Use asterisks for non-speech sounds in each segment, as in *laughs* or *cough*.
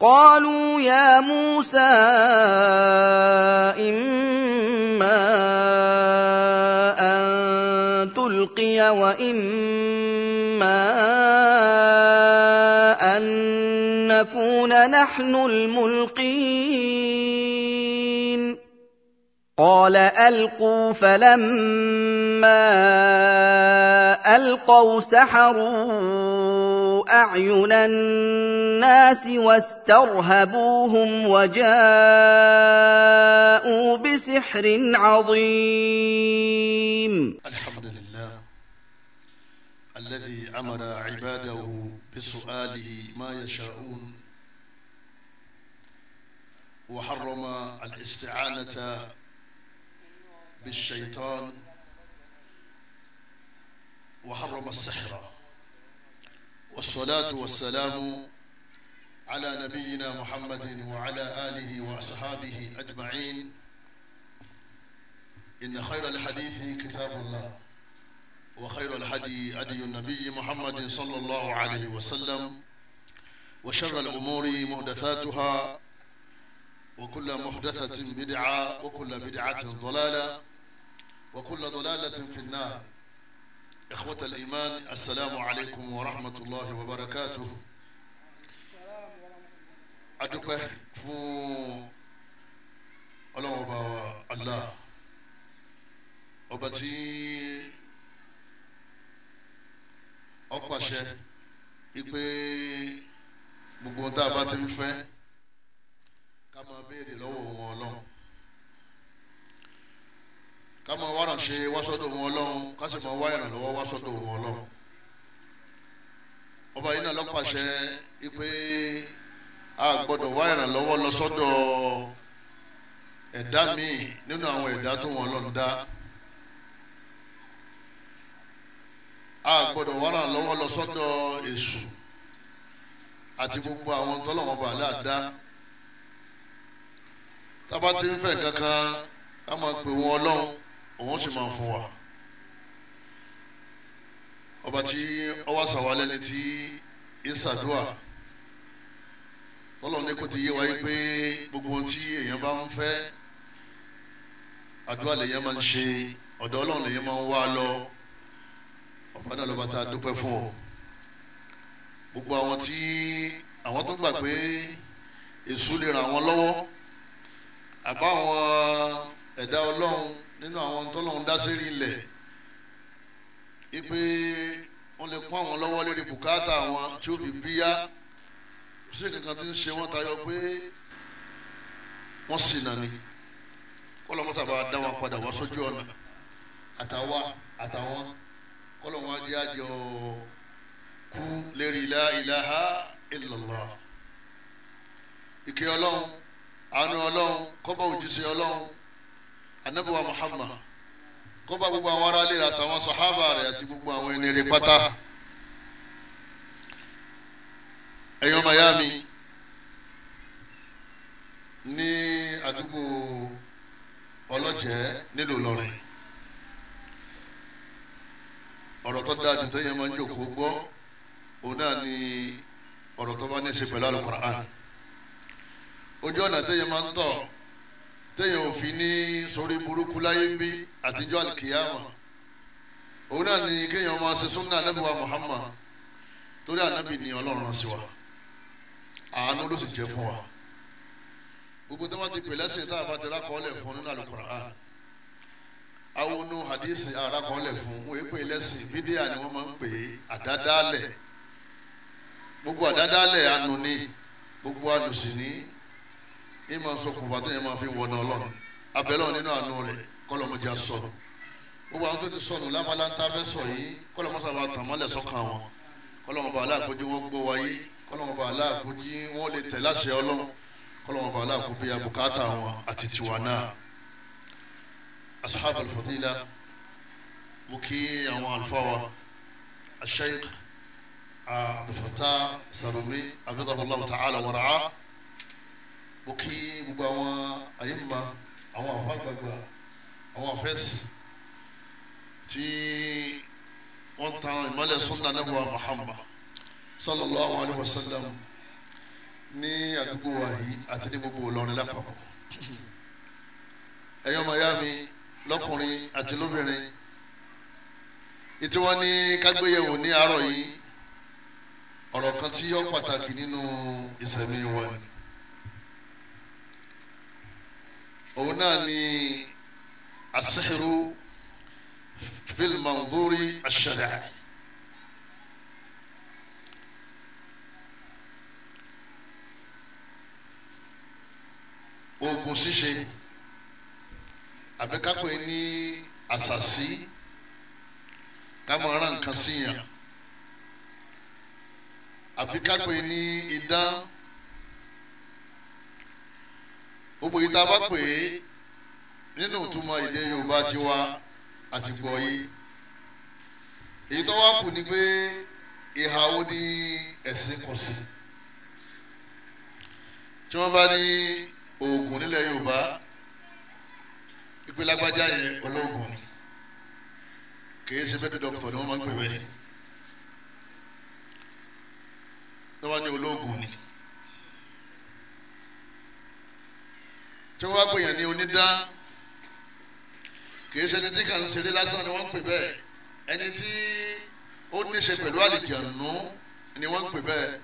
قالوا يا موسى إما أن تلقي وإما أن نكون نحن الملقين قال ألقوا فلما ألقوا سحروا اعين الناس واسترهبوهم وجاءوا بسحر عظيم الحمد لله الذي امر عباده بسؤاله ما يشاءون وحرم الاستعانه بالشيطان وحرم السحر والصلاة والسلام على نبينا محمد وعلى آله وأصحابه أجمعين إن خير الحديث كتاب الله وخير الحدي أدي النبي محمد صلى الله عليه وسلم وشر الأمور مهدثاتها وكل مهدثة بدعة وكل بدعة ضلالة وكل ضلالة في النار إخوة الإيمان السلام عليكم ورحمة الله وبركاته adúpẹ́ fún Ọlọ́run ọba wa Allah ọba tí ó pàṣẹ ipe gbogbo ohun tá a bá ti ń fẹ́ ká máa béèrè lọ́wọ́ wọn Ọlọ́run ká máa wá ràn ṣe wáṣọ́dọ̀ wọn ọlọ́run ká sì máa wá ìrànlọ́wọ́ wáṣọ́dọ̀ wọn ọlọ́run ọba yìí náà ló pàṣẹ pé a gbọ́dọ̀ wá ìrànlọ́wọ́ lọ sọ́dọ̀ ẹ̀dá míì nínú àwọn ẹ̀dá tó wọn ọlọ́run dá a gbọ́dọ̀ wá ìrànlọ́wọ́ lọ sọ́dọ̀ èṣù àti gbogbo àwọn tọ́lọ́wọ́n bá aláàdá tábà tí ń fẹ́ kankan ká máa pè wọ́n ọlọ́run òun sì máa fún wa ọba tí ọwọ́ sàwálẹ̀ ni tí ìsàdúà tọ́lọ́ ní kò ti yé wáyé pé gbogbo ohun tí èèyàn bá ń fẹ́ àdúrà lèèyàn máa ń ṣe ọ̀dọ̀ ọlọ́run lèèyàn máa ń wá lọ ọba náà lọ́ba tá a dúpẹ́ fún ọ gbogbo àwọn tí àwọn tó gbà pé èṣù lè ràn wọ́n lọ́wọ́ àbáwọn ẹ̀dá ọlọ́run nínú àwọn tọ́lọ́hún dáṣẹ́rí ilẹ̀ ipe wọ́n lè kún àwọn lọ́wọ́ lórí bùkátà àwọn tí ó fi bíyá kò sí nǹkan tí ń ṣe wọ́n tayọ pé wọ́n sì nàní kọ́lọ́ wọn sábà dá wọn padà wá sójú ọ̀nà àtàwa àtàwọn kọ́lọ́ wọn ajé àjọ kú lérí la ilaha illallah ìkẹ́ ọlọ́run àánú ọlọ́run kọ́bọ̀ òjíṣẹ́ ọlọ́run anabi wa muhammad kó bá gbogbo àwọn aráalé rẹ̀ àtàwọn sọ̀hábà rẹ̀ àti gbogbo àwọn ẹni rẹ̀ pátá ẹ̀yọ́ mayami ní àdúgbò ọlọ́jẹ́ nílùú lọ́rìn ọ̀rọ̀ tó dáa jù tó yẹ máa ń jòkó gbọ́ òun náà ni ọ̀rọ̀ tó bá ní í ṣe pẹ̀lú àlùkùránì ojú ọ̀nà tó yẹ máa ń tọ̀ téèyàn ò fi ní sórí burúkú láyé ń bí àtijọ́ àlìkìyàmà òun náà ni kéèyàn máa ṣe súnà ànábì wa Muhammad torí ànábì ni ọlọ́run sí wa àánú ló sì jẹ́ fún wa gbogbo tó bá ti pè lẹ́sìn tá a bá ti rákọ́ọ́lẹ̀ fún nínú Al-Qur'an awonu hadisi arakọ́ọ́lẹ̀ fún wọ́n pè lẹ́sìn bídíà ni wọ́n máa ń pè àdádálẹ̀ gbogbo àdádálẹ̀ anu ni gbogbo anu sì ni yìí máa ń sọ kùnfà tó yẹn máa fi wọnà ọlọ́run abẹ́lẹ́ nínú àánú rẹ̀ kọ́lọ́mọdé sọ gbogbo àwọn tó ti sọnù lámaláńtà fẹ́ sọ yìí kọ́lọ́mọdé bá tàn mọ́lẹ̀ sọ́kàn wọn kọ́lọ́mọdé aláàkójú wọn gbọ́ wáyé kọ́lọ́mọdé aláàkójú wọn lè tẹ̀ láṣẹ ọlọ́run kọ́lọ́mọdé aláàkójú ya bùkátà wọn àti tiwa náà asahab alfadila mo kí àwọn àlùfáà wa asheikh abdulfatah sarumi abidahulawu ta'ala wara'a mo kí gbogbo àwọn àyèmọ̀ àwọn àfa àgbààgbà àwọn àfẹ́sì tí wọ́n tan ìmọ̀lẹ̀ sunna nebo Muhammad sallallahu alayhi wa sallam ní àdúgbò wa yìí àti ní gbogbo Ìlọrin lápapọ̀ ẹ̀yọ́ ọmọ ìyá mi lọ́kùnrin àti lóbìnrin ètò wọn ní kágbéyẹ̀wò ní àárọ̀ yìí ọ̀rọ̀ kan tí ó pàtàkì nínú ìsẹ̀mí wa ni. òun náà ni asihiru filimanzuri asharia. oògùn ṣíṣe àbíkápẹ́ ní àṣàṣì ká máa rán nǹkan síyàn àbíkápẹ́ ní idán gbogbo yìí tá a bá pè é nínú ìtumọ̀ èdè Yorùbá tiwa àti gbọ́ yìí èyí tó wá kù ni pé ìhà wo ni ẹ̀sìn kù sí tí wọ́n bá ní oògùn nílẹ̀ Yorùbá ìpínlẹ̀ agbájá yẹn olóògùn kìí ṣe fẹ́ẹ́ dọ́kítọ̀ ni wọ́n máa ń pè bẹ́ẹ̀ tí wọ́n bá ní olóògùn ni. tí wọ́n bá gbèyàn ní onídán kì í ṣe ẹni tí kàn ń ṣeré lásán ni wọ́n ń pè bẹ́ẹ̀ ẹni tí ó ní pẹ̀lú àlìjànú ni wọ́n ń pè bẹ́ẹ̀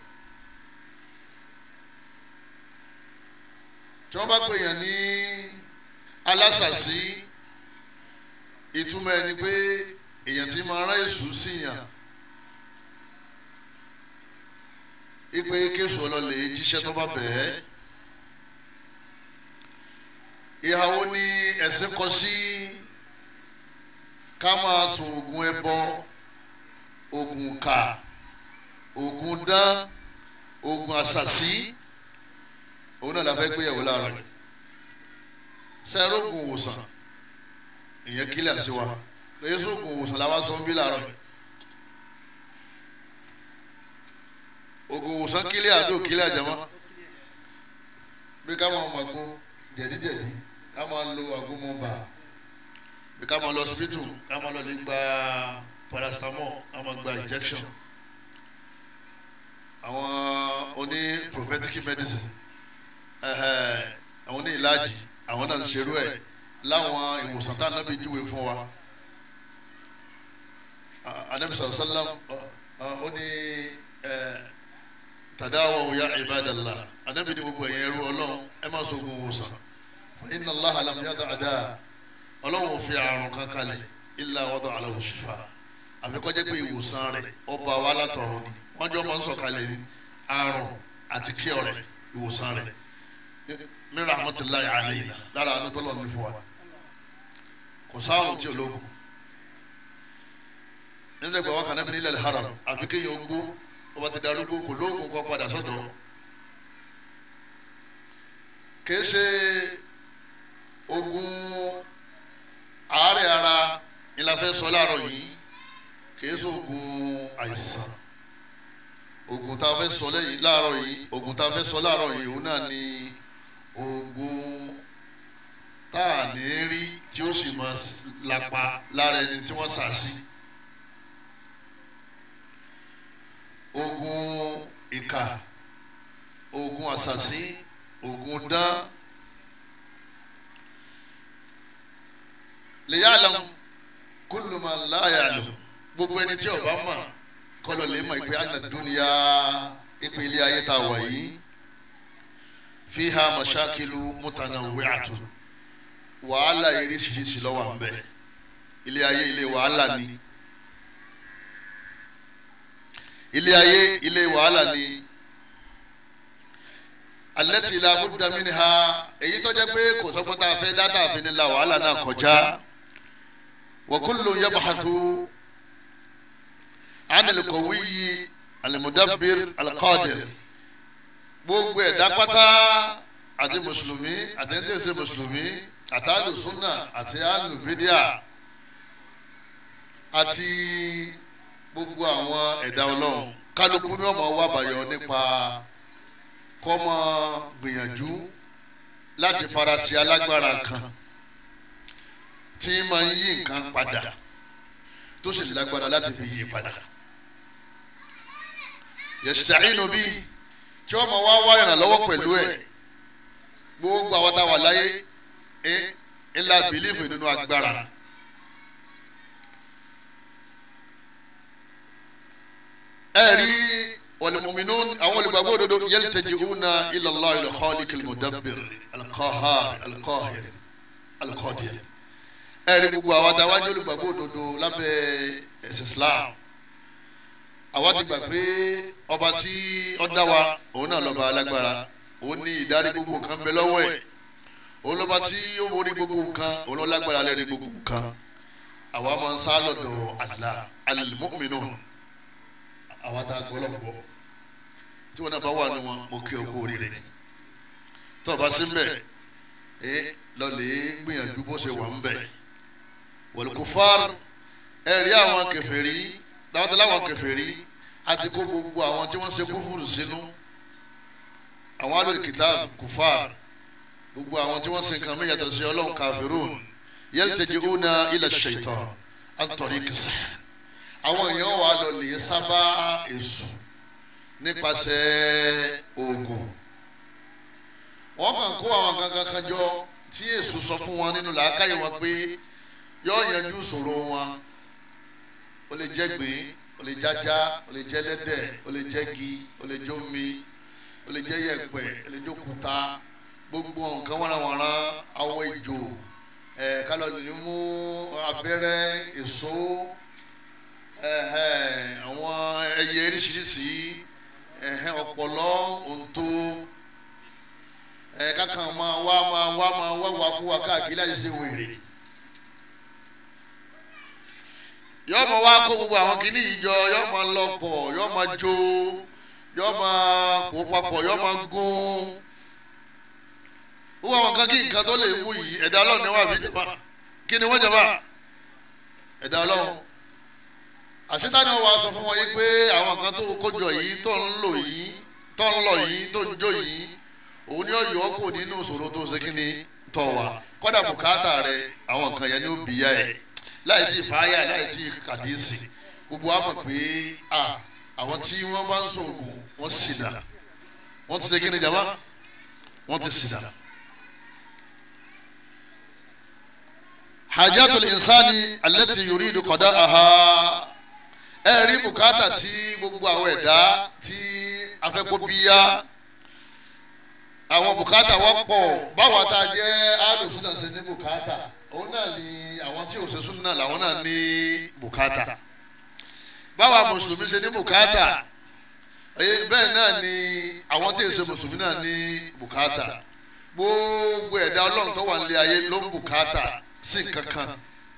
tí wọ́n bá gbèyàn ní alásàsí ìtumọ̀ ẹni pé èèyàn ti máa rán èṣù síyàn ipe kéṣù ọlọ́lẹ̀ jíṣẹ́ tó bá bẹ̀ẹ́ ìhà wo ni ẹ̀sìn kọ sí ká máa sun oògùn ẹbọ oògùn kà oògùn dán oògùn àṣàṣì òun náà la fẹ́ gbéyàwó láàárọ̀ yìí sẹ́rọ̀ oògùn òwòsàn ìyẹn kílẹ̀ sí wa èyí sóògùn òwòsàn làwọn sọ ń bí láàárọ̀ yìí. oògùn òwòsàn kílẹ̀ àdó kílẹ̀ àjàmọ́ bí ká máa mọ̀ kó jẹ̀díjẹ̀dí ká máa lo àgúnmọ̀bà bí ká máa lọ síbítù ká máa lọ lè gba paracetamol ká máa gba injection àwọn oní prophetic medicine àwọn oní ìlàjì àwọn náà ń ṣerú ẹ̀ láwọn ìwòsàn tá ànábì júwe fún wa ànábì sallam ó ní tàdáwọ̀ ya ibadallah ànábì ní gbogbo ẹ̀yẹ ẹrú ọlọ́run ẹ má sọ ogun ìwòsàn inna allah alam yada ada ọlọ́run fi àrùn kankan lẹ̀ illa wọ́dọ̀ alahu shifa àbí kó jẹ́ pé ìwòsàn rẹ̀ ọba wa látọ̀run ni wọ́n jọ máa ń sọ̀kalẹ̀ ní àrùn àti kí ọ̀rẹ́ ìwòsàn rẹ̀ min rahmatullahi alayna lára àánú tọ́lọ̀ ní fún wa kò sáàrùn tí ológun nínú ẹgbẹ́ wọn kàn náà bí nílẹ̀ haram àbí kéèyàn ogbó ọba ti darúgbó kò lóògùn kan padà sọ́dọ̀ kèé ṣe ogun àárẹ̀ ara ni la fẹ́ sọ láàárọ̀ yìí kìí sógun àìsàn ogun tá a fẹ́ sọ lẹ́yìn láàárọ̀ yìí ogun tá a fẹ́ sọ láàárọ̀ yìí òun náà ni ogun tá a ní rí tí ó sì máa lapa lára ẹni tí wọ́n sà sí ogun ìkà ogun àṣàsí ogun dán. lèyà àlàm kúlùmọ̀ láàyà lò gbogbo ẹni tí ọba mọ̀ kọlọ̀ lè mọ̀ ìpè àná dúnìyà ìpè ilé ayé tá a wà yìí fiha mashakilu mutanawwi'atu wàhálà eréṣiríṣi ló wà ń bẹ ilé ayé ilé wàhálà ni ilé ayé ilé wàhálà ni allati la budda minha èyí tó pé kò sọ́gbọ́n fẹ́ dá fi ní la wàhálà náà kọjá. وكل يبحث عن القوي المدبر القادر gbogbo ẹ̀dá pátá àti mùsùlùmí àti ẹ̀ńtẹ̀sẹ̀ mùsùlùmí àti alùsùnà àti alùbídíà àti gbogbo àwọn ẹ̀dá ọlọ́run kálukú ni ọmọ wa bàyọ̀ nípa kọ́mọ gbìyànjú láti farati alágbára kan tí máa ń yí nǹkan padà tó sì lágbára láti fi yí padà yẹsitahinu bíi tí wọn máa wá wá ìrànlọ́wọ́ pẹ̀lú ẹ̀ gbogbo àwọn táwa láyé ẹ ńlá bìlífù nínú agbára. ẹ rí olùmọ̀mìnú àwọn olùgbàgbọ́ òdodo yaltaji'una ila Allah al-khaliq al-mudabbir al-qahhar al ẹ̀rí gbogbo àwa tá a wájú olùgbàgbọ́ òdodo lábẹ́ ẹ̀sìn Islam àwa ti gbà pé ọba tí ó dá wa òun náà lọ́ba alágbára òun ní ìdarí gbogbo nǹkan bẹ lọ́wọ́ ẹ̀ òun lọ́ba tí ó borí gbogbo nǹkan òun ló lágbára lẹ́rí gbogbo nǹkan àwa máa ń sá lọ́dọ̀ Allah al àwa tá a gbọ́ lọ́pọ̀ tí wọn náà bá wà ní wọn mo kí ọkọ rere tó o bá sí mbẹ ẹ lọ gbìyànjú bó ṣe wà mbẹ wọlùkùfàr ẹ̀rí àwọn kèfèrí dáwọ́tẹ́ láwọn kèfèrí àti kó gbogbo àwọn tí wọ́n ṣe kúfùrù sínú àwọn alul kitab kùfàr gbogbo àwọn tí wọ́n ṣe nǹkan méjì àtọ̀sí ọlọ́run kàfírùn yaltaji'una ila shaitan an tariq sihr àwọn èèyàn wà lọ lè sábà èṣù nípasẹ̀ oògùn wọ́n kàn kó àwọn kankan kan jọ tí èṣù sọ fún wọn nínú làákàyè wọn pé yọ yanjú ìṣòro wọn ó lè jẹ́ gbìn ó lè jájá ó lè jẹ́ lẹ́dẹ̀ ó lè jẹ́ gi ó lè jẹ́ omi ó lè jẹ́ yẹ̀pẹ̀ ó lè jẹ́ òkúta gbogbo nǹkan wọ́nrawọ́nra àwọn ìjò ẹ̀ kálọ̀ lè mú abẹ́rẹ́ èso àwọn ẹyẹ oríṣiríṣi ọ̀pọ̀lọ́ òǹtó ẹ̀ kákan máa wá máa wá máa wá wàkúwà káàkiri láti ṣe wèrè. yọmọ wa kó gbogbo àwọn kìíní ìjọ yọmọ lọpọ yọmọ jó yọmọ kó papọ̀ yọmọ gún wọ́n àwọn kan kí nǹkan tó lè mú yìí ẹ̀dá ọlọ́run ni wọ́n àbí jọba kí ni wọ́n jọba ẹ̀dá ọlọ́run àṣetánì wa sọ fún wọn yìí pé àwọn kan tó kójọ yìí tó ń lò yìí tó ń lọ yìí tó ń jó yìí òun ni ó yọ ọ́ kò nínú ìṣòro tó ṣe kí ni tọ̀ wá kọ́dà bùkátà rẹ àwọn kan yẹn ni ó bìyà ẹ̀ láì tí fàáyà láì tí kàdíyèsí gbogbo wa mọ̀ pé àwọn tí wọ́n bá ń sọ̀rọ̀ wọ́n sì dà wọ́n ti ṣe kí ni jàmbá wọ́n ti sì dà. hajjatul insani alati yuridu kọdá aha ẹ rí bùkátà tí gbogbo àwọn ẹ̀dá tí afẹ́kọ́bíyá àwọn bùkátà wọ́pọ̀ báwa ta jẹ́ àdùnsúnà sí ní bùkátà òun náà ni àwọn tí òṣèṣú náà làwọn náà ní bùkátà báwa mùsùlùmí ṣe ní bùkátà bẹ́ẹ̀ náà ni àwọn tí èso mùsùlùmí náà ní bùkátà gbogbo ẹ̀dá ọlọ́run tó wà nílé ayé ló ń bùkátà sí nǹkan kan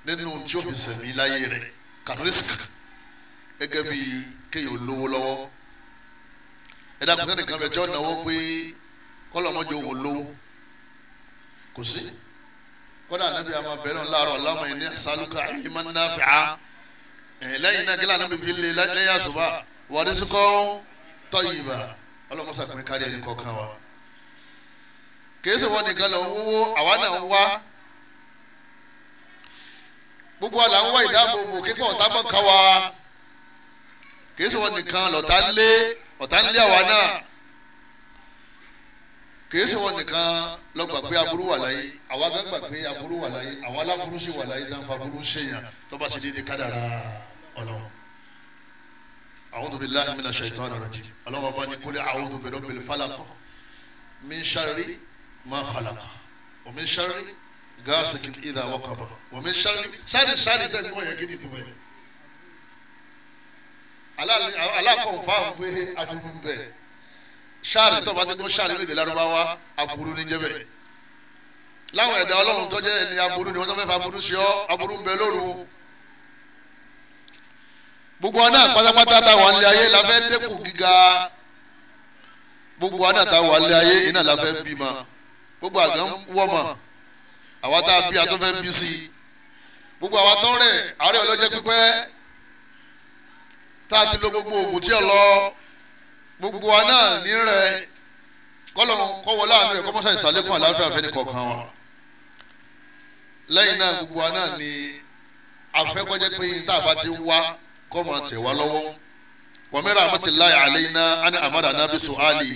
nínú tí ó fi sẹ̀mí láyé rẹ̀ kàdúrísìkà gẹ́gẹ́ bí kéèyàn olówó lọ́wọ́ ẹ̀dá kùnkàn nìkan bẹ̀ tí ó náwó pé kọ́lọ́mọ́jọ́ òun lówó kò sí kódà anabi àmà bẹ̀rẹ̀ ń láàárọ̀ lámà yìí ní sálùkà ìmọ̀ náfìá lẹ́yìn náà kílà anabi fi lè lẹ́yìn àṣùbà wàdísíkọ́ tọ́yìnbà ọlọ́mọṣà pín kárí ẹni kọ̀ọ̀kan wa. kèésì wọn nìkan lọ wúwo àwa náà ń wá gbogbo àlà ń wá ìdáàbòbò kíkọ́ ọ̀tá mọ́ ká wa kèésì wọn nìkan lọ́tà lé ọ̀tá lé àwa náà kèésì wọn nìkan lọ́gbà pé aburú wà láyé àwa gbàgbà pé aburú wà láyé àwa aláburú sì wà láyé tá n fa aburú sèyàn tó bá sì dé ní kádàrá ọlọ́run. a'udhu billahi minash shaitani rajim ọlọ́run bá ní kúlẹ̀ a'udhu bi rabbil falaq min sharri ma khalaq wa min sharri ghasikin idha waqab wa min sharri sáré sáré tẹ̀ ń kọ́ yẹ kí ni ìtumọ̀ yẹn alákọ̀ọ́fà pé aburú ń bẹ ṣáàrì tó bá ti gbọ́ ṣáàrì lédè lárúbáwá aburú ní láwọn ẹ̀dá ọlọ́run tó jẹ́ ẹni aburú ni wọ́n tó fẹ́ fa aburú sí ọ aburú ń bẹ lóru gbogbo ọ̀nà pátápátá táwọn ilé ayé la fẹ́ dẹ́kù gíga gbogbo ọ̀nà táwọn ilé ayé iná la fẹ́ bímọ gbogbo àgàn wọ́mọ̀ àwa tá a bí a tó fẹ́ bí sí gbogbo àwa tó rẹ̀ àárẹ̀ ọlọ́jẹ́ pípẹ́ tá a ti lo gbogbo oògùn tí ò lọ gbogbo ọ̀nà ní rẹ̀ kọ́lọ̀ kọ́wọ́ láàánú rẹ̀ kọ́mọ́sá ìsàlẹ̀kùn àlàáfíà fẹ́ni kọ̀ọ̀kan wa lẹ́yìn náà gbogbo wa náà ni afẹ́kọ́jẹ́ pé yín tá a bá ti wá kọ́ máa tẹ̀ wá lọ́wọ́ wàmẹ́rẹ́ àmọ́tìláyà àlẹ́yìnà ani amada nabi suhali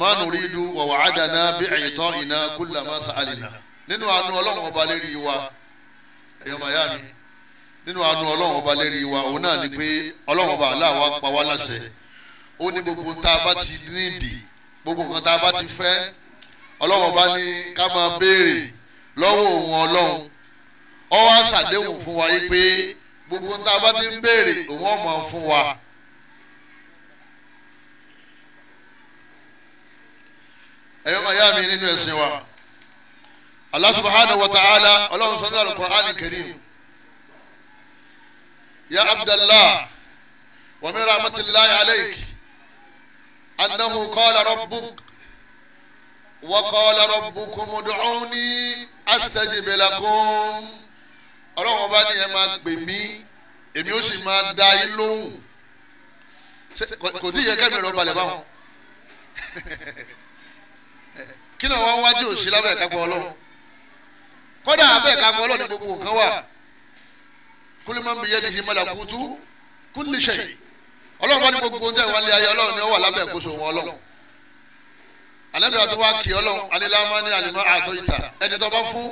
mánu rídu wàwà àdànà bí ẹ̀yìntàn iná kúlà máa sàálìnà nínú àánú ọlọ́run ọba lérí wa ẹ̀yọ́ màyá mi nínú àánú ọlọ́run ọba lérí wa òun náà ni pé ọlọ́run ọba aláwa pa wá láṣẹ ó ní gbogbo tá a bá ti nídìí gbogbo nǹkan tá a bá ti fẹ́ ọlọ́run ọba ní ká máa béèrè lọ́wọ́ òun ọlọ́run ó wá ṣàdéhùn fún wa yí pé gbogbo ń tá a bá ti ń béèrè òun ọmọ fún wa. ẹ̀yọ́ máa yá mi nínú ẹ̀sìn wa Allah subhanahu wa ta'ala ọlọ́run sọ́dọ̀ al-Qur'an al-Karim ya abdallah wa min rahmatillahi alayk annahu qala rabbuk wa qala rabbukum ud'uni astajib lakum ọlọ́run ọba ni ẹ máa pè mí èmi ó sì máa dá yín lóhùn kò tí ì yẹ kẹ́mi rọ balẹ̀ báwọn kí ni wọ́n wájú òsì lábẹ́ ìkápọ̀ ọlọ́run kódà abẹ́ ìkápọ̀ ọlọ́run ní gbogbo nǹkan wà kullu man biyadihi malakutu kulli shay ọlọ́run bá ní gbogbo ohun tẹ̀ ayé ọlọ́run ni ó wà lábẹ́ ìkóso wọn ọlọ́run alẹ́bíà tó wá kì í ọlọ́run alẹ́lámá ní àlìmọ́ àtọ́ ìta ẹni tó bá fún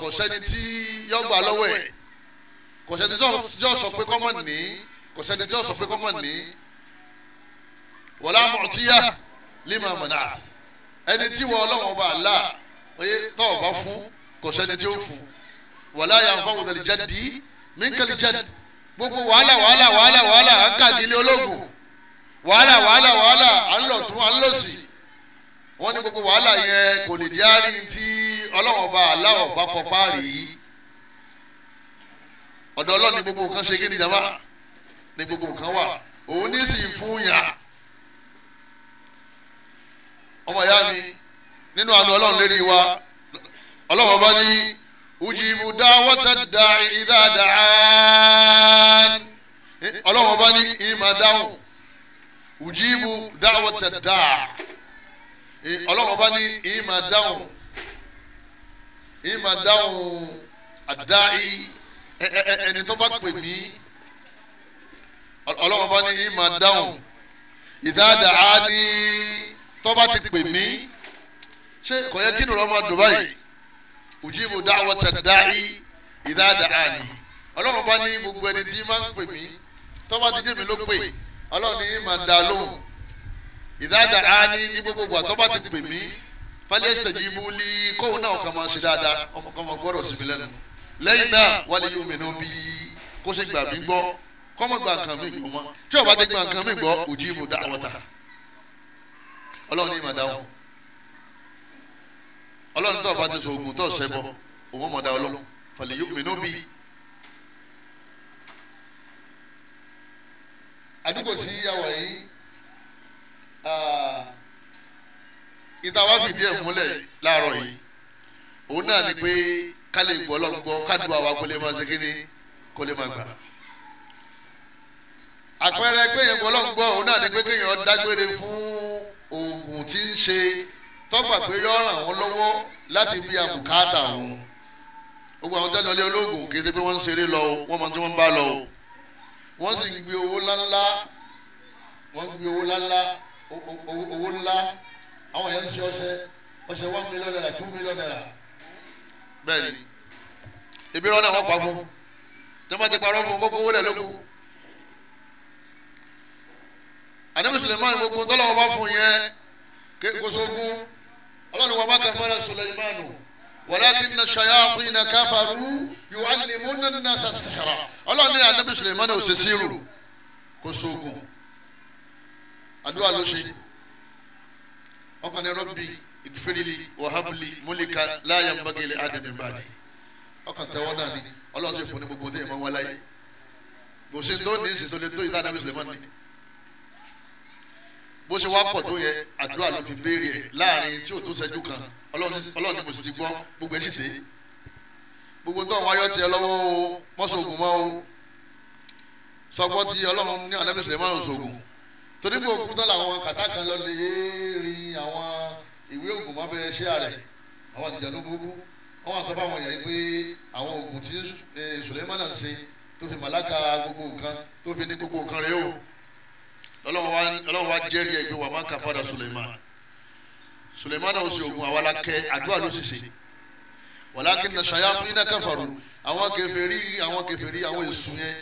kò sẹ́ni tí yọ gbà lọ́wọ́ ẹ̀ kò sẹ́ni tí yọ sọ pé kọ́mọ̀ ní kò sẹ́ni tí yọ sọ pé kọ́mọ̀ ní wọ́lá mọ̀tíyà lima manat ẹni tí wọ́n ọlọ́run ọba àlá oye tó o bá fún kò sẹ́ni tí ó fún wọ́lá yànfọ́ wọ́dẹ̀lì jáde mínkẹ́lì jáde gbogbo wàhálà wàhálà wàhálà wàhálà à ń kàdílé ológun wàhálà wàhálà wàhálà à wọ́n ní gbogbo wàhálà yẹn kò lè jẹ́ àárín tí ọlọ́run ọba aláwọ̀ bá kọ páàrí yìí ọ̀dọ̀ ọlọ́run ní gbogbo nǹkan ṣe kí ni jàmbá ní gbogbo nǹkan wà òun ní sì fún yà ọmọ ìyá mi nínú àánú ọlọ́run lérí wa ọlọ́run ọba ní ujibu dáwọ́tà dá idá dàán ọlọ́run ọba ní ìmà dáhùn ujibu dáwọ́tà dá ọlọ́run bá ní èyí máa dáhùn èyí máa dáhùn àdáì ẹni tó bá pè mí ọlọ́run bá ní èyí máa dáhùn ìdáàdà á ní tó bá ti pè mí ṣé kò yẹ kí nìrọ̀ máa dùn báyìí ujibu da'wata da'i ìdáàdà á ní ọlọ́run bá ní gbogbo ẹni tí máa ń pè mí tó bá ti dé mi ló pè ọlọ́run ní èyí máa dá lóhùn ìdáda á ní ní gbogbo àtọ́ bá ti pè mí fálẹ́ ìsìtẹ̀jìbù lé kóun náà kàn máa ṣe dáadáa ọmọ gbọ́dọ̀ síbi lẹ́nu lẹ́yìn náà wálé yóò mìíràn bí kó ṣe gbà mí gbọ́ kọ́mọ̀ gba nǹkan mi gbọ́ mọ́ tí ọba ti gba nǹkan mi gbọ́ òjì mo dá àwọn ta ọlọ́run ní ìmọ̀dáhùn ọlọ́run tó ọba ti sọ ògùn tó ṣẹ́ bọ òun ọmọdá ọlọ́run fàlẹ́ yóò mìíràn bí. àdúgbò tí yàwá y fìdí ẹ̀ múlẹ̀ láàárọ̀ yìí òun náà ni pé ká lè gbọ́ Ọlọ́run gbọ́ kádùn àwa kó lè máa ṣe kíni kó lè máa gbà. àpẹẹrẹ pé èèyàn gbọ́ Ọlọ́run òun náà ni pé kéèyàn dágbére fún oògùn tí ń ṣe tọ́gbà pé yọ ràn wọ́n lọ́wọ́ láti bí àbùkátà wọn. gbogbo àwọn tẹ́lẹ̀ ọlẹ́ olóògùn kì pé wọ́n ń ṣeré lọ wọ́n mọ tí wọ́n bá lọ o wọ́n sì ń gbé owó ńláńlá wọ́n gbé owó ńláńlá owó ńlá àwọn yẹn ń ṣe ọṣẹ ọṣẹ one million naira two million naira bẹ́ẹ̀ ni ebi rọ́ọ̀nà wọn pa fún jọba ti parọ́ fún gbogbo owó lẹ̀ lóko ànábì Suleiman gbogbo tọ́lọ́wọ́ bá fún yẹn kóṣogún ọlọ́run wọn bá kà fún ẹ̀rọ Suleimanu walakinna shayatina kafaru yu'allimuna nnasa sihra ọlọ́run ní ànábì Suleiman ò ṣe sírù kóṣogún àdúrà ló ṣe ọkàn ní rọ́bì ìfẹ́lẹ́lì wàhábìlì mọ́lẹ́ka láàyè mbàgẹ́lẹ́ àdèmí báyìí ọkàn tẹ́wọ́ náà ni ọlọ́run sì fún ní gbogbo ọdún ìmọ̀ wọn láyé bó ṣe tó ní ìsìn tó lè tó ìta nàbí Sulemani ni bó ṣe wá pọ̀ tó yẹ àdúrà ló fi béèrè ẹ̀ láàrin tí ò tó ṣẹ́jú kan ọlọ́run ni mo sì ti gbọ́ gbogbo ẹ̀ sì dé gbogbo tó àwọn ayọ́ tiẹ̀ lọ́wọ́ mọ́ṣọ́gun mọ́ o sọgbọ́n ti ọlọ́run ní ànábì Sulemani sọ̀gùn torí gbogbo tán làwọn kàtà kan lọ lè rin àwọn ìwé oògùn mọ́ bẹ́ẹ̀ ṣé àrẹ àwọn àjẹjẹ ló gbogbo wọn wà tó bá wọn yà yí pé àwọn oògùn tí e, Sulemana ń ṣe tó fi màláka gbogbo nǹkan tó fi ní gbogbo nǹkan rẹ o lọ́lọ́wọ́ wa jẹ́rìí ẹ̀ pé wà má kàfàdà Sulemana Sulemana ó ṣe oògùn àwa la kẹ́ àdúrà ló sì ṣe wàlákin na shayatina kafaru àwọn kèfèrí àwọn kèfèrí àwọn èṣù yẹn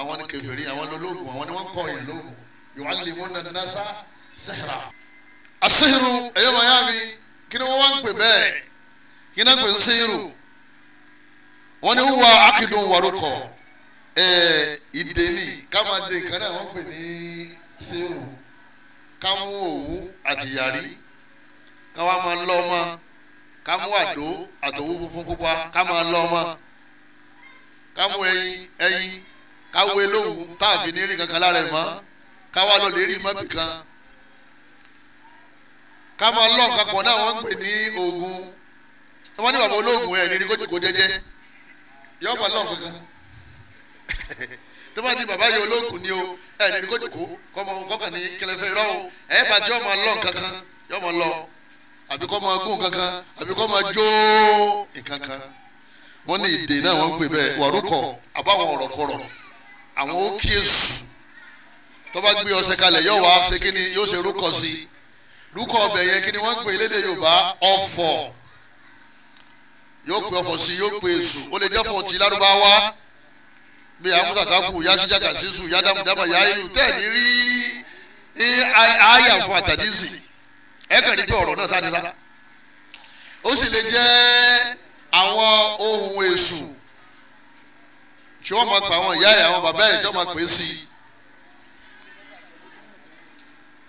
àwọn kèfèrí àwọn lọ́lọ́gùn àwọn ni wọ́n kọ́ yẹn lọ́gùn yu'allimuna an-nasa sihra. asihiru ẹ̀yọ́ màá yá mi kí ni wọ́n wá ń pè bẹ́ẹ̀ kí ni wọ́n pè ń sihiru wọ́n ní wúwa akidun warukọ ẹ̀ ìdèlì kámadé kan náà wọ́n pè ní sihiru kámú òwú àti yàrí káwá máa lọ́ ọmọ kámú àdó àtòwú funfun pupa ká máa lọ́ ọmọ kámú ẹyin ẹyin káwé lóhùn táàbí ní rí kankan lára ẹ̀ mọ́ káwa lọ lè rí mọ́bì kan ká máa lọ nǹkan pọ̀ náà wọ́n ń pè ní oògùn wọ́n ní bàbá olóògùn ẹ̀ ní kójú kó jẹ́jẹ́ yọ ọba lọ nǹkan tó bá ní bàbá yẹ olóògùn ni o ẹ̀ ní kójú kó kọ́mọ kọ́kàn ní kẹlẹ́fẹ́ rọ́ o ẹ̀ bá tí ọmọ lọ nǹkan kan yọ ọmọ lọ àbí kọ́ máa gún nǹkan kan àbí kọ́ máa jó nǹkan kan wọ́n ní ìdè náà wọ́n ń pè bẹ́ẹ̀ wàrúkọ̀ àbáwọn ọ̀rọ̀kọ̀rọ̀ àwọn ó kíyèsù tó bá gbé ọṣẹ kalẹ̀ yóò wá ṣe kí ni yóò ṣe rúkọ sí rúkọ ọbẹ̀ yẹn kí ni wọ́n ń pè lédè Yorùbá ọ̀fọ̀ yóò pè ọ̀fọ̀ sí yóò pè èṣù ó lè jẹ́fọ̀ tí lárúbáwá bí amusa kaku ya sijaka sisu ya damu dama ya ilu tẹ́ẹ̀ni rí àyà fún àtàdísì ẹ̀ka ní bí ọ̀rọ̀ náà sáni sá ó sì lè jẹ́ àwọn ohun èṣù tí wọ́n máa pa àwọn ìyá ẹ̀ àwọn bàbá ẹ̀ tí wọ́n máa pè é sí i.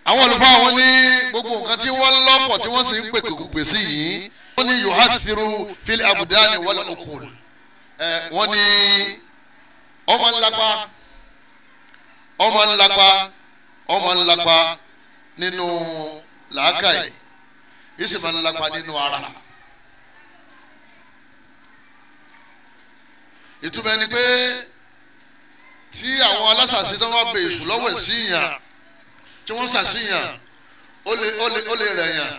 àwọn olùfọ́ àwọn ní gbogbo nǹkan tí wọ́n lọ́pọ̀ tí wọ́n sì ń pè kòkòpè sí yìí wọ́n ní yuhathiru fil abudani wal uqul wọ́n ní ọmọ ńlápá ọmọ ńlápá ọmọ ńlápá nínú làákàyè ìsìnbọn ńlápá nínú ara. ìtumọ̀ ni pé tí àwọn alásàsí tó wá bẹ èṣù lọ́wọ́ sí yàn tí wọ́n ṣàṣìyàn ó lè ó lè ó lè rẹ̀yàn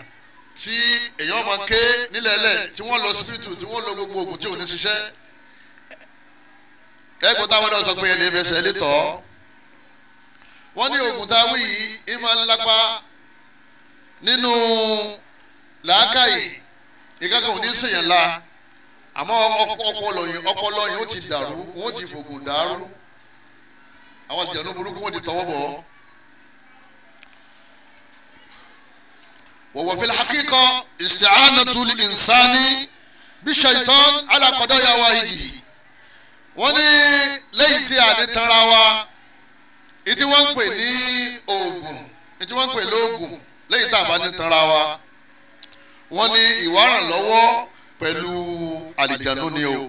tí èèyàn máa ké nílẹ̀ẹ́lẹ̀ tí wọ́n lọ síbítù tí wọ́n lọ gbogbo oògùn tí ò ní ṣiṣẹ́ ẹ̀gbọ́n táwọn náà sọ pé ẹ̀ lè fẹsẹ̀ lè tọ́ wọ́n ní oògùn táwọn yìí ń máa ń lápá nínú làákàyè ìkẹ́kọ̀ọ́ ní sèyàn la àmọ́ ọpọlọ yìí ọpọlọ yìí ó ti dàrú wọ́n ti fògùn dàrú àwọn àjẹ̀nú burúkú wọ́n ti tọwọ́ bọ̀ ọ́. wọ̀wọ̀ fi hakíkọ isti'anatu li insani bí shaitan alakọ̀dọ̀ yà wá ìjì wọ́n ní lẹ́yìn tí a ní tanra wa ìtí wọ́n ń pè ní oògùn ìtí wọ́n ń pè lóògùn lẹ́yìn tá a ní tanra wa wọ́n ní ìwárànlọ́wọ́ pẹ̀lú àlìjánu ni o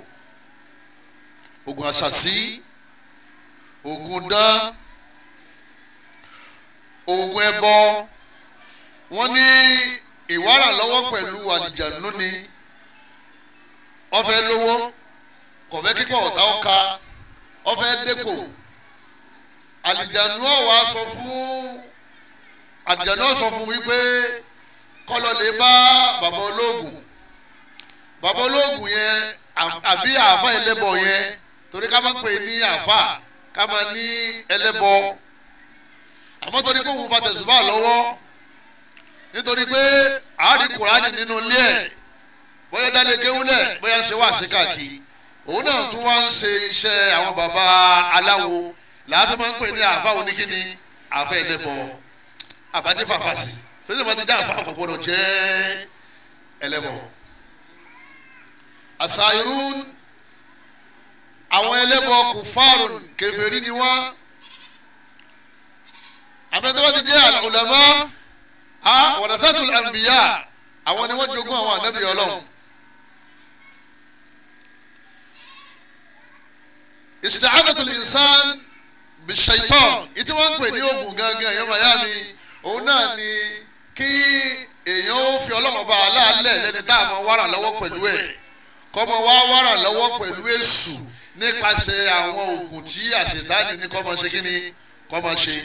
oògùn àṣàṣì oògùn dán oògùn ẹbọ wọ́n ní ìwárà lọ́wọ́ pẹ̀lú àlìjànú ni ọ̀fẹ́ lówó kọ̀fẹ́ kíkọ̀ ọ̀tá ọ̀ka ọ̀fẹ́ dẹ́kọ̀ àlìjànú ọ̀wà sọ fún àlìjànú sọ fún wípé kọ́lọ́ lè bá bàbá olóògùn bàbá olóògùn yẹn àbí àáfà ẹlẹ́bọ yẹn torí ká má pè ní àáfà ká má ní ẹlẹ́bọ àmọ́ torí kóhun fa tẹ̀sùbà lọ́wọ́ nítorí pé àárí kùránì nínú ilé ẹ̀ bóyá dálé kéwúlẹ̀ bóyá ń ṣe wá sí káàkiri òun náà tún wá ń ṣe iṣẹ́ àwọn baba aláwo làáfi máa ń pè ní àfa oníkíni àfa ẹlẹ́bọ àbájẹ́ fàfàṣì fẹsẹ̀ máa ti dá àfa kò gbọdọ̀ jẹ́ ẹlẹ́bọ. àṣàyún àwọn ẹlẹ́bọ kùfárùn kèfèrí ni wọ́n àbẹ̀tọ́ bá ti jẹ́ àlùlámà a warasatul anbiya àwọn ni wọ́n jogún àwọn ànábì ọlọ́run ista'anatul insan bi shaitan ìtí wọ́n ń pè ní oògùn gangan èèyàn màyá mi òun náà ni kí èèyàn ó fi ọlọ́run bá aláàlẹ̀ lẹ́ni tá a mọ wàrà lọ́wọ́ pẹ̀lú ẹ̀ kọ́mọ wá wàrà lọ́wọ́ pẹ̀lú èṣù nípasẹ̀ àwọn oògùn tí àṣetánì ní kọ́mọ ṣe kí ni kọ́mọ ṣe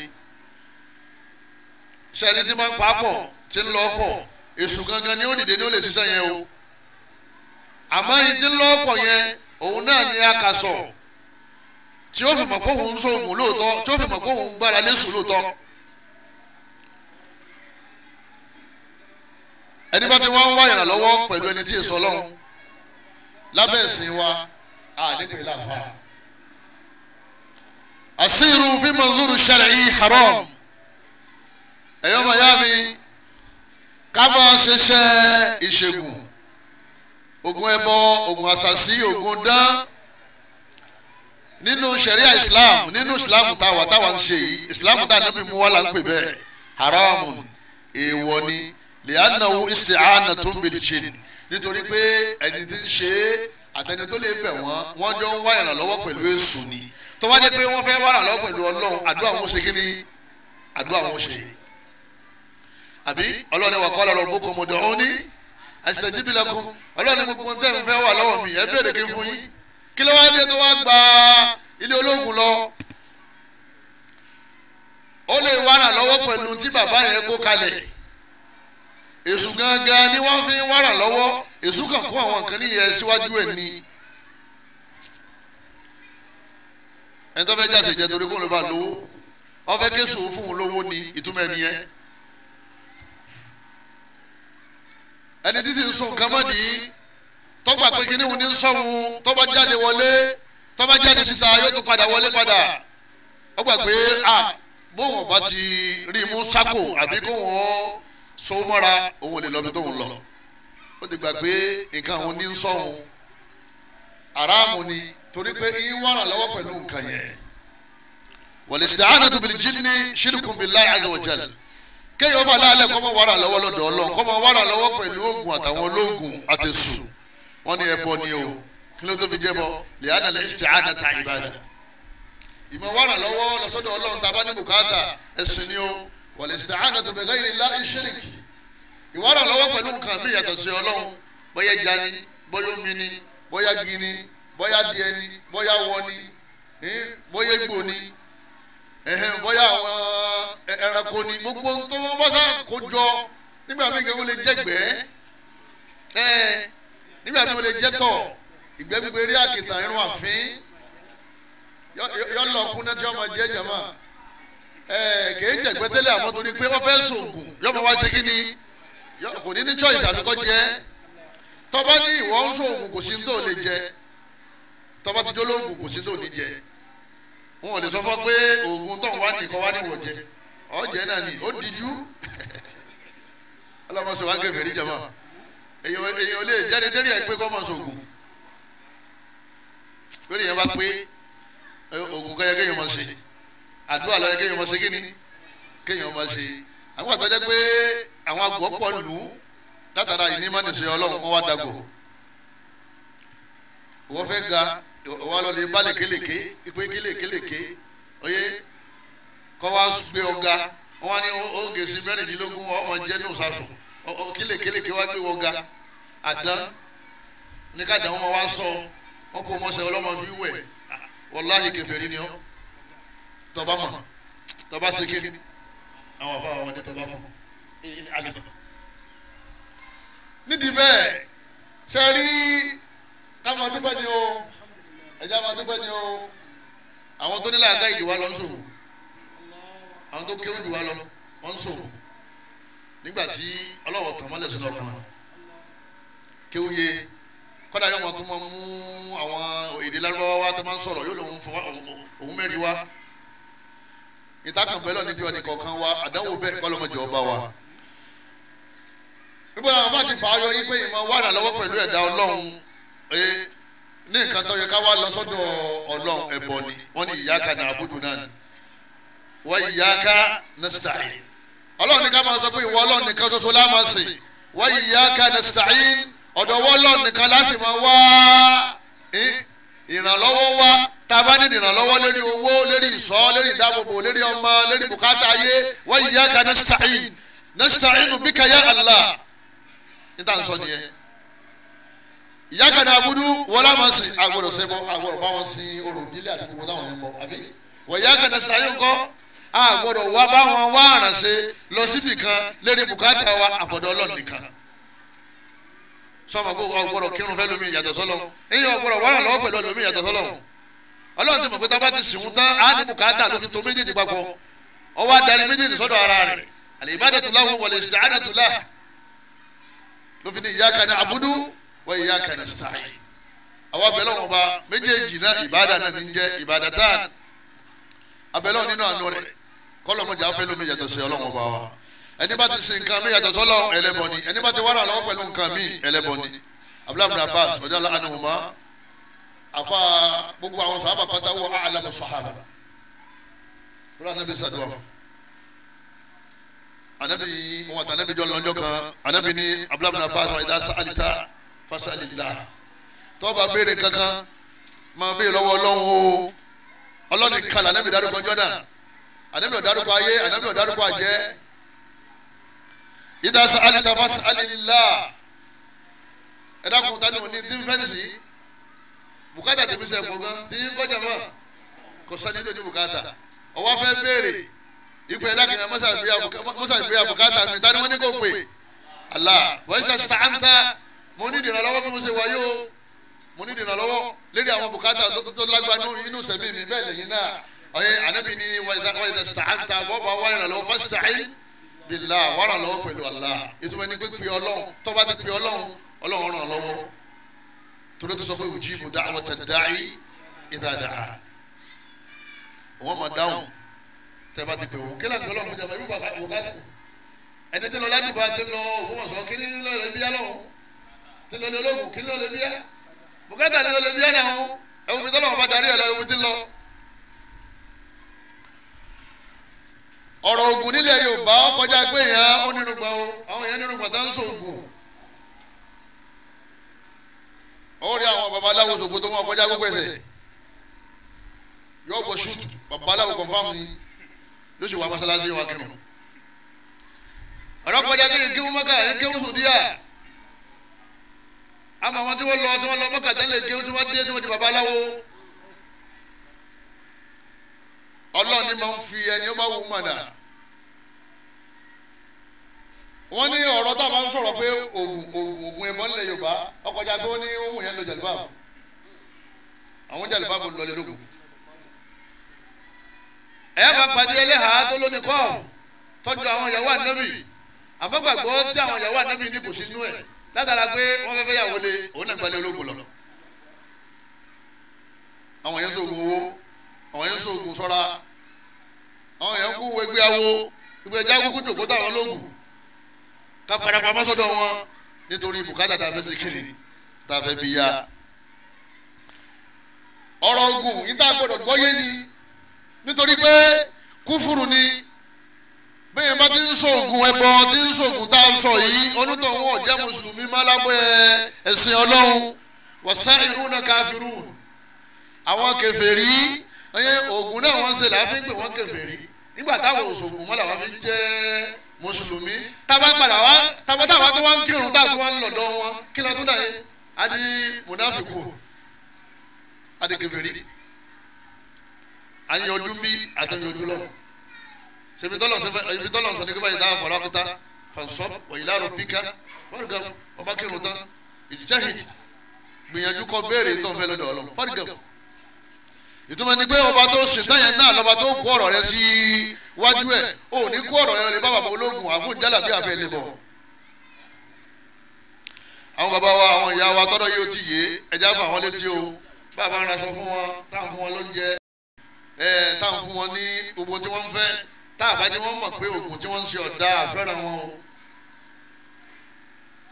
sẹ́ni tí máa ń pa pọ̀ tí ń lọ pọ̀ èṣù gangan ni ó dìde ni ó lè ṣiṣẹ́ yẹn o àmọ́ yìí tí ń lọ pọ̀ yẹn òun náà ni a kà sọ̀ tí ó fi mọ̀ pé òun ń sóògùn lóòótọ́ tí ó fi mọ̀ pé òun gbára lẹ́sùn lóòótọ́ ẹni bá ti wá ń wá ìrànlọ́wọ́ pẹ̀lú ẹni tí èso ọlọ́run lábẹ́ ìsìn wa àdégbè làfà àsìrù fi manzuru shar'i haram ẹ̀yọ́ ọmọ ìyá mi ká máa ṣiṣẹ́ ìṣègùn ogun ẹbọ ogun àṣàṣì ogun dán nínú ṣẹ̀ríà islam nínú islam táwa táwa ń ṣe yìí islam táwa níbi mú wá là ń pè bẹ́ẹ̀ haramu èèwọ̀ ni lìyànnáwó isti'ana tó ń bèlè ṣe nítorí pé ẹni tí ń ṣe àtẹni tó lè bẹ̀ wọ́n wọ́n jọ ń wá ìrànlọ́wọ́ pẹ̀lú èṣù ni tó bá jẹ́ pé wọ́n fẹ́ wá ìrànlọ́wọ́ pẹ̀lú ọlọ́run àdúrà wọn ṣe kí ni àdúrà wọn ṣe yìí àbí ọlọ́ni wà kọ́lá lọ́rùn bókun mọ̀dọ̀ ọ̀hún ní àṣìṣẹ́jìbì lẹ́kùn ọlọ́ni gbogbo tẹ́ ń fẹ́ wà lọ́wọ́ mi ẹ bèrè kí n fún yín kí ló wá dé tó wá gba ilé ológun lọ ó lè wá ràn lọ́wọ́ pẹ̀lú tí bàbá yẹn kó kalẹ̀ èṣù gangan ni wọ́n fi wá ràn lọ́wọ́ èṣù kan kó àwọn nǹkan níyẹn síwájú ẹ̀ ni ẹni tó fẹ́ jáde jẹ́ torí kó ló bá lówó ọ fẹ́ kéṣù fún un lówó ni ìtumọ̀ ẹ̀ nìyẹn. ẹni títí ń sun nǹkan mọ́dì yìí tọ́gbà pé kíní òun ní sọ́hun tọ́ba jáde wọlé tọ́ba jáde síta yóò tún padà wọlé padà ó gbà pé a bóun ọba ti rí mú sákò àbí kóun so mọ́ra òun lè lọ́bi tóun lọ ó ti gbà pé nǹkan òun ní sọ́hun aráàmù ni torí pé yín wà lọ́wọ́ pẹ̀lú nǹkan yẹn wal isti'anatu bil jinni shirkun billahi azza wa jalla kéèyàn fà lálẹ́ kọ́mọ wàrà lọ́wọ́ lọ́dọ̀ ọlọ́run kọ́mọ wàrà lọ́wọ́ pẹ̀lú oògùn àtàwọn olóògùn àtẹ̀sù wọn ni ẹbọ ni o kí ló tó fi jẹ́ bọ lẹ́yìn àlẹ́ ìṣẹ̀hánà ta ìbàdàn ìmọ̀ wàrà lọ́wọ́ lọ́sọ́dọ̀ ọlọ́run tá a bá ní bùkátà ẹ̀sìn ni o wàlẹ̀ ìṣẹ̀hánà tó bẹ̀rẹ̀ ilé ilá ìṣẹ̀rìkì ìwàrà lọ́wọ́ pẹ̀lú nǹkan mi yàtọ̀ bóyá àwọn ẹranko ni gbogbo tó wọ́n bá sá kó jọ nígbà míì kí wọ́n lè jẹ́gbẹ́ nígbà míì wọ́n lè jẹ́tọ̀ ìgbẹ́ gbígbé rí àkìtà irun àfin yọlọ kún náà tí wọ́n máa jẹ́ jàmá kì í jẹ̀gbẹ́ tẹ́lẹ̀ àmọ́ torí pé wọ́n fẹ́ sògùn yọmọ wá ṣe kí ni kò ní ní choice àfikọ́ jẹ́ tọ́ba ní ìwọ ń sògùn kò sí ní tó lè jẹ tọ́ba ti jólógùn kò sí ní tó lè jẹ wọn ò lè sọ fún ọ pé oògùn tó ń wá nìkan wá níwọ̀n jẹ ọ̀jẹ̀ náà ni ó dijú *laughs* ọlọ́mọṣẹ́ wa gẹ̀mẹ̀ rí jama èyàn lè jáde tẹ́lẹ̀ ẹ̀ pé kọ́ mọ̀ sọ̀gùn lórí yẹn bá pé oògùn kan yẹ kéèyàn máa ṣe àdúrà lọ kéèyàn máa ṣe kí ni kéèyàn máa ṣe àwọn àtọ́jẹ́ pé àwọn àgọ́ pọ̀ lù ú látara ìní má nìṣe ọlọ́run kó wá dàgò wọ́n fẹ́ ga wà lọ́ọ́ lè bá lè kélékè ìpè kélékèlékè oyè kọ́ wa gbé o wọn ni ó gèsè mẹ́rìndínlógún ọmọ jẹ́ ní òsàtún kélékèlékè wa gbé ọ̀gá àdán ní ká dàn wọn wá sọ wọn kó mọ́sẹ̀ ọlọ́mọ fi wẹ̀ wàláhì kèfèrí ni ọ́ tọba mọ̀ tọba sekiri àwọn àbá wọn ni tọba mọ̀ alẹ́ nídìí bẹ́ẹ̀ sẹ́rí táwọn adúgbò ni ó ẹja máa dúpẹ́ ni o àwọn tó nílẹ̀ àga ìjùwà lọ ń ṣòwò àwọn tó kéwù ìjùwà lọ wọ́n ń ṣòwò nígbà tí ọlọ́wọ́ tàn mọ́lẹ̀ sínú ọkàn kéwù yé kọ́dà yóò máa tún máa mú àwọn èdè lárúbáwá wa tó máa ń sọ̀rọ̀ yóò lòun fún òun mẹ́rin wa ìtàkùn bẹ́ẹ̀ lọ níbi ọ̀nì kọ̀ọ̀kan wa àdánwò bẹ́ẹ̀ kọ́ lọ́mọdé ọba wa gbogbo àwọn bá ti yí pé ìmọ̀ wà ní nǹkan tó yẹ ká wá lọ sọ́dọ̀ ọlọ́run ẹ̀bọ ni wọ́n ní iyyaka na'budu náà ni wa iyyaka nasta'in ọlọ́run ní ká máa sọ pé ìwọ ọlọ́run nìkan ṣoṣo la máa sìn wa iyyaka nasta'in ọ̀dọ̀ wọ́ ọlọ́run nìkan láti máa wá ìrànlọ́wọ́ wá tá a bá ní ìrànlọ́wọ́ lórí owó lórí ìṣọ́ lórí ìdáàbòbò lórí ọmọ lórí bùkátà ayé wa iyyaka nasta'in nasta'inu bika ya Allah níta ń ìyá kan abudu wọlé àwọn sìn agbọ́dọ̀ sẹbọ agbọ́dọ̀ bá wọn sin orò bílẹ àti gbogbo táwọn yẹn bọ àbí wọ ìyá kan sàyẹn kọ agbọ́dọ̀ wá bá wọn wá àrànṣe lọ síbi kan lẹni bùkátà wa àbọdọ Ọlọ́run nìkan sọmọ gbogbo ọgbọ́dọ̀ kírun fẹ lómi ìyàtọ̀ sọlọ eyín ọgbọ́dọ̀ wàrà lọ́wọ́ pẹ̀lú lómi ìyàtọ̀ sọlọ Ọlọ́run ti mọ̀ pé tábà ti sìnkú tán á ní bùkátà ló fi tó méjèèjì papọ̀ ọwọ́ adarí méjèèjì sọ́dọ̀ ara rẹ̀ al-ibadatu lahu wal-isti'anatu lahu ló fi ní iyyaka na'budu wa iyyaka nasta'in àwa bẹ̀rẹ̀ wọn bá méjèèjì náà ìbáda náà ní jẹ́ ìbáda tá abẹ́lẹ́ nínú àánú rẹ̀ kọ́lọ́mọdé afẹ́ lómi yàtọ̀ sí ọlọ́wọ́n bá wa ẹni bá ti sin nǹkan mi yàtọ̀ sọ́lọ́ ẹlẹ́bọ ni ẹni bá ti wára lọ́wọ́ pẹ̀lú nǹkan mi ẹlẹ́bọ ni abdullahi bin abbas ọjọ́ ala anahuma afa gbogbo àwọn sàhábà pátá wọ alamu sàhábà wọ́n anabi sàdúrà fún anabi wọn anabi jọ lọ́jọ́ anabi ni abdullahi bin abbas wa ìdá sàlítà fasalila tọ́ba béèrè kankan máa béèrè lọ́wọ́ ọlọ́run o ọlọ́run kan lànàbì dárúkọ jọ́dá ànàbì ọ̀dárúkọ ayé ànàbì ọ̀dárúkọ àjẹ́ ìdásá alita fasalila ẹ̀dá kun tani òní tí ń fẹ́ sí bùkátà tèmi sẹ̀ kó gan tí yín kọjá mọ́ kò sani tó ní bùkátà ọwọ́ fẹ́ béèrè ìpè ẹ̀dá kan mọ́sàgbéyà bùkátà mi tani wọ́n ni kò pè Allah wọ́n ti sàǹtà mo ní ìdìrànlọ́wọ́ bí mo ṣe wáyé o mo ní ìdìrànlọ́wọ́ lérí àwọn bùkátà tó lágbánú inú sẹ́mi mi bẹ́ẹ̀ lẹ́yìn náà ọ̀yẹ́ ànábì ni wàyíta sàáńtà bọ́ọ̀bà wà ìrànlọ́wọ́ fásitàín bìlà wà ìrànlọ́wọ́ pẹ̀lú àlá ìtumọ̀ ẹni pé pè ọlọ́run tó bá ti pè ọlọ́run ọlọ́run ràn lọ́wọ́ torí tó sọ pé òjì mo dá àwọn tẹ̀dáì ìdàdàá wọ́n máa dáhùn tẹ́ bá ti pè wọ́n kí láti ọlọ́run jàmbá ibùba wọ́n ẹni tí lọ ti lọ ògbómọ̀ṣọ́ kí ní lọ́ọ̀rẹ́ bíyá lọ́wọ́ tí lọ́lẹ́ ológun kí lọ́lẹ́ bíyà bùkátà ni lọ́lẹ́ bíyà náà ẹ̀wọ̀n fi tọ́lọ́wọ́n bá darí ẹ̀ lọ ẹ̀wọ̀n ti lọ. ọ̀rọ̀ ògùn nílẹ̀ Yorùbá kọjá pé èèyàn ó nínú gbà o àwọn èèyàn nínú gbà tá ń sògùn. ó rí àwọn babaláwo sògùn tó wọn kọjá gbogbo ẹsẹ̀ yóò bọ̀ ṣùt babaláwo kọ̀ǹfàmù ni yóò sì wá masalasi wa kẹ́nu. ọ̀rọ̀ kọjá kí n kí n mọ́ká n kí n sùn díà àmọ́ àwọn tí wọ́n lọ tí wọ́n lọ mọ́kàtà lè jẹ́ tí wọ́n dé tí wọ́n di babaláwo ọlọ́run ni máa ń fi ẹni ó bá wù mọ̀nà wọ́n ní ọ̀rọ̀ tá a máa ń sọ̀rọ̀ pé oògùn oògùn oògùn ẹ̀bọ ńlẹ̀ yorùbá ọkọjà pé ó ní ohun yẹn lọ jàlùbáàbù àwọn jàlùbáàbù lọlé lógun ẹ bá pàdé ẹlẹ́hàá tó lóní kọ́ tọ́jú àwọn ìyàwó ànábì àbọ̀gbàgbọ́ tí àwọn ìyàwó ànábì ní kò sínú ẹ̀ látara pé wọ́n fẹ́ fẹ́ yàwó lé òun náà gbalẹ̀ ológun lọ àwọn yẹn sóògùn owó àwọn yẹn sóògùn sọ́ra àwọn yẹn kú ẹgbẹ́ awo ìgbẹ́ ẹja kúkú jòkó táwọn ológun ká farapamọ́ sọ́dọ̀ wọn nítorí bùkátà tá a fẹ́ ṣe kiri tá a fẹ́ bí ya ọ̀rọ̀ ogun yìí tá a gbọ́dọ̀ gbọ́yé ni nítorí pé kúfùrù ni bẹ́ẹ̀ bá ti ń sògùn ẹbọ ti ń sògùn tá a sọ yìí onítọ̀hún ọ̀jẹ́ mùsùlùmí má lábẹ́ ẹ̀sìn ọlọ́run wọ̀sá irú náà káfíìrù àwọn kèfèrí ẹyẹ ògùn náà wọ́n ń ṣe láàfin pé wọ́n kèfèrí nígbà táwọn òṣògùn mọ́ làwọn fi jẹ́ mùsùlùmí tábà padà wá tábà táwa tó wá ń kírun táà tó wá ń lọ̀dọ̀ wọn kí ló tún dà yẹn adi munafiku adi kèfèrí Sebi tọ́lọ̀ sọ ní kí báyìí dáhùn fọ̀rọ̀ akíta fàǹsọ́ wọ̀nyíláàrọ̀ bíkà fọ́nìgàm ọba kírun tán ìjìṣẹ́hìd gbìyànjú kọ béèrè tó ń fẹ́ lọ́dọ̀ ọlọ́run fọ́nìgàm. ìtumọ̀ ni pé ọba tó ṣe táyà náà lọ́ba tó kó ọ̀rọ̀ rẹ sí wájú ẹ̀ ò ní kó ọ̀rọ̀ rẹ lè bá bàbá ológun àgùnjálà bí abẹ́ lè bọ̀. àwọn bàbá wa àwọn ìyá wa tọ́dọ̀ yóò ti yé ẹja fún àwọn létí o bàbá ń raṣọ fún wọn táwọn fún wọn lóúnjẹ táwọn fún wọn ní gbogbo tí wọ́n ń fẹ́ tá a bá jẹ́ wọ́n mọ̀ pé oògùn tí wọ́n ń ṣe ọ̀dà àfẹ́ràn wọn o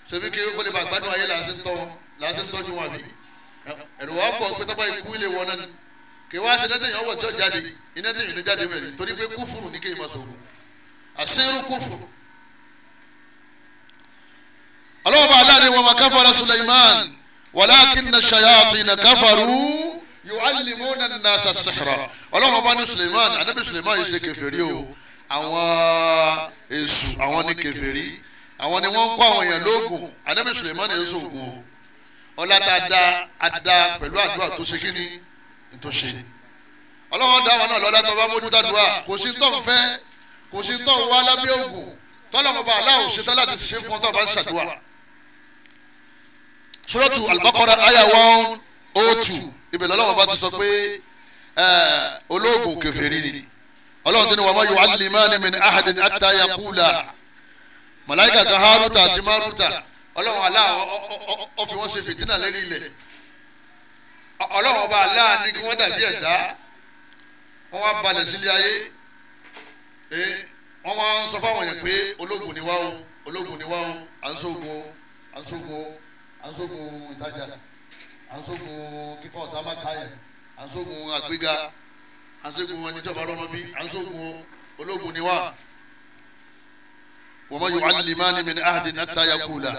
ṣebí kí kó lè bá gbádùn ayé láti ń tọ́ láti ń tọ́jú wọn àbí ẹ̀rù wa pọ̀ pé tọ́ba ikú ilé wọn náà ni kí wọ́n á ṣe nẹ́tẹ̀yìn ọwọ́ tí ó jáde iná tẹ̀yìn ló jáde mẹ́rin torí pé kúfùrù ní kéèyàn máa sọ̀rọ̀ àṣírù kúfùrù. ọlọ́wọ́ bá aláàdé wa ma kafara Sulaiman walakinna shayatina kafaru yu'allimuna an-nasa as-sihra ọlọ́wọ́ bá ní Sulaiman anábì Sulaiman yìí ṣe kèfèrí o àwọn èṣù àwọn ní kèfèrí àwọn ni wọ́n ń kọ́ àwọn èèyàn lóògùn Ànábì Suleiman ní èso ògùn o ọlá tá a dá a dá pẹ̀lú àdúrà tó ṣe kíni tó ṣe ọlọ́wọ́n dá wọn náà lọ́lá tó bá mójútó àdúrà kò sí tó ń fẹ́ kò sí tó ń wá lábẹ́ ògùn tọ́lọ́mọba aláwọ̀ ṣetán láti ṣe fún ọ tó bá ń ṣàdúrà. Suratu Al-Baqarah aya one oh two ibẹ̀ lọ́lọ́mọba ti sọ pé olóògùn kèfèrí ni ọlọ́run tí ni wàá yóò alimani min ahadin ata yakula malayika kan haruta àti maruta ọlọ́run Allah ó fi wọ́n ṣe fìtínà lẹ́nu ilẹ̀ ọlọ́run ọba Allah ní kí wọ́n dàbí ẹ̀dá wọ́n wá balẹ̀ sílé ayé wọ́n wá ń sọ fáwọn yẹn pé ológun ni wá o ológun ni wá o à ń sógun ìtajà à kíkọ́ ọ̀tá má káyà à àgbéga à ń ṣẹ́gun wọn ẹni tí ọba ọlọ́mọ bí à ń ṣògùn ológun ni wá. wa ma yu'allimani min ahadin hatta yaqula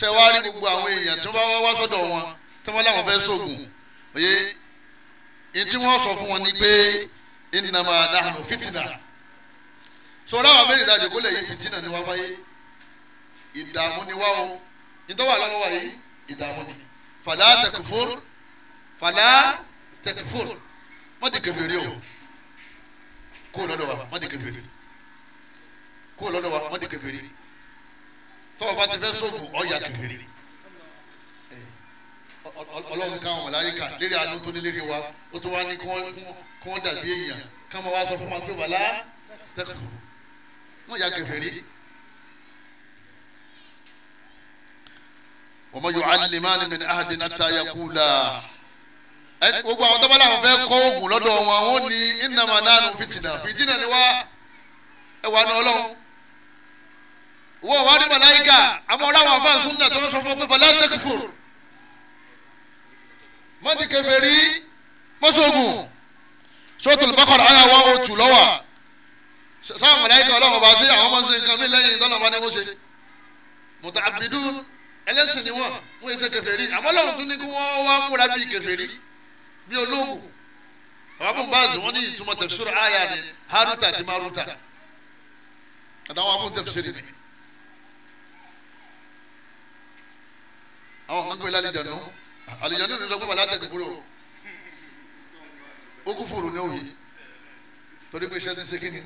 ṣé wàá rí gbogbo àwọn èèyàn tí wọ́n bá wá sọ́dọ̀ wọn tí wọ́n láwọn fẹ́ ṣògùn òye èyí tí sọ fún wọn ni pé innama nahnu fitna sọ̀rọ̀ àwọn abẹ́rẹ́ ìdájọ́ kó lè yí ni wá fáyé ìdààmú ni wá o nítorí lọ́wọ́ wa yìí ìdààmú ni fàlà tẹkùfór fàlà tẹkùfór má di kèfèrí o kó lọ́dọ̀ wa má di kèfèrí kó lọ́dọ̀ wa má di kèfèrí tọ́wọ́ bá ti fẹ́ sóògùn ọ̀yà kèfèrí ọlọ́run káwọn mọ̀láyíkà lérí àánú tó ní wa ó tó wá ní kí wọ́n dàbí èèyàn ká wá sọ fún wa pé wàlá tẹ́kọ̀ọ́ wọ́n ya kèfèrí. wa ma yu'allimani min ahadin hatta yaqula gbogbo àwọn tọ́ba làwọn fẹ́ kọ́ oògùn lọ́dọ̀ wọn wọn ní ìnàmà nánú fìtìnà fìtìnà ni wá ẹwà ní ọlọ́run wọ́n wá ní màláìkà àmọ́ ọ̀làwọn afáàn súnà tó ń sọ fún pípa látẹ́kùkù mọ́tì kèfèrí mọ́sọ̀gùn sọ́tò lùbákọ̀rọ̀ àyà wọn ò oh tù lọ́wọ́ sáà màláìkà ọlọ́run bá sí àwọn ọmọ sí nǹkan mi lẹ́yìn ìtọ́nà bá ní wọ́n ṣe mùtàbídùn ẹlẹ́sìn ni wọ́n wọ́n ṣe kèfèrí àmọ́ ọlọ́run tún ní kí wọ́n wá múra bíi kèfèrí bí ológun bàbá bùn báàsì wọn ní ìtumọ̀ tafsir àyà ni haruta àti maruta àtàwọn abùn tafsir ni àwọn kan gbé lálejànú àlejànú ni lọ́gbọ́n bàlá tẹ̀kọ̀ kúrò ó kú fòrò ní òye torí pé iṣẹ́ ti ṣe kíni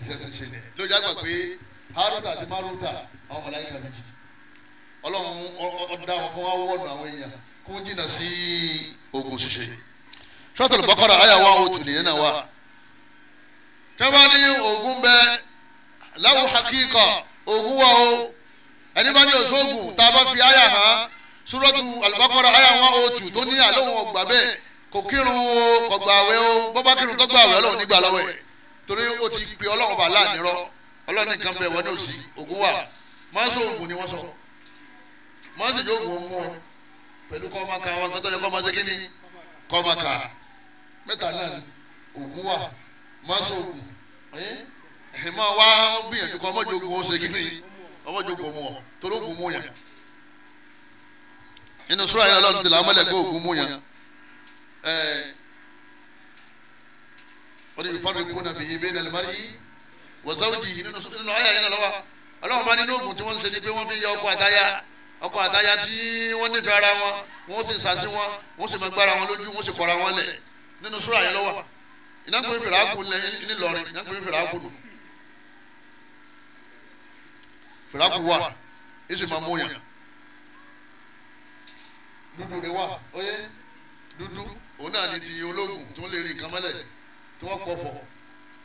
iṣẹ́ ti ṣe ni lójú àgbà pé haruta àti maruta àwọn màláíkà méjì ọlọ́run ọ̀dà wọn fún wa wọ́ọ̀nù àwọn èèyàn kó jìnnà sí ogun ṣíṣe sọ́tòlù bọ́kọ́rọ̀ àyà wa o tù nìyẹn náà wa. tẹ́wọ́n ní oògùn bẹ láwù hakíkọ̀ oògùn wa o ẹni bá ní òṣoògùn tá a bá fi àyà hàn súrọ́tù àlùbọ́kọ́rọ̀ àyà wa o tù tó ní àlóhùn ọgbà bẹ́ẹ̀ kò kírun o kò gbàwẹ̀ o bọ́bá kírun tó gbàwẹ̀ ọlọ́run nígbà lọ́wọ́ ẹ̀ torí ó ti pe ọlọ́run bá láàánirọ́ ọlọ́run nìkan bẹ̀ wọ́n ní òsì oògùn wa máa ń ni wọ́n sọ máa ń sì jẹ́ pẹ̀lú kọ́ ọmọ ká wọn kọ́ ọmọ ṣe kí ni kọ́ ọmọ ká mẹ́ta náà ni oògùn wà máa sọ oògùn ẹ̀hìn máa wá gbìyànjú kan ọmọdé ogun ọ̀sẹ̀ gíní ọmọdé ogun ọmọ torí ogun mú yàn inú sọ́ra yẹn lọ́dún tí làmọ́lẹ̀ gbé ogun mú yàn wọ́n ti fọ́nrán kún nàbí yìí bẹ́ẹ̀ nàlẹ́ mari wọ́n sáwùjì nínú sọ́nà ọ̀yà yẹn lọ́wọ́ ọlọ́wọ́n bá nínú ogun tí wọ́n ń ṣe ni pé wọ́n fi yọ ọkọ àtayá ọkọ àtayá tí wọ́n nífẹ̀ẹ́ ara wọn wọ́n sì sàṣí wọn wọ́n sì máa gbára wọn lójú wọ́n sì kọ́ra wọn lẹ̀ nínú súra yẹn lọ́wọ́ ìnáko ìfèrè àkó ńlọrin ìnáko ìfèrè àkó nù fèrè àkó wà èsì máa mú yàn dúdú rẹ wà oyè dúdú òun náà ni ti ológun tó lè rí nǹkan mọ́lẹ̀ tí wọ́n pọ̀ fọ̀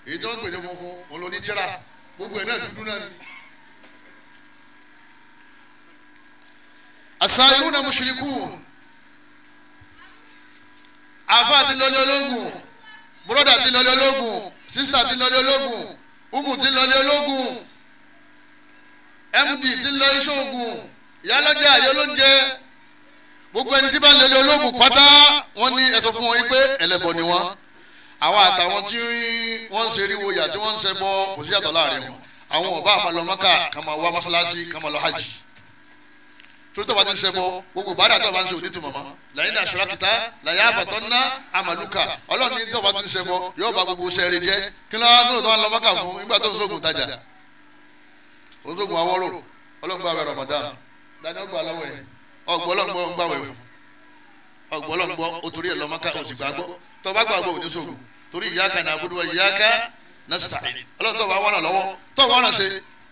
èyí tí wọ́n pè ní funfun òun ló ní tíra gbogbo ẹ̀ náà dúdú náà ni. asairuna mushrikun. lọ́lé ológun bùrọ́dà ti lọ́lé ológun sísà ti lọ́lé ológun umu ti lọ́lé ológun md ti lọ iṣẹ́ ogun ìyálọ́jà ayé olóúnjẹ gbogbo ẹni tí bá ń lọ́lé ológun pátá wọ́n ní ẹ̀sọ́ fún wọn pé ẹlẹ́bọ ni wọ́n àwọn àtàwọn tí wọ́n ń ṣeré wòyà tí wọ́n ń ṣẹbọ kò sí yàtọ̀ láàrin wọn àwọn ọba àmàlọ́mọ́kà kàmá wá mọ́ṣáláṣí kàmá lọ hajj torí tọ́ba ti ń ṣẹbọ gbogbo ìbádà tọ́ba ń ṣe òní tùmọ̀ mọ́ làyínà sọ́lákìtà làyà àbàtọ́ ná àmàlùkà ọlọ́run ní tọ́ba ti ń ṣẹbọ yóò bá gbogbo sẹ́ẹ̀rẹ̀ jẹ́ kí ló wá kí ló tọ́ lọ mọ́kà fún nígbà tó ń sógun tajà ó ń sógun awọ́rò ọlọ́run gba àwẹ̀ Ramadan dání ọgbà lọ́wọ́ ẹ̀ ọgbọ́ ọlọ́gbọ́ ń gbàwẹ̀ fún ọgbọ́ ọlọ́gbọ́ ó torí ẹ̀ lọ mọ́kà ó sì gbàgbọ́ tọ́ba gbàgbọ́ òní sógun torí iyyaka na'budu wa iyyaka nasta'in ọlọ́run tọ́ba wọn lọ́wọ́ tọ́ba wọn ṣe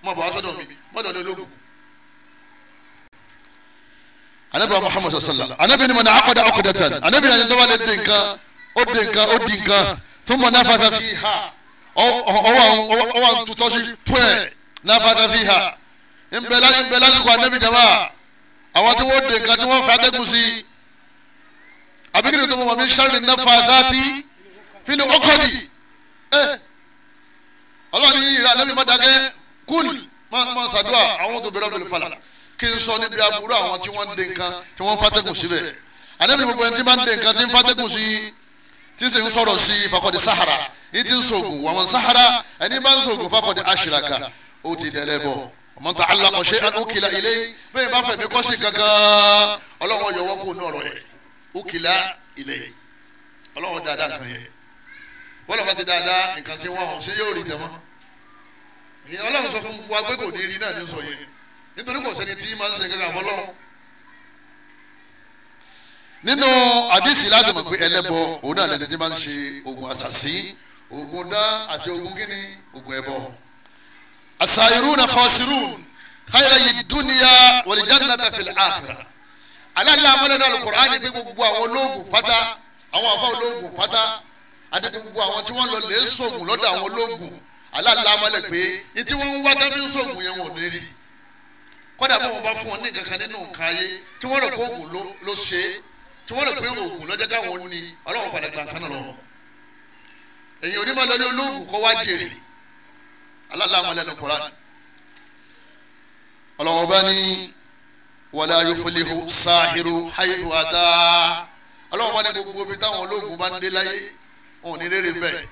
mọ̀ bọ́ aṣọ́dọ̀ mi mọ́dọ̀ anabi muhammad sallam anabi ni mo na akọda akọda tan anabi na ni dọbọ le den kan o den kan o di kan thumma nafasa fiha ọwọ tutọsi pẹ nafasa fiha nbẹla nbẹla ni ko anabi jama àwọn tí wọn den kan tí wọn fẹ́ atẹ́gùn sí abikiri tó mọ mọ mi sari nafasa ti fili ọkọdi ẹ ọlọdi yìí anabi ma dagẹ kúl ma ma sadua àwọn tó bẹ̀rẹ̀ bẹ̀rẹ̀ falala kí n sọ níbi aburú àwọn tí wọ́n ń de nǹkan tí wọ́n ń fàtẹ́gùn síbẹ̀ ànábì gbogbo ẹni tí bá ń de nǹkan tí ń fàtẹ́gùn sí tí sì ń sọ̀rọ̀ sí fakọ̀dé sahara yìí ti ń sògùn wà wọn sahara ẹni bá ń sògùn fakọ̀dé aṣiraka ó ti dẹ̀rẹ̀ bọ̀ man ta'allaqa shay'an ukila ilayhi bẹ́ẹ̀ bá fẹ̀mí kọ́sì kankan ọlọ́wọ́ yọwọ́ kó nù ọ̀rọ̀ yẹn ukila ilayhi ọlọ́wọ́ dáadáa kan yẹn wọ́n lọ́ bá ti dáadáa nǹkan tí wọ́n hàn sí yóò rí jẹ mọ́ ọlọ́run sọ fún wa pé kò ní rí náà ní sọ yẹn nítorí kò sẹ́ni tí máa ń ṣe kankan fọlọ́ nínú àdìsí láti mọ̀ pé ẹlẹ́bọ òun náà lẹni tí máa ń ṣe oògùn àṣàṣì oògùn dá àti oògùn kíni oògùn ẹbọ asayiruna khasirun khayra yìí dúnìyà wàlìjánnáta fil akhirah aláàlá amọ́lẹ́dá alukur'ani pé gbogbo àwọn olóògùn pátá àwọn àfa olóògùn pátá àti gbogbo àwọn tí wọ́n lọ lè sògùn lọ́dọ̀ àwọn olóògùn aláàlá amọ́lẹ́ pé ní tí wọ́n ń wá tábí sògùn yẹn wọ́n ní kódà bó wọn bá fún ọ ní nǹkan kan nínú nǹkan ayé tí wọ́n rò pé oògùn ló ṣe é tí wọ́n rò pé oògùn lọ́jọ́ káwọn ní ọlọ́run padà gbà kan lọ́wọ́ èyí onímọ̀ lọ́lé olóògùn kọ́ wá jèrè alálàmọ́lẹ́nu koran ọlọ́wọ́n bá ní wàlá yófòlihù sáhìrù haythu àtà ọlọ́wọ́n bá ní gbogbo omi táwọn olóògùn bá ń dé láyé òun ní rere bẹ́ẹ̀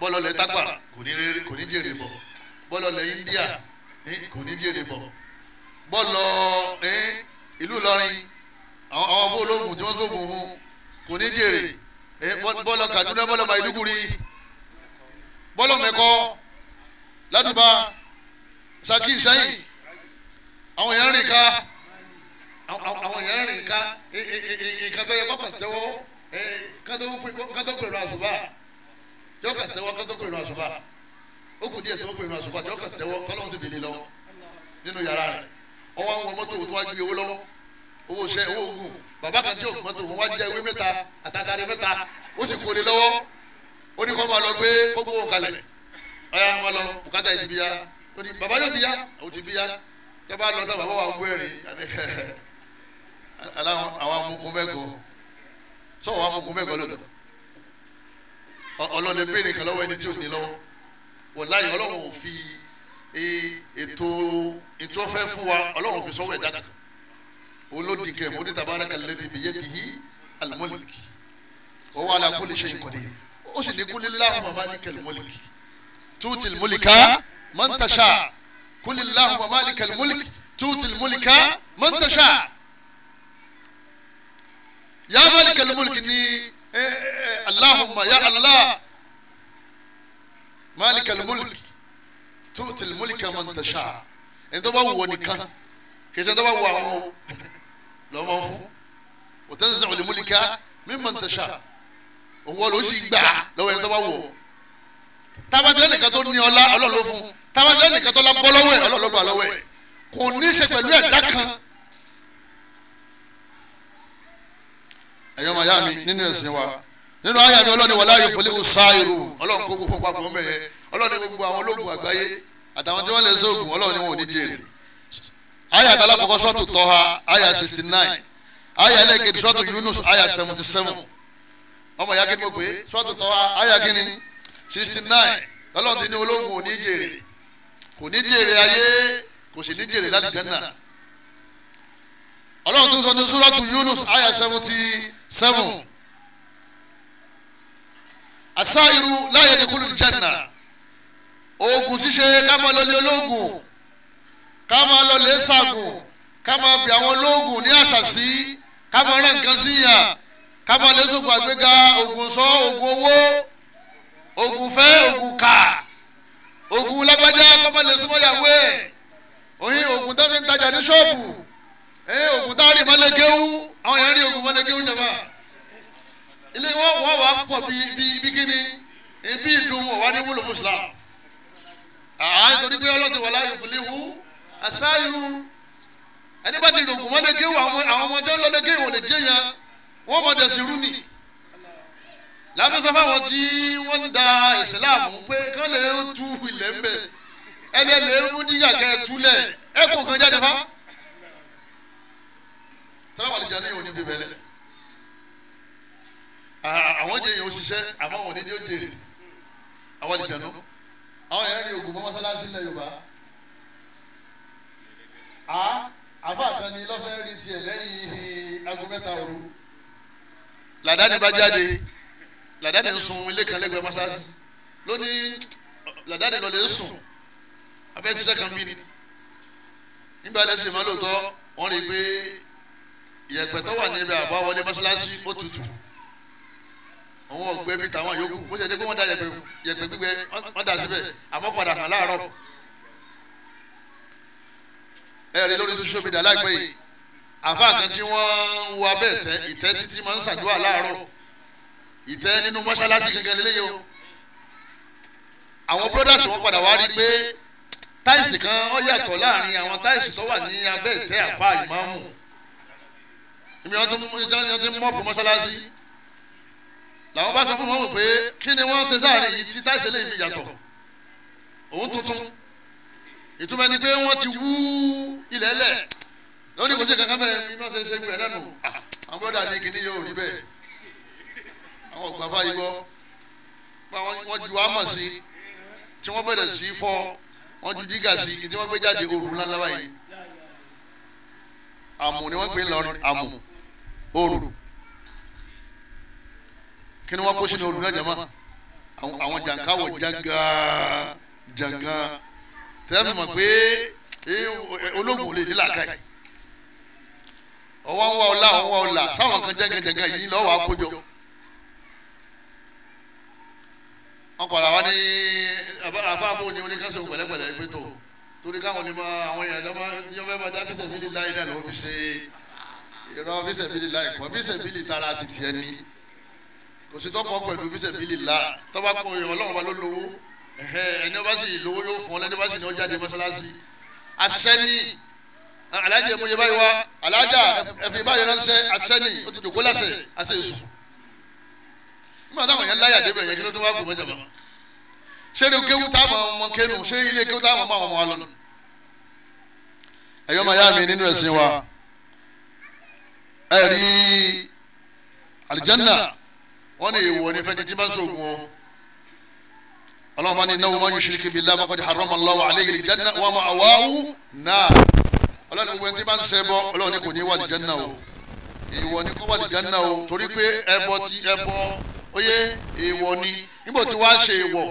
bọ́lọ̀lẹ̀ tágbà kò ní India kò ní díẹ̀ lè bọ̀ bọ́ lọ ìlú Ìlọrin àwọn ọmọ ológun tí wọ́n sógun fún kò ní jèrè ẹni bá ti lògùn mọ́lé kéwù àwọn ọmọ tí wọ́n lọ́lé kéwù lè jẹ́ yẹn wọ́n mọ̀ dẹ̀ sí rú ni lábẹ́sọ fáwọn tí wọ́n ń da ìsìláàmù pé kán lè tu ilẹ̀ ń bẹ̀ ẹlẹ́ lè mú níyà kẹ́ ẹ túlẹ̀ ẹ kò kan jáde fá. táwọn àlejò ní òní bíbẹ̀ lẹ̀ àwọn jẹ èèyàn òṣìṣẹ́ àmọ́ òní ni ó jèrè àwọn àlejò àwọn èèyàn ní ògùn mọ́ ilẹ̀ Yorùbá a àfa kan ni lọ́fẹ́ rí tiẹ̀ lẹ́yìn aago mẹ́ta òru. làdáni bá jáde làdáni ń sun ilé kan lẹ́gbẹ̀ẹ́ mọ́sáàsì lónìí làdáni lọ́ọ́ lè sùn abẹ́ ṣiṣẹ́ kan bí ni nígbà lẹ́sìn máa lóòótọ́ wọ́n rí i pé ìyẹ̀pẹ̀ tó wà níbi àbáwọlé mọ́ṣáláṣí ó tutù àwọn ọ̀gbẹ́ bíi tàwọn yòókù ó ṣe jẹ́ pé wọ́n da yẹ̀pẹ̀ gbígbẹ wọ́n da síbẹ̀ àmọ́ padà hàn láàárọ̀ ẹ̀rí lórí social media láìpẹ́ yìí àfa kan tí wọ́n ń wo abẹ́ ìtẹ́ ìtẹ́ títí máa ń ṣàdúrà láàárọ̀ ìtẹ́ nínú mọ́ṣáláṣí gangan lélẹ́yìí o àwọn brothers wọn padà wá rí pé táìsì kan ó yàtọ̀ láàrin àwọn táìsì tó wà ní abẹ́ ìtẹ́ àfa ìmáàmù ibi wọn ti mọ́ọ̀pù mọ́ṣáláṣí làwọn bá sọ fún mọ́ọ̀mù pé kí ni wọ́n ṣe sáàrin yìí tí táìsì lè fi yàtọ̀ òun tuntun ìtumọ̀ ni pé wọ́n ti wú ilẹ̀ ẹlẹ̀ lónìí kò sí kankan bẹ́ẹ̀ mi náà ṣe ṣe gbẹ̀ nánu àwọn bọ́dà ní kíní yóò rí bẹ́ẹ̀ àwọn ọgbà fáyé gbọ́ wọ́n ju àmọ̀ sí tí wọ́n bẹ̀rẹ̀ sí fọ́ wọ́n ju dígà sí tí wọ́n gbé jáde òòrùn ńlá lábàá yìí àmù ni wọ́n pè é lọ́rin àmù òòrùn kí ni wọ́n kó sínú òòrùn náà jẹ́ mọ́ àwọn jàǹkáwọ̀ jàǹgà jàǹgà tẹ́lẹ̀ mọ̀ pé. Eh, eh, ológun lè ní làákàyè ọwọ́ ń wá ọlá ọwọ́ ọlá sáwọn kan jẹ́gẹ́jẹ́gẹ́ yìí lọ́wọ́ àkójọ. wọn kọ̀ làwọn ní àfáàbò ní oníkásọ̀ pẹ̀lẹ́pẹ̀lẹ́ ìpè tó torí káwọn ní àwọn èèyàn sábà ní ọmọ ẹ̀fọ́ dákẹ́sẹ̀ mi ní láì náà lọ́wọ́ fi ṣe ìrọ̀ fíṣẹ̀ mi ní láì kọ́ fíṣẹ̀ mi ní tara ti tiẹ̀ ní kò sí tọkọ pẹ̀lú fíṣẹ̀ mi ní la tọ́ba kọ ọlọ́run wa ló lówó ẹni ọba sì lówó yóò fún ọ lẹ́ni ọba sì ní ọjà ní mọ́sálásí asẹ́ni alájà ẹ̀mú yẹ báyìí wá alájà ẹ̀fìn báyìí ránṣẹ́ asẹ́ni ó ti jòkó lásẹ̀ asẹ́ èso nígbà táwọn yẹn láyà débẹ̀ yẹn kí ló tó wá kó mẹ́jọ bá ṣé ilé kéwú táwọn ọmọ kéwú ṣé ilé kéwú táwọn ọmọ ọmọ wa lọ. ẹ̀yọ́ máa yá mi nínú ẹ̀sìn wa ẹ̀ rí alìjánná wọ́n ní èèwọ̀ ní fẹ́ni tí bá ń sọ ògùn o ọlọ́run bá ní innahu man yushrik billahi faqad harrama Allahu alayhi al-jannah wa ma'wahu náà ọlọ́run gbogbo ẹni tí bá ń ṣẹbọ ọlọ́run ní kò ní wà ní jẹ́nà o ìwọ ni kó wà ní jẹ́nà o torí pé ẹbọ ti ẹbọ ó yẹ èèwọ ni níbo tí wàá ṣe èèwọ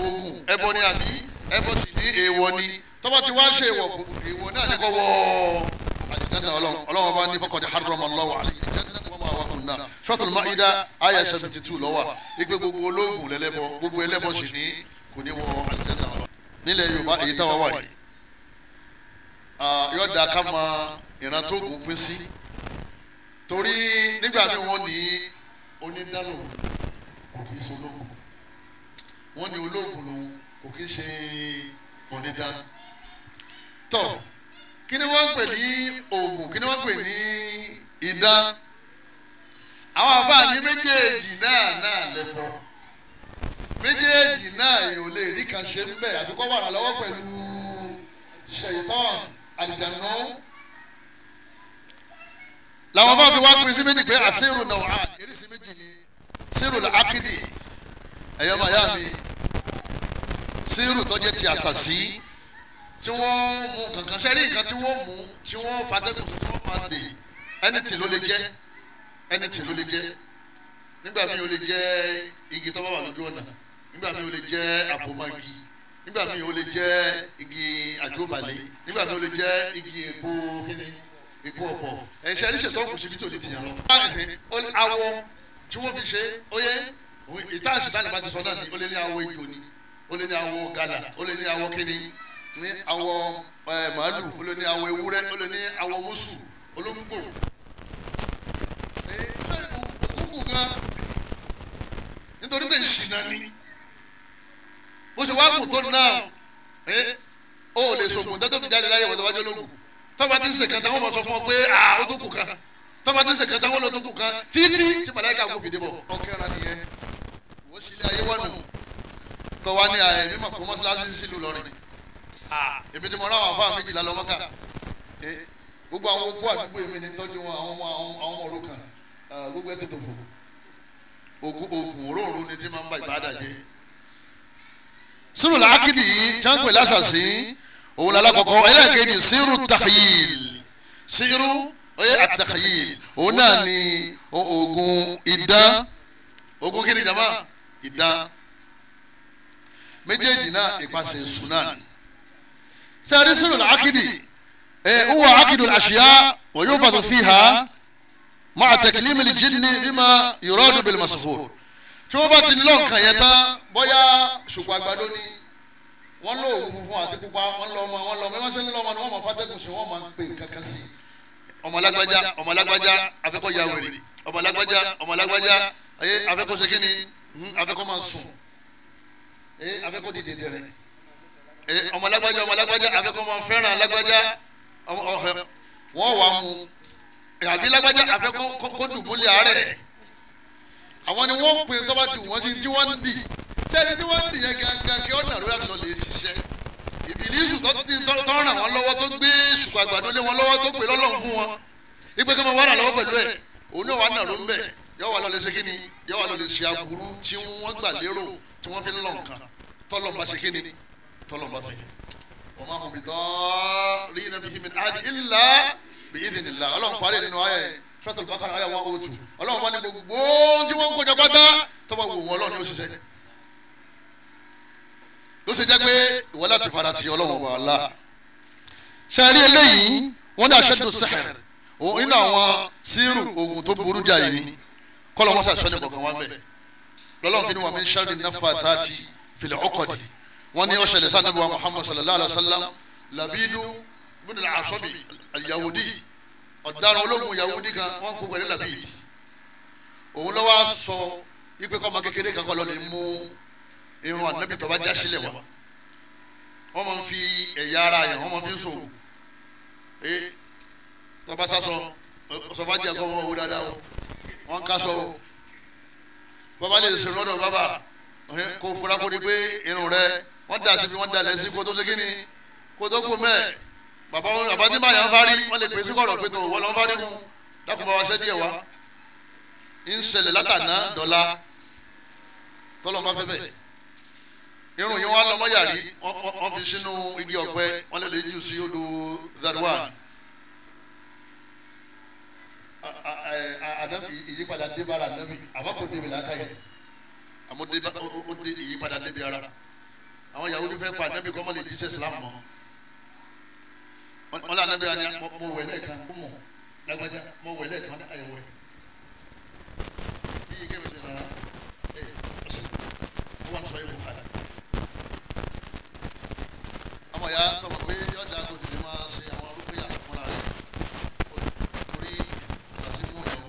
oògùn ẹbọ ni àbí ẹbọ sì ní èèwọ ni tọ́ba ti wá ṣe èèwọ̀ èèwọ̀ náà ní kọ́ wọ́ àlìjáná ọlọ́run ọlọ́run bá ní fọkàn ní harrama Allahu alayhi náà Suratul Maida àyà seventy two lọ́wọ́ ipe gbogbo olóògùn lẹ́lẹ́bọ gbogbo ẹlẹ́bọ sì ní kò ní wọ àlùjánnà wa nílẹ̀ Yorùbá èyí táwa wà yìí yóò ká mọ ìran tó gùn pín sí torí nígbà míì wọ́n ní onídàlù kò kì olóògùn wọ́n ní olóògùn lòun kò kì onídàlù tọ́ kí ni wọ́n ń pè ní oògùn kí ni wọ́n pè ní idán àwọn àǹfààní méjèèjì náà náà lẹ́bọ̀ méjèèjì náà èèyàn ò lè rí kan ṣe ń bẹ̀ àbí kó wà lọ́wọ́ pẹ̀lú ṣèyítán àdìjànú. làwọn bá fi wá pin sí méjì pé àṣírù náà wà eréṣin méjì ni sírù làákìdì ẹ̀yọ́ màá yá mi sírù tó jẹ́ ti àṣàṣì tí wọ́n mú kankan ṣẹ́rí nǹkan tí wọ́n mú tí wọ́n fatẹ́kùn tí wọ́n máa dè ẹni tì ló lè jẹ́ anything ló lè jẹ́ nígbà míì ó lè jẹ́ igi tó bá wà lójú ọ̀nà nígbà míì ó lè jẹ́ àpòmọ́gi nígbà míì ó lè jẹ́ igi àjọbalẹ̀ nígbà míì ó lè jẹ́ igi epo kíni èpo ọ̀pọ̀ ẹ̀ṣẹ̀ ẹ̀ṣẹ̀ tó kù síbi tó lè tìyàn lọ. awọ tí wọ́n fi ṣe ó yẹ ìtaàsì tani bá ti sọ náà ni ó lé ní awọ ejò ni ó lé ní awọ gàlà ó lé ní awọ kíni ní awọ màálù ó lé ní awọ ewúrẹ́ ó lé ní awọ mùsù olóńgbò òkúkú gan nítorí pé ìṣìnà ni bó ṣe wá kù tó náà ó lè sògùn tó tóbi jáde láyé wọ́tọ́ wájú ológun tọ́ba ti ń ṣe kan tán wọ́n mọ̀ sọ fún ọ pé ah, ó tó kù kan ah, tọ́ba ti ń ṣe kan tán wọ́n lọ tó kù kan títí tí màláìka kò fìdí bọ̀ ọ̀kẹ́ra nìyẹn wọ́n sì lé ayé ah, wà nù kọ́ wa ní ààyè mímọ̀ kó mọ́ṣáláṣí sílùú lọ́rin èmi ti mọ̀ ọ́ àwọn àfáà méjìlá lọ́mọ́ká eh, gbogbo àwọn opó àdúgbò èmi ní tọ́jú wọn àwọn ọmọ àwọn ọmọ òrukàn ah, gbogbo ẹ̀ tètè fò ogun ogun òróòrò ni tí máa ń bá ìbáàdà jẹ. sírù làákìdì yìí jáǹpé lásàsí òun lálákọ̀ọ́kọ́ ẹlẹ́ẹ̀kejì sírù takhayil sírù oyè àtàkàyil òun náà ni ogun idán ogun kí ni jama idán méjèèjì náà ìpàṣẹ sunan sẹ́ẹ̀rí sírù làákìdì. Eh, huwa akidu àṣìyá wa yunfadhu fiha ma'a taklimi al-jinni bima yuradu bil-mashhur tí wọ́n bá ti ní lọ́nkàn yẹn tán bóyá ṣùgbọ́n àgbàdo ni wọ́n lọ òògùn funfun àti pupa wọ́n lọ ọmọ wọ́n lọ ọmọ ẹgbẹ́ sẹ́ni lọ́mọ ni wọ́n mọ̀ fàtẹ́kùn sí wọ́n máa ń pè kankan sí ọmọlágbájá ọmọlágbájá afẹ́kọ́ ya wèrè ọmọlágbájá ọmọlágbájá ayé afẹ́kọ́ ṣe kíni hmm, afẹ́kọ́ máa sùn ayé afẹ́kọ́ dìde dẹ̀rẹ̀ eh, ọmọlágbájá ọmọlágbájá afẹ́kọ́ máa fẹ́ràn alágbájá ọfẹ wọn wà mú àbí lágbájá àfẹ kó dùbúlẹ̀ àárẹ̀ àwọn ni wọ́n pè tọ́ba tí wọ́n sì tí wọ́n ń dì ṣé ẹni tí wọ́n ń dì yẹn gangan kí ọ̀nà rẹ̀ lọ lè ṣiṣẹ́ ìbílísù tó ràn wọ́n lọ́wọ́ tó gbé sùkú àgbàdo lé wọn lọ́wọ́ tó pè lọ́lọ́run fún wọn ipe kí wọ́n wá rà lọ́wọ́ pẹ̀lú ẹ̀ òun náà wà nà ló ń bẹ̀ yọ wà lọ́lẹ̀ ṣe kí ni yọ wà lọ́lẹ̀ ṣe aburú tí wọ́n gbà lérò tí wọ́n fi ń lọ nǹkan tọ́lọ́mbà ṣe kí ni tọ́lọ́mbà fẹ́ وما هم بضارين به من أحد إلا بإذن الله اللهم قال لنا آية سورة البقرة آية 102 اللهم قال لنا gbogbo wọn kó jọ pátá tọ́wọ́ wò wọn ọlọ́run yóò ṣiṣẹ́ ló ṣe jẹ́ pé ìwọ láti fara ti ọlọ́run wà lá sẹ́rí eléyìí wọ́n dà ṣẹ́dù sẹ́hẹ̀r òun iná àwọn sírù oògùn tó burú jà yìí kọ́lọ́ wọn ṣàṣọ́ ní kọ̀ọ̀kan wọn bẹ̀ lọ́lọ́run kí ni wọn mi ń ṣáàdì náfà tààtì fìlẹ̀ ọkọ̀dì wọ́n ní ó ṣẹlẹ̀ sí anabi wa muhammad sallallahu alayhi wa sallam labidu bin al-asabi al-yahudi ọ̀daràn ológun yahudi kan wọ́n kó pẹ̀lú labid òun lọ́wọ́ sọ ipe kọ́ ọmọ kékeré kan kọ́ lọ lè mú irun anabi tó bá já sílẹ̀ wá wọ́n máa ń fi ẹ̀yà ara yẹn wọ́n máa fi sọ ee tó bá sásọ ọ̀sọ̀fájì ẹ̀kọ́ wọn wò dáadáa o wọ́n ń kásọ o bàbá lè sèrè lọ́dọ̀ bàbá kò fura kó di pé irun rẹ̀ wọ́n dà síbi wọ́n dalẹ̀ sí kótó ṣe kíni kótó kú mẹ́ẹ̀ bàbá wọn bàbá tí báyà ń fárí wọ́n lè pèsè kọ̀rọ̀ pé tó wọ́n lọ́n fárí fún dákun bá wa ṣẹ́ díẹ̀ wá ń ṣẹlẹ̀ látàná dọ̀la tọ́lọ́ máa fẹ́ bẹ́ẹ̀ irun yìí wọ́n lọ mọ́ yàrí wọ́n fi sínú igi ọ̀pẹ wọ́n lè lè jù sí odò zadwa anabi ìyípadà dé bára anabi àbákò débi látàyè àmọ́ ìyípadà débi ara àwọn Yahudi fẹ́ pa ànábì kọ́ mọ́ lè jíṣẹ́ Islam mọ́ wọn lé ànábì àná mo wẹ̀ lẹ́ẹ̀kan ó mọ̀ lágbájá mo wẹ̀ lẹ́ẹ̀kan àyẹ̀wò ẹ̀ bí ike bẹ̀rẹ̀ rárá ẹ̀ ọ̀sẹ̀ ó wà sọ ibò hàn. ọmọ ya sọ fún pé yọ̀dà kò tètè máa ṣe àwọn arúgbó yàtọ̀ fúnra rẹ̀ torí ìsàsí mú yọ.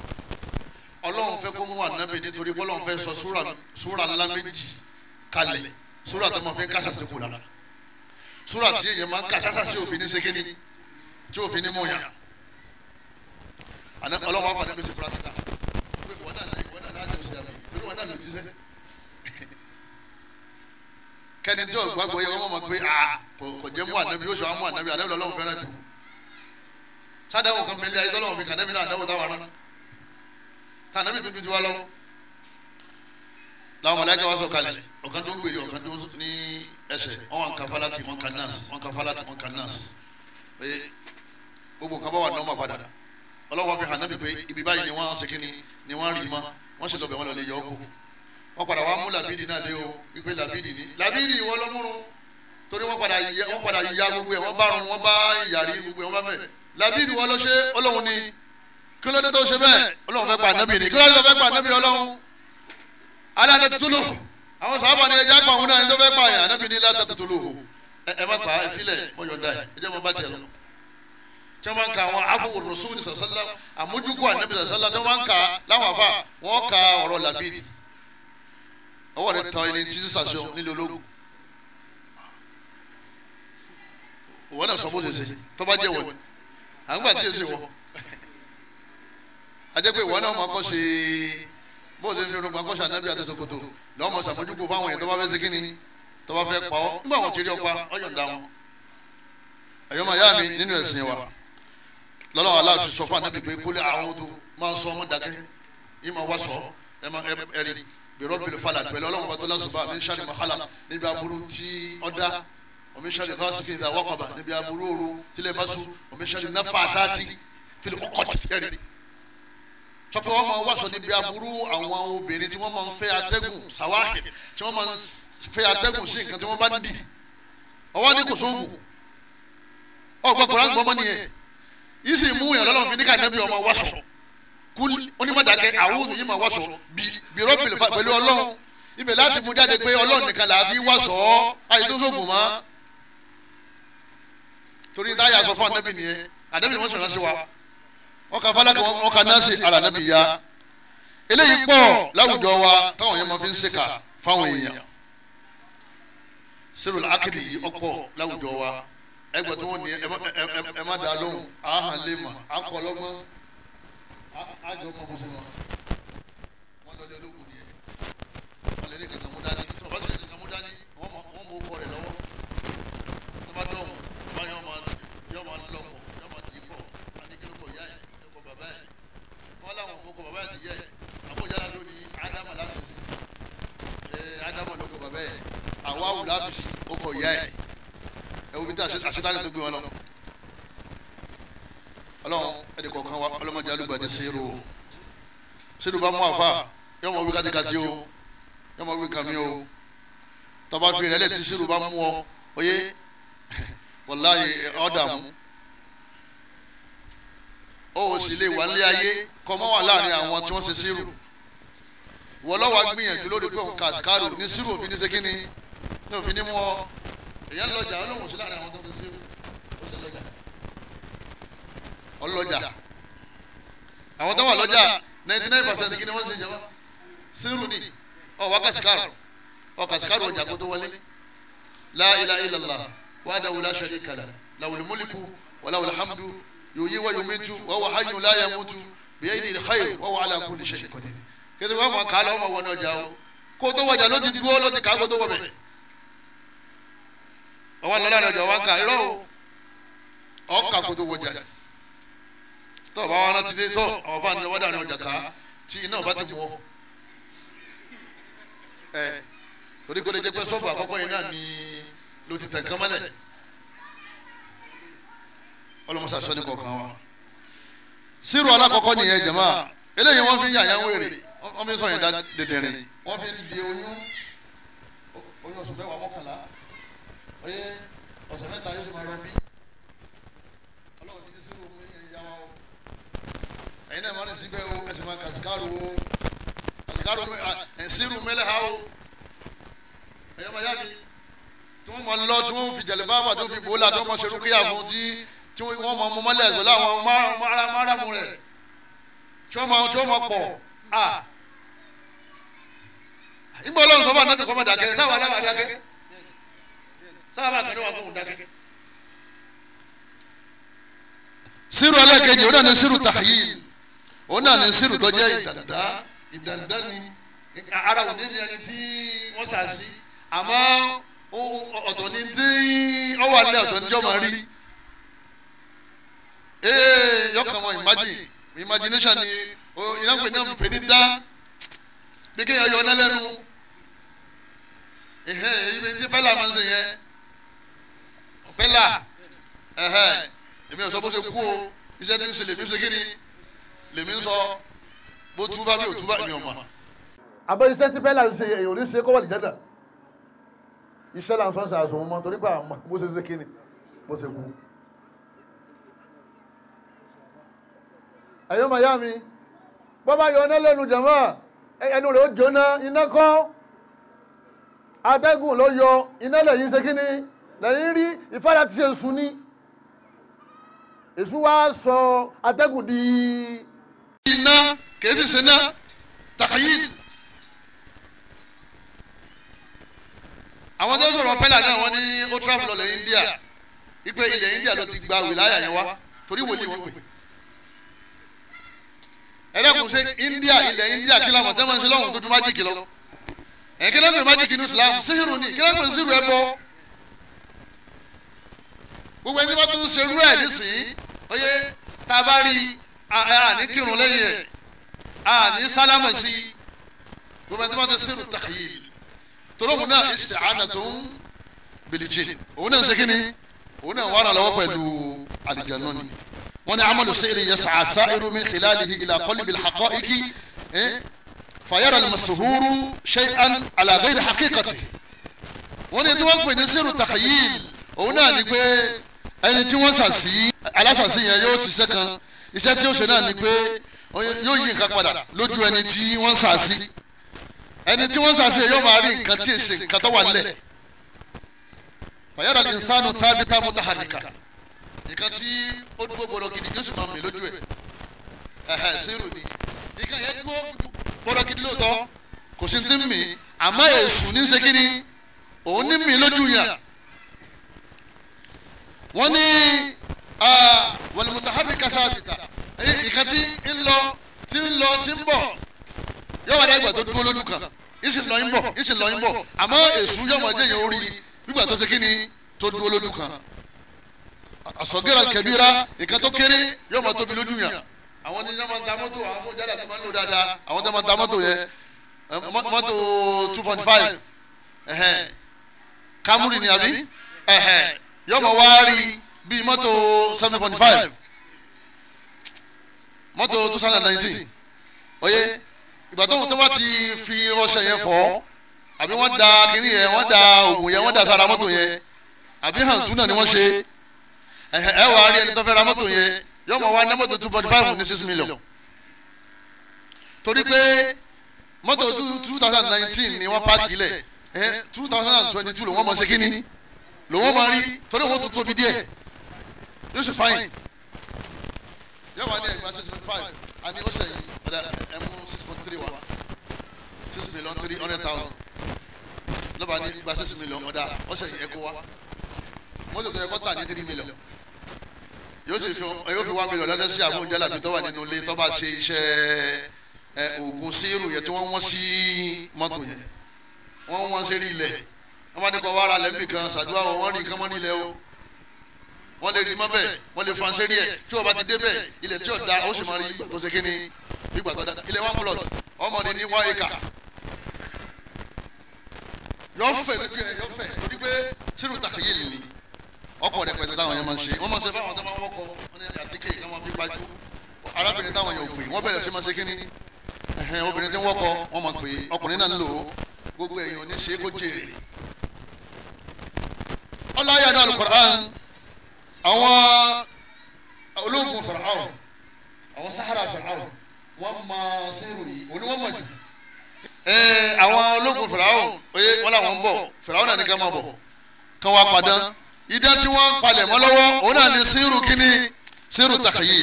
ọlọ́run fẹ́ kó mú ànábì nítorí bọ́lọ́run fẹ́ sọ súra ńlá méjì kalẹ̀ sórí àtọmọ fi ń kásà sí kù lára sórí àti èèyàn máa ń kà kásà sí òfin ní sekini tí òfin ní mọ̀ọ́yà ọlọ́wọ́ àfàdé bẹ́sẹ̀ fúlàtàkà pé wọ́n náà láyé wọ́n náà láyé oṣù àmì torí wọ́n náà lè jíṣẹ́ kẹ́ni tí ọ̀gbọ́n gbọ́ yẹ wọ́n mọ̀ pé kò jẹ́ mú ànábi yóò ṣọ́ àmú ànábi ànábi lọ́lọ́run fẹ́ràn jù sádàwọ̀ kan mẹ́lẹ́ ayé tọ́lọ́wọ́ mi kànábi náà àdáwọ̀ táwa rán tànábi tuntun ti wá lọ́wọ́ làwọn mọ̀lẹ́kẹ́ wá sọ kalẹ̀ ọ̀kan tó ń wèrè ọ̀kan tó ní ẹsẹ̀ wọn kan falaki wọn kan nurse wọn kan falaki wọn kan nurse oye gbogbo kan bá wà nọ́ọ̀mà padà ọlọ́wọ́ fi hàn náà pé ibi báyìí ni wọ́n ṣe kíni ni wọ́n rí ma wọ́n sì lọ́bẹ̀ wọn lọ lè yọ ọ́kọ́ wọ́n padà wá mú làbídì náà dé o wípé làbídì ni làbídì wọ́n lọ́ múrun torí wọ́n padà ya wọ́n padà ya gbogbo ẹ̀ wọ́n bá run wọ́n bá yàrí gbogbo ẹ̀ wọ́n bá fẹ́ làbídì wọ́n lọ ṣe ọlọ́run àwọn sábà ní ẹja pa òun náà ẹni tó fẹ́ pààyàn anábì ní láti tó lò ẹ má ta ìfilẹ̀ mọ̀yọ̀dá ẹ ẹjẹ́ mọ bá tiẹ̀ lọ. tí wọ́n máa ń ka àwọn afọwò rọ̀sùn sàṣálà àmójúkú anábì sàṣálà tí wọ́n máa ń ka láwọn afa wọ́n ka ọ̀rọ̀ làbíbi ọwọ́ rẹ̀ tán ẹni tí sàṣọ nílé ológun. wọ́n náà sọ bó ṣe ṣe tó bá jẹ́ wọ̀ à ń gbà tí èsì wọ̀ ajẹ́ pé ìwọ náà máa kọ́ ṣe bó ṣe fi lọ́mọ sàmójúkú fáwọn yẹn tó bá fẹ́ ṣe kíni tó bá fẹ́ pa ọ́ nígbà wọn ti rí ọ pa ọjọ́ ń da wọn. ẹ̀yọ́ màá yá mi nínú ẹ̀sìn wa lọ́lọ́wọ́ aláàtú sọ fún anábì pé kólé àwọn tó máa ń sọ ọmọ dákẹ́ yìí máa wá sọ ẹ máa ẹ rí bẹ̀rọ bẹ̀rẹ̀ falà pẹ̀lú ọlọ́run bàtọ́ lásùbà mi ń ṣàlẹ̀ màkàlà níbi aburú tí ọ̀dà omi ṣàlẹ̀ káàsìkì ìdá wákọ̀bà níbi aburú òru tílẹ̀ bá sùn omi ṣàlẹ̀ náfà àtàtì fílẹ̀ ọkọ̀ tẹ̀rẹ̀ tọ́pẹ́ wọn máa wàṣọ níbi aburú àwọn obìnrin tí wọ́n máa ń fẹ́ atẹ́gùn sàwáhì tí wọ́n máa ń fẹ́ atẹ́gùn sí nǹkan tí wọ́n bá ń dì ọwọ́ ní kò sóògùn ọgbà kura gbọmọ nìyẹn yìí sì mú yàrá lọ́wọ́ fi ní káyọ̀ bí ọmọ wàṣọ kú onímọ̀dàkẹ́ àwòrán yìí máa wàṣọ bí rọ́bìlì pẹ̀lú ọlọ́run ibẹ̀ láti mú jáde pé ọlọ́run nìkan là á fi wàṣọ ayé tó sóògùn mọ́ torí táyà sọ fún anábì nìyẹn anábì ni wọ́n sọ̀rọ̀ wọn ka falaki wọn ka nasi ala nabi ya eléyìí pọ̀ láwùjọ wa táwọn yẹn máa fi ń ṣèkà fáwọn èèyàn sirul akidi yìí ọ̀pọ̀ láwùjọ wa ẹgbẹ́ tí wọ́n ní ẹ má dáa lóhùn àhàn lè mà á kọ́ lọ́gbọ́n á jọ ọmọ bó ṣe wà wọ́n lọ́jọ́ lóògùn yẹn wọ́n lè ní kankan mú dání tí wọ́n bá sì lè kankan mú dání wọ́n mọ̀ wọ́n mọ̀ ó kọ́ rẹ̀ lọ́wọ́ tó bá dọ̀hùn báyọ̀ máa lọ́wọ́. orúkọ bàbá àti yẹ àbó yàrá ló ní ádámà lábìsí ẹ ádámà lọkọ bàbá yẹ àwa wù lábìsí ó kọ ìyá ẹ ẹ wo bí tá àṣetánì tó gbé wọn lọ Ọlọ́run ẹnì kọ̀ọ̀kan wa ọlọmọdé alùpàdé sèrò sínú bá mú àfa yọ ọmọ wí kátikáti o yọ ọmọ wí kàmí o tọba fi rẹ lẹti sírù bá mú ọ oyé wàláyé ọdà o ó sì lè wà ní ayé kọ́mọ́ wà láàrin àwọn tí wọ́n ṣe sírù wọ́n lọ́wọ́ gbìyànjú lórí pé òun kàṣkárò ní sírù òfin ní sékíní ní òfin ní mú ọ èyàn lọ́jà olóhùn sí láàrin àwọn tó ń ṣe sírù ó sì lọ́jà ọlọ́jà àwọn tó wà lọ́jà ninety nine percent kí ni wọ́n ṣe jẹ́ wọ́n sírù ni ọ̀ wá kàṣkárò ọ̀ ọjà kó tó wọlé la ilaha illallah wahdahu la sharika lahu lahul mulku wa lahul hamdu yuhyi wa yumitu wa huwa hayyun la yamutu bíyẹn ìdí ìdíkàyè wọ́n wà á làkùn lè ṣe ìkọ́ni kí ni wọ́n mọ̀ ká lọ́wọ́ wọn ọjà o kó tó wọjà ló ti dúró ló ti ká kó tó wọ bẹ̀. ọwọ́ lọ́la ni ọjà wa ń ka irọ́ o ọ̀ka kó tó wọjà tó o bá wọn rántí dé tó àwọn fáwọn ni wọ́n dà ọjà ká tí iná ọba ti wọ́ ẹ torí kó lè jẹ́ pé sọ́ọ̀bù àkọ́kọ́ yẹn náà ni ló ti tẹ̀ kán mọ́lẹ̀ ọlọ́mọ sàṣọ́ ní kọ̀ọ̀kan wa sírù alákọ̀ọ́kọ́ nìyẹn jama eléyìí wọ́n fi ń yàyà wèrè wọ́n fi ń sọ̀yìn dẹ̀dẹ̀rìn wọ́n fi ń di oyún oyún oṣù mẹ́wàá mọ́kànlá oyè ọ̀sẹ̀ mẹ́ta yóò sì máa rọ bí ọlọ́run yìí sírù omi ẹ̀yà wa o ẹ̀yin náà máa ń síbẹ̀ o ẹ̀sìn máa kàṣíkàrò o kàṣíkàrò ẹ̀sìrù mẹ́lẹ̀ ha o ẹ̀yọ́ máa yá mi tí wọ́n máa lọ tí wọ́n fi jẹ̀lẹ̀ bá wà tó fi bò ó la tí wọ́n máa ṣerú kíyà fún tí tí wọ́n mọ mọ́lẹ̀ pẹ̀lú àwọn máramù rẹ̀ tí wọ́n mọ tí wọ́n mọ pọ̀ à ìgbà ọlọ́run sọ́fà náà kọ́ mọ́ dákẹ́ sáwọn adáwà dákẹ́ sáwọn akẹ́rẹ́ wà kóhùn dákẹ́. sírù ẹlẹ́kẹ̀jì òun náà ní sírù tahyil òun náà ní sírù tó jẹ́ ìdàndá ìdàndá ni ara òní ni ẹni tí wọ́n sà sí àmọ́ ọ̀tọ̀ ni tí ọwọ́ alẹ́ ọ̀tọ̀ níjọ́ máa rí ee eh, yọkàn wọn imagine imagination ni ìrànwọ́ iná pè ní dá bí kéèyàn yọ ọ́nà lẹ́nu ẹ̀hẹ́ ibi tí bẹ́là máa ń sè yẹn bẹ́là ẹ̀hẹ́ èmi ò sọ bó ṣe kú o iṣẹ́ tí ń ṣe lèmi ṣe kí ni lèmi ń sọ bó túbá bí ò túbá mi ò àbọ̀ iṣẹ́ tí bẹ́là ń ṣe èyàn ò ní ṣe kọ́wọ́ ìjẹ́dà iṣẹ́ là ń sọ́nsẹ̀ mọ́ torí pé àmọ́ bó ṣe ṣe kí ni bó ṣe kú. ẹ̀yọ́ màá yá mi bọ́ bá yọ ọ́nà lẹ́nu jàmá ẹnu rẹ̀ ó jóná iná kọ́ atẹ́gùn ló yọ iná lẹ́yìn ṣe kíni lẹ́yìn rí ìfára ti ṣe sùn ní èṣù wá sọ atẹ́gùn di. iná kìí sì sinna takayi. àwọn tó sọ̀rọ̀ pẹ́lá náà wọ́n ní ó travel lọ India ipe ilẹ̀ India ló ti gba wìláyà yẹn wá torí wòlíì wọ́n pè ẹ̀dẹ́kun ṣe India ilẹ̀ India kí lamọ̀ tẹ́ máa ń ṣe lọ́wọ́ tó ju májíkì lọ ẹ̀ kí lẹ́kùn májíkì ní Islam síhìrù ni kí lẹ́kùn síhìrù ẹ bọ́ gbogbo ẹni bá tún ṣerú ẹ̀ nísìnyí oyè tá a bá rí àní kírun lẹ́yìn ẹ̀ àní sálámà sí gbogbo ẹni bá tún síhìrù tàkìyì tọ́lọ́hùn náà ìṣìṣàánà tó ń bìlìjì òun náà ń ṣe kí ni òun náà wà lọ́wọ́ pẹ̀lú àlìjànnú ni wọ́n ní amadu seyiri yẹ sàásà irú min xilalihi ilà kọ́lí bil haqa'iqi eh, fayara masuhuru shay'an ala ghayri haqiqati wọ́n ní tí wọ́n pè ní sẹ́rù takayil òun náà ni pé ẹni tí wọ́n sàsí alásàsí yẹn yóò ṣiṣẹ́ kan iṣẹ́ tí ó ṣe náà ni pé yóò yí nǹkan padà lójú ẹni tí wọ́n sàsí ẹni tí wọ́n sàsí yóò máa rí nǹkan tí èsì nǹkan tó wà nílẹ̀ fayara insanu thabita mutaharika nǹkan tí ó dúró gbọdọ̀ gidi yóò sì máa mì lójú ẹ̀ ẹ̀hẹ̀ sírù ni nǹkan yẹn dúró gbọdọ̀ gidi lóòótọ́ kò sí ti ń mì àmọ́ èṣù ní ṣe kíni òun ní mì lójú yàn wọ́n ní wàlúmùtàhábì kàtàbìtà nǹkan tí ń lọ tí ń lọ tí ń bọ̀ yóò wá dẹ́gbà tó dúró lójú kan ìsìn lọ ń bọ̀ ìsìn lọ ń bọ̀ àmọ́ èṣù orí gbígbà tó ṣe tó dúró lójú kan àsọ̀gẹ́ra kẹ̀míra nǹkan tó kéré yóò máa tóbi lójú yàn àwọn ní ní máa ń da mọ́tò àwọn ọmọ ìjáde àti máa ń lò dáadáa àwọn tó máa ń da mọ́tò yẹn mọ́tò two point five kámúrì ni àbí yóò máa wá rí bíi mọ́tò seven point five mọ́tò two thousand and nineteen oye ìgbà tó bá ti fi ọṣẹ yẹn fọ́ àbí wọ́n da kínní yẹn wọ́n da oògùn yẹn wọ́n da sára mọ́tò yẹn àbí hàn tún náà ni wọ́n ṣe ẹ wàá rí ẹni tó fẹ́ ra mọ́tò yẹn yóò mọ̀ wá ní mọ́tò two point five ní six million torí pé mọ́tò two thousand nineteen ni wọ́n pààkì lẹ̀ two thousand and twenty two lòun mọ̀ ṣe kínní lòun mọ̀ rí torí wọ́n tó tóbi díẹ̀ yóò ṣe fine yóò wá ní ẹgbẹ́ six point five àní ó ṣe yìí padà ẹmu six point three wa six million three hundred thousand lọ́ba ní gba six million ọ̀dà ó ṣe yìí ẹ̀kọ́ wa mọ́tò tó yẹ kọ́ tà ní three million yóò sì fi yóò fi wá mílíọ̀nù lọ́dẹ sí àbúrò jẹ́ làbí tó wà nínú ilé tó bá ṣe iṣẹ́ ẹ oògùn síìrù yẹn tí wọ́n wọ́n sí mọ́tò yẹn wọ́n wọ́n sí rí ilẹ̀ wọ́n bá ní kọ́ wàrà lẹ́mí kan ṣàdúrà wọn wọ́n rí nǹkan mọ́ nílẹ̀ o wọ́n lè rí mọ́bẹ̀ wọ́n lè fàṣẹ rí ẹ̀ tí wọ́n bá ti débẹ̀ ilẹ̀ tí ò da ó sì máa rí ìgbà tó ṣe kíni ìgbà tó da ilẹ̀ one plot ọmọ ni ní one acre yọ fẹ̀ yọ fẹ̀ torí pé sírù tàkìyè nìyí ọkọ̀ rẹpẹtẹ táwọn yẹn máa ń ṣe wọ́n máa ń ṣe fáwọn tó máa ń wọ́kọ̀ wọ́n ní àtíkè ká máa fi gbájú arábìnrin táwọn yẹn ò pè wọ́n bẹ̀rẹ̀ sí máa ṣe kí obìnrin tí ń wọ́kọ̀ wọ́n máa pè ọkùnrin náà ń lò ó gbogbo ẹ̀yìn ò ní ṣe é kó jèrè. ọláyà náà alukur'an àwọn ológun farao àwọn sahara farao wọ́n máa sẹ́rù yìí òní wọ́n mọ̀ jù àwọn ológun farao oye làwọn ń bọ̀ farao náà ní ká máa bọ̀ kán wá padà idán tí wọ́n ń palẹ̀ mọ́ lọ́wọ́ òun náà ni sírù kínní sírù tàkàyè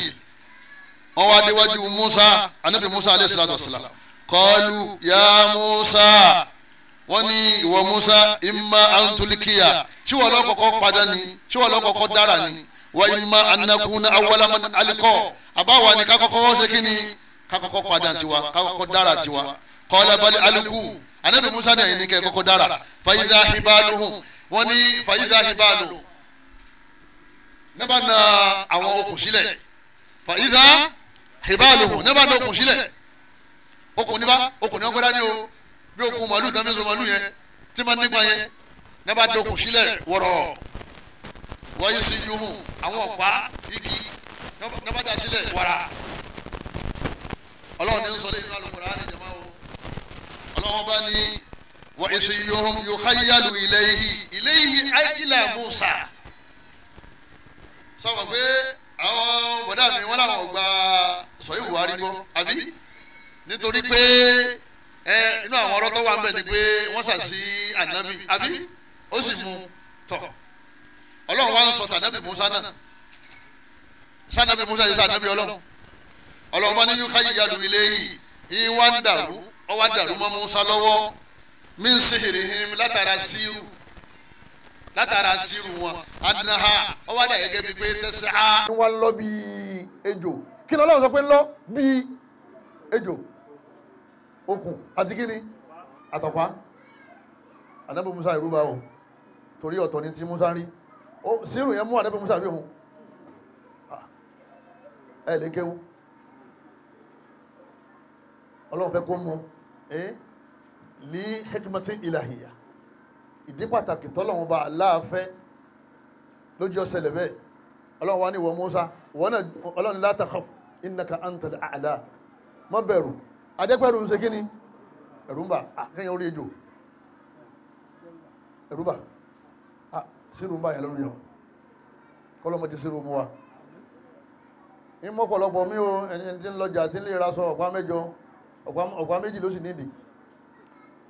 wọ́n wá déwájú musa anabi musa aleyhi salatu wasalam kọlu ya musa wọ́n ní ìwọ musa imma antulikiya tí wọ́n lọ́kọ̀ọ́kọ́ padà ni tí wọ́n lọ́kọ̀ọ́kọ́ dára ni wa imma anakuna awalaman alikọ́ àbáwa ni kakọ́kọ́ ṣe kí ni kakọ́kọ́ padà tiwa kakọ́kọ́ dára tiwa kọ́lá aliku anabi musa náà yìí ní dára fayidá hibaluhun wọ́n ní fàyídà ìbàlù nígbà na àwọn okùn sílẹ̀ fàyídà ìbàlù nígbà na okùn sílẹ̀ okùn níbà okùn ní wọ́n gbé dání o bí okùn màálù tàbí sọ màálù yẹn tí ma nígbà yẹn nígbà na okùn sílẹ̀ wọ̀rọ̀ wọ́n sí yuhu àwọn ọ̀pá igi nígbà dá sílẹ̀ wàrà ọlọ́run ní sọ lẹ́yìn alùpùpù rà ní jama o ọlọ́run bá ní wa isiyuhum yukhayyalu ilayhi ilayhi ay ila musa sọ pé àwọn bọ̀dá mi wọ́n làwọn gba sọ̀yìn buhari gbọ́ àbí nítorí pé ẹ inú àwọn ọ̀rọ̀ tó wà ń bẹ̀ ni pé wọ́n sà sí ànábì àbí ó sì mú tọ̀ ọlọ́run wa ń sọ tànábì musa náà sànábì musa yìí sànábì ọlọ́run ọlọ́run wa ní yukhayyalu ilayhi ìwà ń dàrú ọwọ́ dàrú mọ́ musa lọ́wọ́ min sihirihim látara síru látara síru wọn anaha ọwọ́ dà gẹ́gẹ́ bíi pé tẹ́sí á. kí wọ́n lọ bí ejò kí ni ọlọ́run sọ pé ń lọ bí ejò okùn àti kí ni àtọ̀pá ànábì musa ìrúbà o torí ọ̀tọ̀ ni ti musa rí síru yẹn mú ànábì musa rí òun ẹ̀ lè kéwu ọlọ́run fẹ́ kó mú lí hikmati ilahiya ìdí pàtàkì tọ́lọ́wọ́n bá aláàfẹ́ lójú ọ̀sẹ̀ lẹ́bẹ̀ ọlọ́run wá ní ìwọ Musa ọlọ́run la takhaf innaka antal a'la má bẹ̀rù adẹ́pẹ̀rù ń ṣe kí ni ẹ̀rù ń bà akẹ́yìn orí ejò ẹ̀rù bà sírù ń bà yẹn lórí yẹn kọ́lọ́mọ ti sírù mu wa ní mọ́pọ̀lọpọ̀ mi ò ẹni tí ń lọjà tí ń lè ra sọ ọ̀pá mẹ́jọ ọ̀pá méjì ló sì nídìí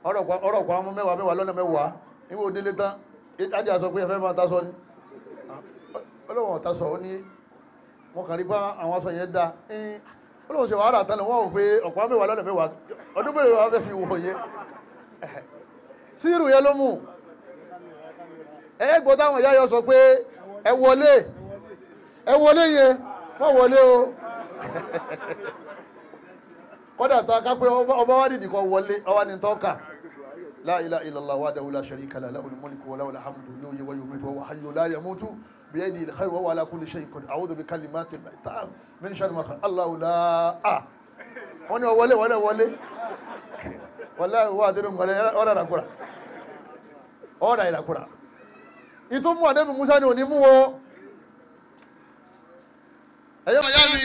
ọrọ pa ọmọ mẹ́wàá mẹ́wàá lọ́nà mẹ́wàá níwò délé tán ajá sọ pé ẹfẹ́ máa tásọ ní ọlọ́wọ̀n tásọ ó ní wọ́n kàn rí bá àwọn aṣọ yẹn dá ọlọ́wọ̀n lọ́nà kọ́dà tó aká pé ọba wádìí wọlé ọwá ni tọ́ka لا إله إلا الله وحده لا شريك له له الملك وله الحمد يحيي ويميت وهو حي لا يموت بيده الخير وهو على كل شيء قدير أعوذ بكلمات الله تعالى من شر ما خلق الله لا آه wọ́n ní ọwọ́lé wọ́lé wọ́lé wọ́lá ìwọ́ àdínú mọ̀lẹ́ ọ̀rọ̀ ìràkúrà ọ̀rọ̀ ìràkúrà ìtò mú àdẹ́bì Musa ni òní mú o ẹ̀yọ́ mi àwọn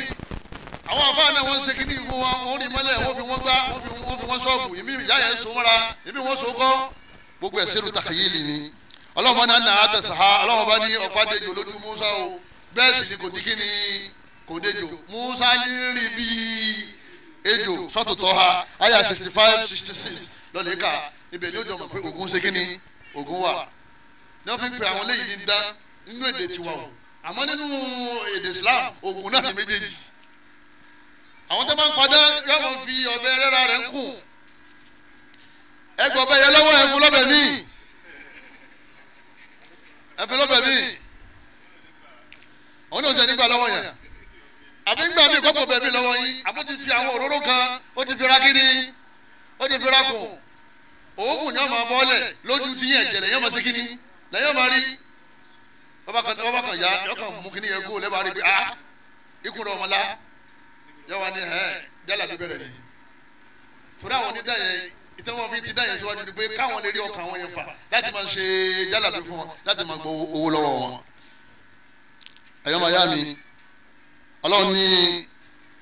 àfáà náà ń ṣe kíní fún wa wọ́n rí mọ́lẹ̀ wọ́n fi wọ́n gbá wọ́n fi wọ́n fi wọ́n ṣọ́ọ̀bù ìmí ìyá yẹn so mọ́ra ìmí wọ́n so kọ́ gbogbo ẹ̀ sẹ́rù takayéli ni ọlọ́mọ náà nà á tẹ̀sán ọlọ́mọ bá ní ọ̀pá dejò lójú Musa o bẹ́ẹ̀ sì ni kò dín kíni kò dejò Musa ní rí bí ejò sọ́tòtọ́ ha aya sixty five sixty six lọ́lẹ̀ ká ibẹ̀ ni ó jọ mọ̀ pé Ògún ṣe kíni Ògún wà ní wọ́n fi ń pè àwọn léyìí ní dá nínú èdè tiwa o àmọ́ nínú èdè Islam Ògún náà ní méjèèjì àwọn tó máa ń padà yóò máa fi ọ̀bẹ rẹ́ra rẹ̀ ń kù ẹgbẹ́ ọ̀bẹ yẹn lọ́wọ́ ẹ̀fún lọ́bẹ̀ mi ẹ̀fún lọ́bẹ̀ mi àwọn náà ṣe nígbà lọ́wọ́ yẹn àbí nígbà mi kọ́kọ́ bẹ̀ mi lọ́wọ́ yín àbó ti fi àwọn òróró kan ó ti fi ra kíni ó ti fi ra kùn òògùn ni wọ́n máa bọ́ lẹ̀ lójú ti yín ẹ̀jẹ̀ lẹ́yìn ọmọ sí kíni lẹ́yìn ọmọ rí bàbá kan ya ọkàn mú kíni yẹn kó lẹ́bàá rí pé ah ikùn rẹ̀ ọmọ la yọ wá ní ẹ jálà bí bẹ̀rẹ̀ nìyí torí àwọn onídàá yẹn ìtẹ́wọ́n fi ti dá yẹn síwájú ni pé káwọn lè rí ọkàn àwọn yẹn fà láti máa ṣe jálà bí fún wọn láti máa gbọ́ owó lọ́wọ́ wọn. ẹ̀yọ́ màá yá mi ọlọ́run ní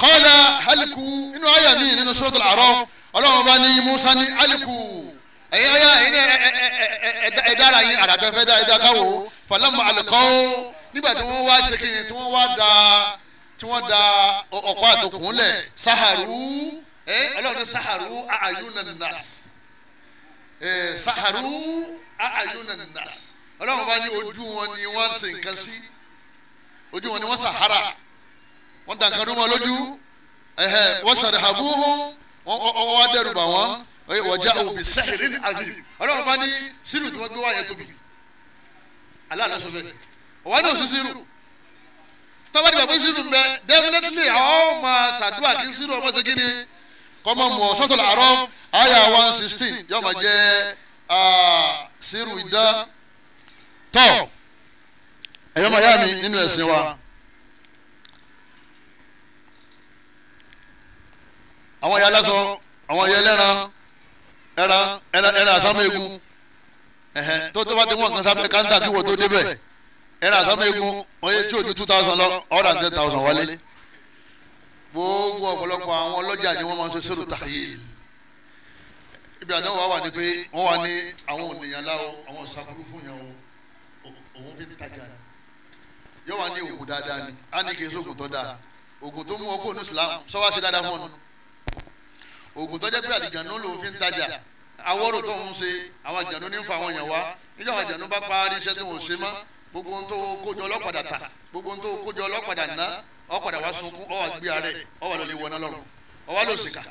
kọ́lá haliku inú àyà mi nínú suratul A'raf ọlọ́run bá ní Musa ní haliku ẹ̀yẹ́ ẹ̀yẹ́ ẹ̀dára yín àràtẹ́fẹ́ dára ẹ̀dá káwọ́ falamma alqaw nígbà tí wọ́n wá ṣe tí wọ́n wá dáa tí wọ́n da ọ̀pá àtòkùn lẹ̀ saharu ẹ ọlọ́run ní saharu ayunanas ẹ saharu ayunanas ọlọ́run bá ní ojú wọn ni wọ́n ṣe nǹkan sí ojú wọn ni wọ́n sahara wọ́n da nǹkan rúmọ lójú ẹ̀hẹ̀ wọ́n sàrẹ̀hàbúhùn wọ́n wá dẹ́rù bà wọ́n wọ́jà òbí sẹ́hìrín azim ọlọ́run bá ní sírù tí wọ́n gbé wáyé tóbi aláàlá sọ fẹ́ ọ̀wá náà sí sírù tọ́wọ́dì gbàgbé sínú mbẹ definitely àwọn máa ṣàdúrà kí sínú ọmọ ṣe kí ni kọ́mọ mọ̀ sọ́tọ̀ làárọ̀ àyà one sixteen yóò máa jẹ́ sírù idán tọ́ ẹ̀yọ́ máa yá mi nínú ẹ̀sìn wa. àwọn ẹ̀yà lásán àwọn ẹ̀yà ẹlẹ́ran ẹran ẹran àsámẹ́gun tó tó bá ti wọ́n kan sábẹ́ káńtà kí wọ́n tó débẹ̀ ẹ̀rọ àsọ́mọ egun oye tí o ju two thousand lọ ọ̀rọ̀ àti ten thousand wọlé gbogbo ọ̀pọ̀lọpọ̀ àwọn ọlọ́jà ni wọ́n máa ń ṣe sẹ́rù tàyè ibi àdáwò wa wà ní pé wọ́n wà ní àwọn ènìyàn láwọ àwọn sakuru fún yàn òun fi tajà yóò wà ní oògùn dáadáa ni á ní kí n sóògùn tó dáa oògùn tó mú ọkọ ònú Islam sọ́wọ́ ṣe dáadáa fún ọ nù oògùn tó jẹ́ pé àdìjànú lòun fi ń tajà awọ́rò tó ń ṣe àwọn àjànú ní ń fa àwọn èèyàn wá níjọ́ àwọn àjànú bá parí iṣẹ́ tí wọ́n ṣe mọ́ gbogbo ohun tó kójọ ọlọ́padà ta gbogbo ohun tó kójọ ọlọ́padà ná ọ̀padà wá sunkún ọ̀wà gbé arẹ ọ̀wà ló lè wọná lọ́rùn ọ̀wà ló ṣìkà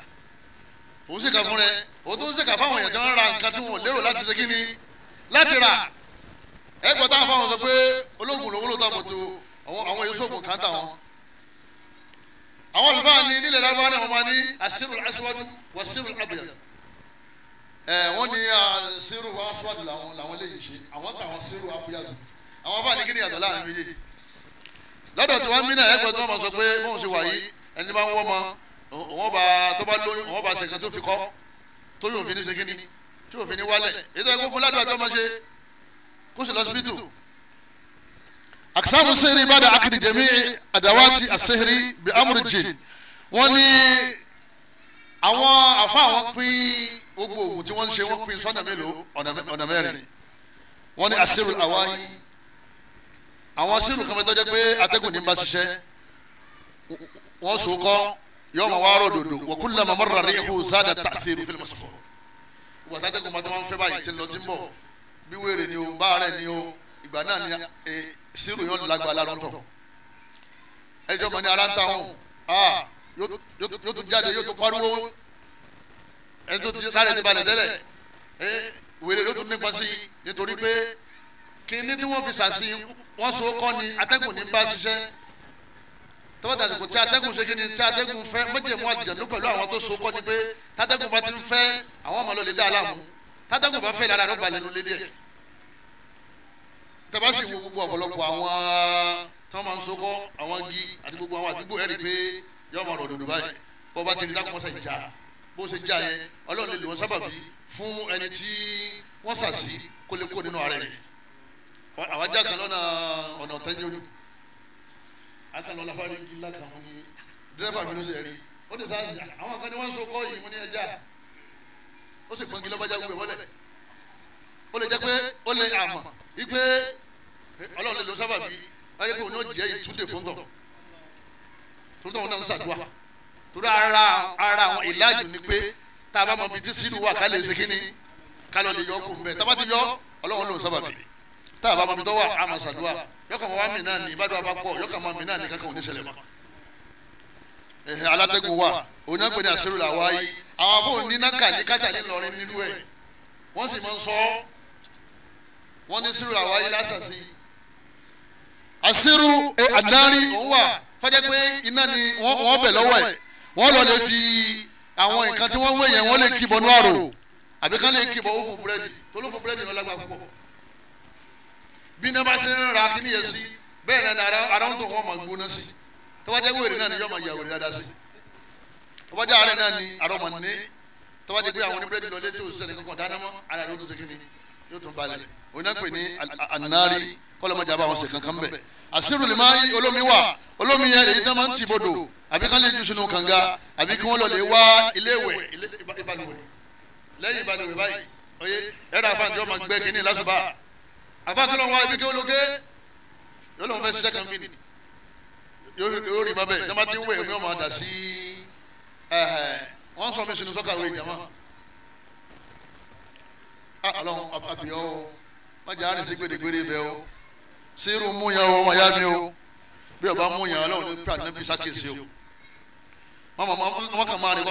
òun ṣìkà fún rẹ òun tó ń ṣìkà fáwọn èèyàn tí wọ́n ra nǹkan tí wọ́n lérò láti ṣe kíni láti rà ẹ gbọ́ táwọn fáwọn sọ pé ológun lòun ló tàbọ̀ tó àwọn èso ògùn kan táwọn àwọn olùfáà ní nílẹ̀ lárúbáwá náà wọ́n máa ní àṣírù aṣíwájú wàṣírù àbẹ̀yà ẹ̀ wọ́n ní àṣírù ah, aṣíwájú làwọn làwọn lè yìí àwọn afáà ní kí ni yàtọ̀ láàrin méjèèjì lọ́dọ̀ tí wọ́n mí náà ẹgbẹ́ tí wọ́n máa sọ pé bóun ṣe wà yìí ẹni bá ń wọ́ mọ òun bá tó bá lóyún òun bá ṣe nǹkan tó fi kọ́ tó yóò fi ní ṣe kíni tí yóò fi ní wálẹ̀ èyí tó yẹ kó fún ládùúgbò tó máa ṣe kó sì lọ́sibítù. àkísàmù sẹ́rí bá da akidi jẹ̀mí àdáwátì àṣẹ́rí bí amúrìjì wọ́n ní àwọn àfa àwọn pín gbogbo òògùn tí wọ́n ń ṣe wọ́n pín sọ́nà mélòó ọ̀nà mẹ́rin wọ́n ní àṣírù àwáyé àwọn sírù kan tó jẹ́ pé atẹ́gùn ní bá ṣiṣẹ́ wọ́n so kọ́ yọ ma wárò dòdò wa kullama marra rihu zada ta'thir fil masafo wọ́n atẹ́gùn bá tó máa ń fẹ́ báyìí tí ń lọ tí ń bọ̀ bí wéèrè ni o báàrẹ̀ ni o ìgbà náà ni e, sírù yọ lágbàá lárùn ẹjọ́ mọ̀ ní ara ń yóò tún jáde yóò tún pariwo ẹni tó ti láre wọ́n so kọ́ ni atẹ́gùn ní bá ṣiṣẹ́ tọ́wọ́tà àsìkò tí atẹ́gùn ṣe kí ni tí atẹ́gùn fẹ́ méjèèmú àjẹ̀nú pẹ̀lú àwọn tó so kọ́ ni pé tátẹ́gùn bá ti ń fẹ́ àwọn ọmọ lọ́ọ́ lè dá aláàmú tátẹ́gùn bá fẹ́ lára rọ́bà lẹ́nu lédè ẹ̀ tẹ́bá sì wo gbogbo ọ̀pọ̀lọpọ̀ àwọn tí wọ́n máa ń so kọ́ àwọn igi àti gbogbo àwọn àdúgbò ẹ̀rí pé yọ́ọ́ máa rọ̀ dòdò báyìí bó bá ti rí lákùnmọ́sẹ̀ ìjà bó ṣe já yẹn ọlọ́run lè lò wọ́n sábàbí fún ẹni tí wọ́n sàṣì kó àwọn ajá kan lọ́nà ọ̀nà ọ̀tẹ́jọ́ ni akànlọ́lá fárí gíga kan mú ní dírẹ́fà mi ló ṣe rí ó ti sáà sí àwọn kan ní wọ́n ń so kọ́ yìí mú ní ẹja ó sì pọ́ngilé bájá gbé wọlé ó lè jẹ́ pé ó lè àmọ̀ wípé ọlọ́run lè lo sábà bí wáyé pé òun yóò jẹ́ ìtúndè fún tọ̀ torí tọ̀hún náà ń ṣàdúrà torí ara ara àwọn ìlàjù ni pé tá a bá mọ ibi tí sílùú wà ká lè ṣe kíni ká lọ lè yọ ọkùnrin bẹ́ẹ̀ tá a bá ti yọ ọlọ́run lòún sábà bí tá a bá mọ ibi tó wà á máa ṣàdúrà yọkàn máa wá mí náà ní ìbádọ́ abápọ̀ yọkàn máa mí náà ní kankan oníṣẹ̀lẹ̀ mọ́ ẹ̀hìn alátẹ́gùn wà òun náà pè ní àṣírí làwa yìí àwọn abó níná kàdíkàdà nílọrin nílùú ẹ̀ wọ́n sì máa ń sọ wọ́n ní sírí làwa yìí lásàsí àṣírí eh, àdárí òun wà fọ́jẹ́ pé iná ni wọ́n bẹ̀ lọ́wọ́ ẹ̀ wọ́n lọ lè fi àwọn nǹkan tí wọ́n wé yẹn wọ́n lè kí bọ́nú àrò àbí kán lè kí bọ́ òfò búrẹ́dì tó lófò búrẹ́dì lọ́lágbá púpọ̀ bí náà bá ṣe ń ra kíní yẹn sí bẹ́ẹ̀ náà ara ń tó kọ́ ọmọ gbóná sí tọ́wájẹ́ wèrè náà ni yọ́ ọmọ ìyàwó rẹ̀ dáadáa sí tọ́wájẹ́ àárẹ̀ náà ni àrọ́ ọmọ ní tọ́wájẹ́ pé àwọn oníbẹ̀rẹ̀ lọ létí òṣìṣẹ́ kankan dáná mọ́ ara rẹ̀ ó tó ṣe kíni yóò tún balẹ̀ onípè ní ànárí kọ́lọ́mọdé àbáwọn ṣe kankan bẹ̀ àṣírù lè máa yí olómi wà olómi yẹn lèyí tí wọ́n máa ń ti bodò àbí kán lè ju sunu kànga àbí kí wọ́n lọ lè wá iléèwẹ̀ ìbàlùwẹ̀ lẹ́yìn ìbàlùwẹ̀ báyìí ọ̀yẹ́ ẹ̀rọ àfàǹjọ́ máa gbẹ́ kínní lásùbà àbákẹ́lọ́ wa ibi kí ó lókè yóò lóun fẹ́ ṣiṣẹ́ kan bí ni yóò rí bàbẹ́ jama ti ń wẹ̀ omi ọmọ àdá sí wọ́n sọ mi sinú sọ́kà wẹ̀ jama ọlọ́run àbíyọ́ o májà á rìn sí gbèdégbèdé bẹ́ o sírù mú yẹn o ọmọ ya mi o bí ọba mú o ọlọ́run ní pàdé bí sákèsí o wọ́n kàn máa rí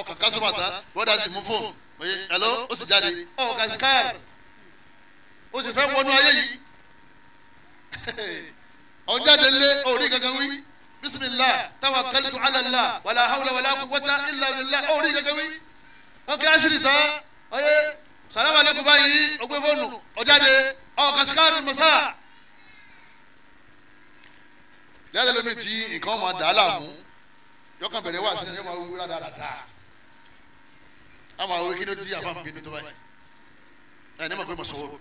ọkàn kásùmọ̀tà bọ́dà sì mú fóònù ẹ̀lọ́ ó sì jáde ọ̀ọ́ oh, kàṣíkáyà o sì fẹ́ wọnú ayé yìí ọ̀jáde *laughs* lé orí kankan wí bisimilah tawakkaltu ala Allah wàlá hawla wàlá quwwata illa billah orí kankan wí wọn kí asiri tán ọyẹ salamu aleykum báyìí ọgbẹ fóònù ọ̀jáde ọkasikaari masa yálẹ̀ lómi tí nǹkan ọmọ dàá làmú yọkàn bẹ̀rẹ̀ wá sí ẹ̀yọ́ máa wúra dáadáa a máa wọ kí ni ó ti àbá bínú tó báyìí ẹ̀ ní ma pé mo sọ̀rọ̀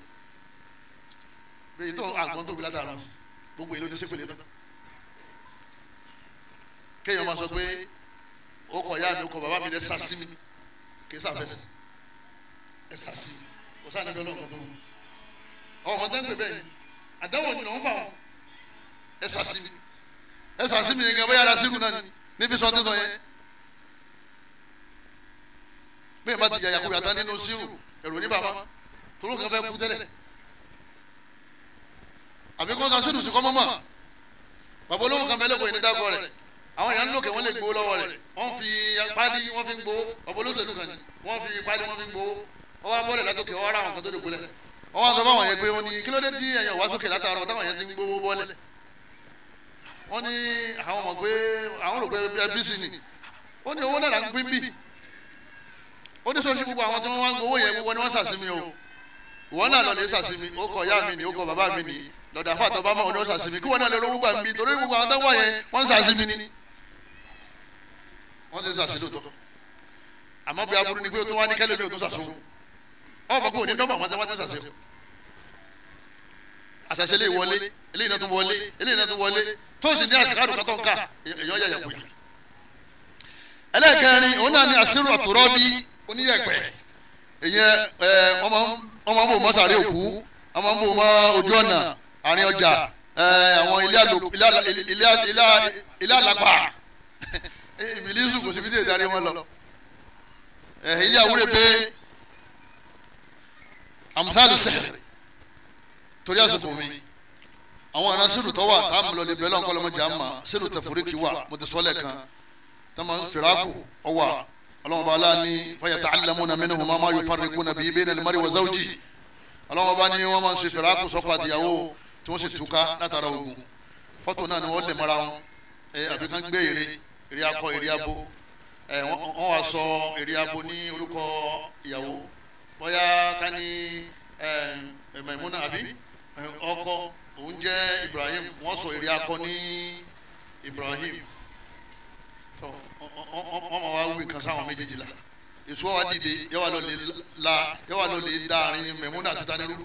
èyí tó àgbọn tóbi ládàrú gbogbo èyí ló ti sépèlè tán kéèyàn máa sọ pé ó kọ ìyá mi ó kọ bàbá mi lẹ sàsí mi kì í sàfẹsẹ ẹ sàsí kò sáà níbi ọlọ́run tó wù ọmọ tẹ́ ń pè bẹ́ẹ̀ ni àdáwọ̀ ni òun fà wọn ẹ sàsí mi ẹ sàsí mi nìkan bóyá ara sírù náà ni níbi sọ ti sọ yẹn bẹ́ẹ̀ bá ti yàyà kó yàtá nínú sírù ẹ̀rọ ní bàbá toró kan fẹ́ kú tẹ́lẹ̀ àbí kó san sídùú sí kọ́ mọ́mọ́ bàbá olówó kan mẹ́lẹ́kọ̀ọ́ yìí ní dákọ̀ rẹ̀ àwọn èèyàn lókè wọ́n lè gbowó lọ́wọ́ rẹ̀ wọ́n fi pálí wọ́n fi ń gbowó bàbá olóṣèlú kan wọ́n fi pálí wọ́n fi ń gbowó ọwọ́ abọ́lẹ̀ látòkè ọwọ́ ara àwọn kan tó dògbòlẹ̀ ọwọ́ sọ fáwọn yẹn pé wọ́n ní kí ló dé tí ẹ̀yàn wá sókè látàárọ̀ táwọn yẹn ti ń gbowó bọ́lẹ̀ wọ́n ní àwọn mọ̀ pé àwọn lọ́dọ̀ àfa àtọ́ba máa ọ̀dọ́ sàṣìmí kí wọ́n náà lè rówó gbà ń bí torí gbogbo àwọn táwọn yẹn wọ́n ń sàṣìmí ni wọ́n ti ń sàṣìmí lóòótọ́ àmọ́ bí aburú ni pé o tún wá ní kẹ́lẹ́ mi ò tún sàṣìmí ọ̀ bọ̀ pé òní nọ́mbà wọn ti wá ti sàṣìmí àṣàṣe lè wọlé eléyìí náà tún wọlé eléyìí náà tún wọlé tó sì ní àṣìkárù kátó nǹka èèyàn yà yàgò yìí ẹlẹ́ẹ̀kẹrin ni àṣírò àtúrọ́bí oníyẹ̀pẹ̀ èèyàn ọmọ ọmọ bò mọ́ sàrí òkú àárín ọjà àwọn ilé alapa *laughs* ìbílísù kò síbi tí èdè àdé wọn lọ ilé àwúrẹ́ pé amusalu sẹ́kẹ̀rẹ̀ torí àsopọ̀ mi àwọn ará sírù tọ́wà tá a mọ̀lọ́lẹ̀ bẹ́ẹ̀ lọ́nkọ́ lọ́mọdé àmà sírù tẹ̀fọ́ríkì wà mọ̀tẹ́sọ́lẹ̀ kan tá a máa ń fìràkù ọwà ọlọ́wọ́n bá aláàní fayata'allamuna minhu ma ma yufarriquna bihi bayna al-mar'i wa zawji ọlọ́wọ́n bá ní wọ́n máa ń ṣe fìràkù tí wọ́n sì túká látara ogun fọ́tò náà ni wọ́n lè mọ́ra wọn àbí kan gbé ère ère akọ ère abo wọ́n wá sọ ère abo ní orúkọ ìyàwó bóyá ká ní Maimuna àbí ọkọ òun jẹ́ Ibrahim wọ́n sọ ère akọ ní Ibrahim wọ́n máa wá wí nǹkan sáwọn méjèèjì la èso wa dìde yẹ́wà lọ́ọ́ lè la yẹ́wà lọ́ọ́ lè dáàrin Maimuna àti taniru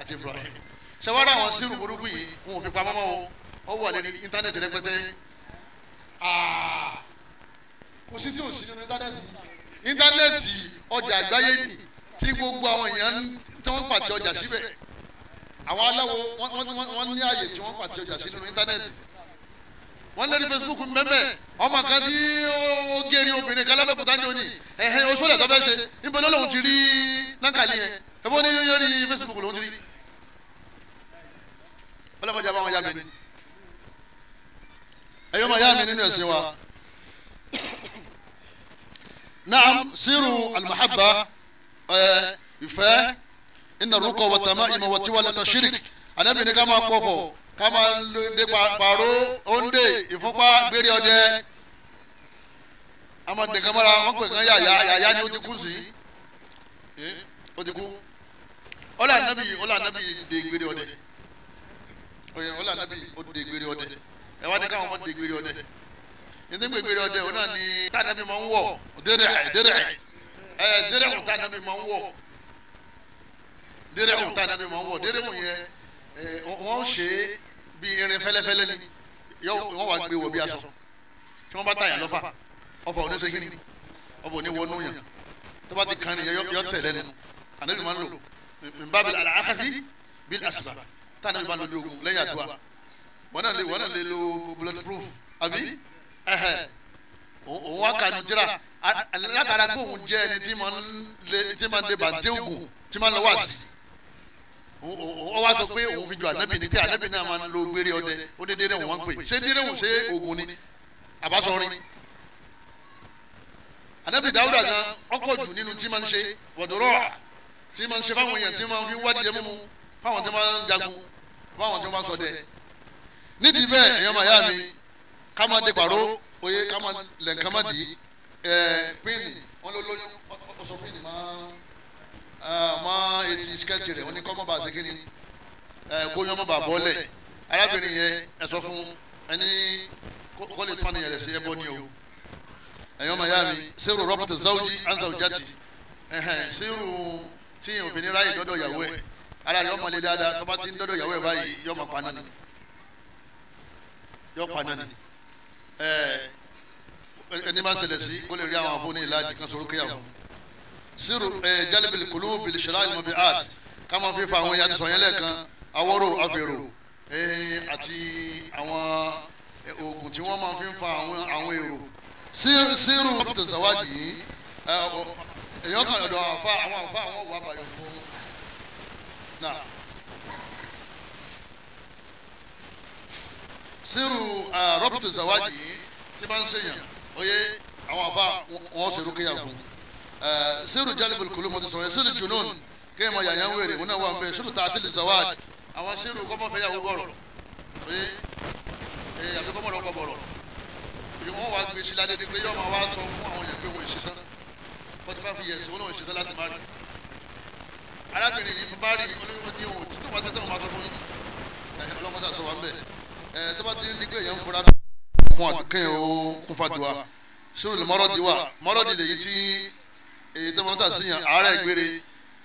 àti Ibrahim ṣẹwárà àwọn sírù burúkú yìí wọn ò fi pamọ́ mọ́ o ó wà lórí íńtánẹ́ẹ̀tì rẹpẹtẹ kò sí tí ò sí nínú íńtánẹ́ẹ̀tì íńtánẹ́ẹ̀tì ọjà àgbáyé nì tí gbogbo àwọn èèyàn tí wọ́n pàtẹ ọjà síbẹ̀ àwọn aláwo wọ́n ní ààyè tí wọ́n pàtẹ ọjà sí nínú íńtánẹ́ẹ̀tì wọ́n lórí Facebook mẹ́mẹ́ ọmọ kan tí ó geri obìnrin kan lábẹ́kúta ní òní ẹ̀hẹ́n oṣù lẹ́tọ́ fẹ́ ṣe níbo lọ́lọ́run ti rí nákàlí yẹn ẹ̀bọ́n ní yóò rí Facebook lòún ti rí ọlọ́mọdé àbáwọn yá mi ni ẹ̀yọ́ máa yá mi nínú ẹ̀sìn wa naam siru almahabba ẹ̀ ìfẹ́ iná rúkọ wọ̀tàmá ìmọ̀ wọ̀tí wà lẹ́tọ̀ ṣírík ànábì ní ká máa pọ̀fọ̀ ká máa dé pàró òǹdè ìfúnpá gbére ọdẹ àmọ́ dẹ̀kan mọ́ra wọ́n pè kán yàyà yàyà ni ó ti kú sí ó ti kú ọlọ́ ànábì ọlọ́ ànábì dé gbére ọdẹ oye wọn là nàbí ó de gbére ọdẹ ẹ wá ní káwọn ọmọ de gbére ọdẹ ní tí gbére ọdẹ òun náà ni tá nàbí máa ń wọ dẹrẹ ẹ dẹrẹ ẹ ẹ dẹrẹ òun tá nàbí máa ń wọ dẹrẹ òun tá nàbí máa ń wọ dẹrẹ òun yẹ ẹ wọn ṣe bí irin fẹlẹfẹlẹ ni wọn wá gbé wọ bí aṣọ tí wọn bá tàyà lọfà ọfà oníṣègùn ni ọfà oníwọnú yẹn tó bá ti kàn nìyẹn yọ tẹlẹ nínú ànábì máa ń lò min babil al-akhadhi bil asbab táwọn ẹbí bá lójú ogun lẹ́yìn àdúrà wọn náà lè wọn náà lè lo bulletproof àbí ẹ̀hẹ̀ òun wá kà ní tíra látara pé òun jẹ́ ẹni tí máa ń lé tí máa ń lé bàtẹ́ ogun tí máa ń lọ wá sí o wá sọ pé òun fi ju ànábì ní pé ànábì náà máa ń lo gbére ọdẹ ó ní dérẹ́ wọn pè ṣé dérẹ́ wọn ṣe ogun ni àbásọrin ànábì dáwúdà gan ọ̀pọ̀ jù nínú tí máa ń ṣe wọ̀dọ̀rọ̀ tí máa ń ṣe fáwọn èèyàn tí máa ń fi wádìí ẹmú mu fáwọn tí máa ń jagun fún àwọn tí wọ́n bá sọ dẹ nídìí bẹ́ẹ̀ èèyàn máa yá mi ká máa dé oyè ká máa lẹ̀ǹkan má dì í pínì wọn ló lóyún ọsọ pínì máa etí skẹ́ẹ̀tì rẹ̀ wọn ni kọ́ mọ́ bá a ṣe kí ni kó yọ mọ́ bá a bọ́lẹ̀ arábìnrin yẹn ẹ sọ fún ẹni kó lè tán ni yẹrẹ sí ẹbọ ni o ẹ̀yọ́ máa yá mi sẹ́rù rọ́pọ̀tì záwùjí ansa òjá ti sẹ́rù tíyẹn òfin ní ráyè dọ́dọ̀ yàwó ẹ̀ ara rẹ̀ ọmọ lè dáadáa tó bá ti ń dọ́dọ̀ ìyàwó ẹ̀ báyìí yóò máa paná ni yóò paná ni ẹni máa ṣẹlẹ̀ sí ó lè rí àwọn afọ́ ní ìlàjì kan sọ̀rọ̀ kéyà fún siru jalibili kulu bili sara ilmobi art ká máa fi fa àwọn ìyá ti sọ yẹn lẹ́ẹ̀kan awọ́rò afẹ́rò àti àwọn oògùn tí wọ́n máa fi ń fa àwọn èrò siru tẹ̀síwájú yìí èèyàn kan ọ̀dọ̀ àwọn àfa àwọn àfa àwọn ọ̀gbà àbàyọ̀ fún náà sírù uh, rọ́bìtì zawaji yìí tí bá ń sèyàn oyè àwọn afa wọn ṣe rúkìá fún uh, sírù jalibul kulumati sọ̀rọ̀ sírù junun kéè mọ yàyà ń wèrè wọn náà wà ń bẹ sírù tààtìlì zawaji àwọn sírù kọ́mọ́fẹ́yàwó bọ̀rọ̀ oyè ee eh, àbí kọ́mọ́ lọ́kọ̀ bọ̀rọ̀ ìwọ́n wá gbèsè ládé pé yọ́ọ́ máa wá sọ fún àwọn yẹn pé wọ́n ìṣe tán forty five years wọn náà ìṣe tán láti má rí i arábìnrin yìí fúnpá rí olóyún ní òun títí wọn tẹ́tẹ́ wọn máa sọ fún yín ọlọ́mọ sàṣọ wa ń bẹ̀ ẹ tó bá ti ní pé èèyàn ń fura kún àkẹ́yìn o kún fàdùà sórí lè mọ́rọ́dì wà mọ́rọ́dì lèyí tí èyí tó máa ń sàṣìyàn àárẹ̀ gbére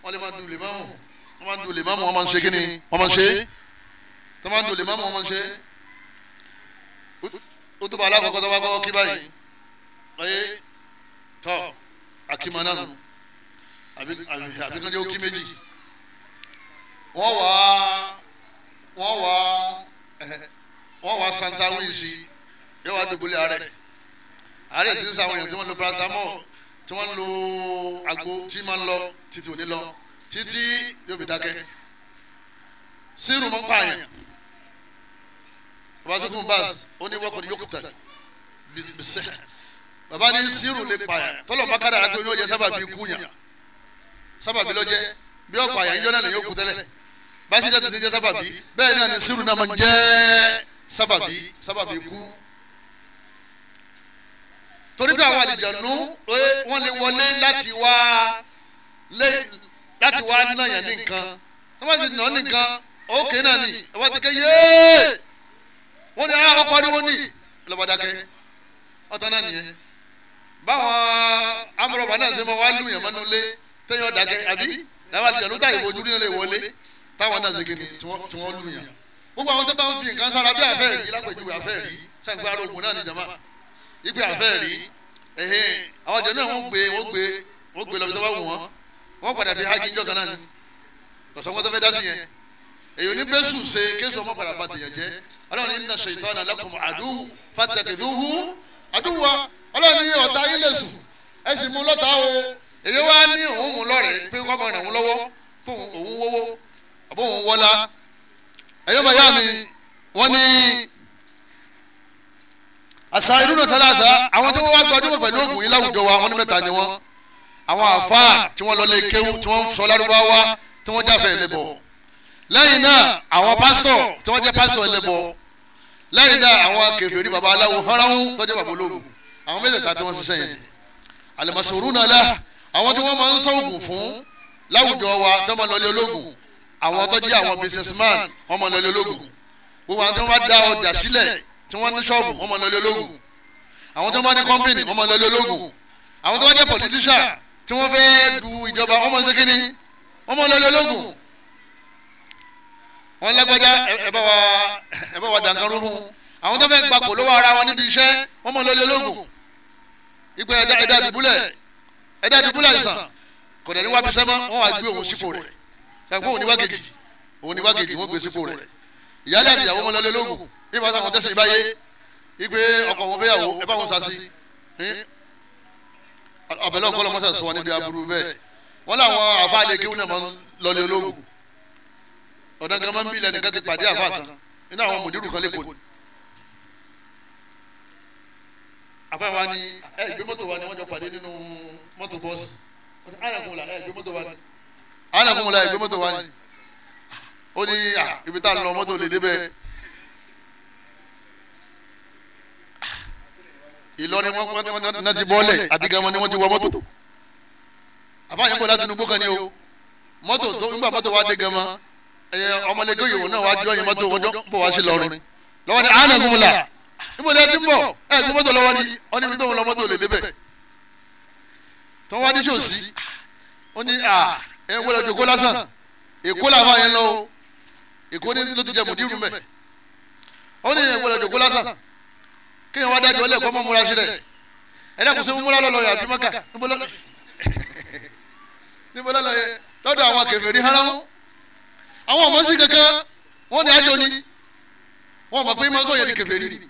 wọ́n lè máa dùn lè máa mú wọ́n máa dùn lè máa máa ń ṣe kí ni wọ́n máa ń ṣe tó máa dùn lè máa mú máa ń ṣe ó tó bá alákọ̀ọ́kọ́ tó bá kọ́ kí báyìí ọyẹ tọ́ àkìmọ̀ àbí kan jẹ́ òkè méjì wọ́n wá wọ́n Santa wọ́n wá santawin sí yóò wá dùbúlé àárẹ̀ àárẹ̀ tí ń sa àwọn èèyàn tí wọ́n lo paracetamol tí wọ́n lo àgbo tí máa ń lọ títí òní lọ títí yóò fi dákẹ́ sírù mọ́ pààyàn bàbá tó kún báàsì ó ní wọ́kọ̀ yóò kúta bìsẹ́ bàbá ní sírù lè pààyàn tọ́lọ̀ bá kádàrá tó yóò jẹ sábà bíi kúnyà sábàbí ló jẹ́ bí ọ̀pọ̀ àyàn yíjọ́ náà lè yóò kú tẹ́lẹ̀ báṣíjà ti ṣe jẹ́ sábàbí bẹ́ẹ̀ náà ni sírù náà máa ń jẹ́ sábàbí sábàbí kú torí pé àwọn àlìjànú wọ́n lè wọlé láti wá lé láti wá náyàn ní nǹkan wọ́n bá ti nà án nìkan òkè náà ni wọ́n ti ké yéé wọ́n ní àwọn ah, pariwo ní lọ́bàdàkẹ́ ọ̀tá náà nìyẹn báwọn amúrọ̀bà náà ṣe máa wá lùyàn mọ́nú lé tẹ́yìn ọ̀dà kẹ àbí làwọn àlejò lóta ìbojú ní ilé wọlé táwọn náà ṣègbè tí wọ́n lù yàn gbogbo àwọn tó bá ń fi nǹkan sára bí àfẹ́ rí lápèjúwe àfẹ́ rí sàgbára ogun náà ní jama ipe àfẹ́ rí ẹ̀hìn àwọn àjọ náà wọ́n gbé wọ́n gbé wọ́n gbé lọ́bi tó bá wù wọ́n wọ́n padà fi hajj ìjọ kan náà ni tọ̀sán wọn tó fẹ́ dá sí yẹn èyí ní bẹ́sù ṣe kéṣù ọmọ padà bá tèèyàn jẹ́ ọlọ́run inna shaytana lakum adu fattakhidhuhu aduwwa ọlọ́run ní ọ̀tá yín lè sùn ẹ sì mú lọ́tà o èyí wá ní òun mú lọ́rẹ̀ẹ́ pé kọ́ máa ràn lọ́wọ́ fún òun wọ́wọ́ àbọ̀ òun wọ́lá ẹ̀yọ́ bàyá mi wọ́n ní àṣà ìdúnà sálàdà àwọn tí wọ́n wá gbajúmọ̀ pẹ̀lú òògùn yìí láwùjọ wa wọ́n ní mẹ́ta ni wọ́n àwọn àfáà tí wọ́n lọ lé kéwú tí wọ́n sọ lárúbáwá tí wọ́n jáfẹ́ ẹlẹ́bọ̀ lẹ́yìn náà àwọn pásítọ̀ tí wọ́n jẹ́ pásítọ̀ ẹlẹ́bọ̀ lẹ́yìn náà àwọn kèfèrí baba aláwo hánráhùn tó jẹ́ baba ológun àwọn mẹ́tẹ̀ẹ̀ta tí wọ́n ṣiṣẹ́ yẹn àlẹ́mọ̀sọ̀rún àwọn tí wọ́n máa ń sọ̀gùn fún láwùjọ wa tí wọ́n máa lọlé ológun àwọn tó jẹ́ àwọn businessman wọ́n máa lọlé ológun gbogbo àwọn tí wọ́n bá dá ọjà sílẹ̀ tí wọ́n ní ṣọ́ọ̀bù wọ́n máa lọlé ológun àwọn tí wọ́n bá ní company wọ́n máa lọlé ológun àwọn tí wọ́n jẹ́ politician tí wọ́n fẹ́ du ìjọba wọ́n máa ń ṣe kínní wọ́n máa lọlé ológun wọ́n lágbájá ẹ bá wa ẹ bá wa dàǹkan àwọn tó fẹ́ gbapò lọ́wọ́ ara wọn níbi iṣẹ́ wọ́n máa lọlé ológun ìgbẹ́ ẹ̀dá ẹ̀dá dùbúlẹ̀ ẹ̀dá ti búlẹ̀ àìsàn kò dẹ̀ ní wá bisẹ́ mọ́ wọ́n wá gbé òun sípò rẹ̀ ẹ̀gbọ́n òun ní wákejì òun ní wákejì wọ́n gbé sípò rẹ̀ ìyálé àti ìyàwó wọn lọ lé lóògùn ìfà táwọn tẹ̀sán ìbáyé ìgbé ọkọ wọn fẹ́yàwó ẹ bá wọn sá sí ọbẹ̀ lọ́kọ́ lọ́mọ́sà sọ wọn níbi aburú bẹ́ẹ̀ wọ́n làwọn àfáàlẹ̀ kéwù náà máa ń lọ wa ni ẹ ìgbé mọ́tò wa ni wọ́n jọ pàdé nínú mọ́tò bọ́ọ̀sì ànàkùn là ẹ̀ gbé mọ́tò wa ni ànàkùn là ẹ̀ gbé mọ́tò wa ni ó ní ibi tá a lọ mọ́tò lè débẹ̀ Ìlọrin wọn náà ti bọ́ọ̀lẹ̀ àti gamọ́ ni wọ́n ti wọ mọ́tò àbáyé ń bọ̀ láti nugbó kan ni o mọ́tò tó nígbà mọ́tò wa dé gamọ́ ẹ̀yẹ ọmọlẹ́gbẹ́ yòówó náà wá jọyìn mọ́tò ọjọ́ ń bọ̀ wá sí lọ́rin lọ́wọ́ ni ànàkùn là níbo ni ẹ ti ń bọ̀ ẹ̀ gbé mọ́tò lọ́wọ́ ni ọ tí wọ́n wá ní sí òsì ó ní ẹ ń wọlé ọjọ́ lásán èkó làwọn yẹn lọ èkó ní ló ti jẹ mùdírù mẹ ó ní ẹ ń wọlé ọjọ́ lásán kéèyàn wá dájọ́ lẹ́kọ́ mọ́ múra sílẹ̀ ẹ̀dẹ́kùn sí múra lọ́lọ́ yàbí mọ́kà níbo lọ́lọ́ yẹ lọ́dọ̀ àwọn kèfèrí hánà wọn àwọn ọmọ sí kankan wọn ni àjọ ni wọn mọ̀ pé mọ́sọ̀ yẹn ni kèfèrí ni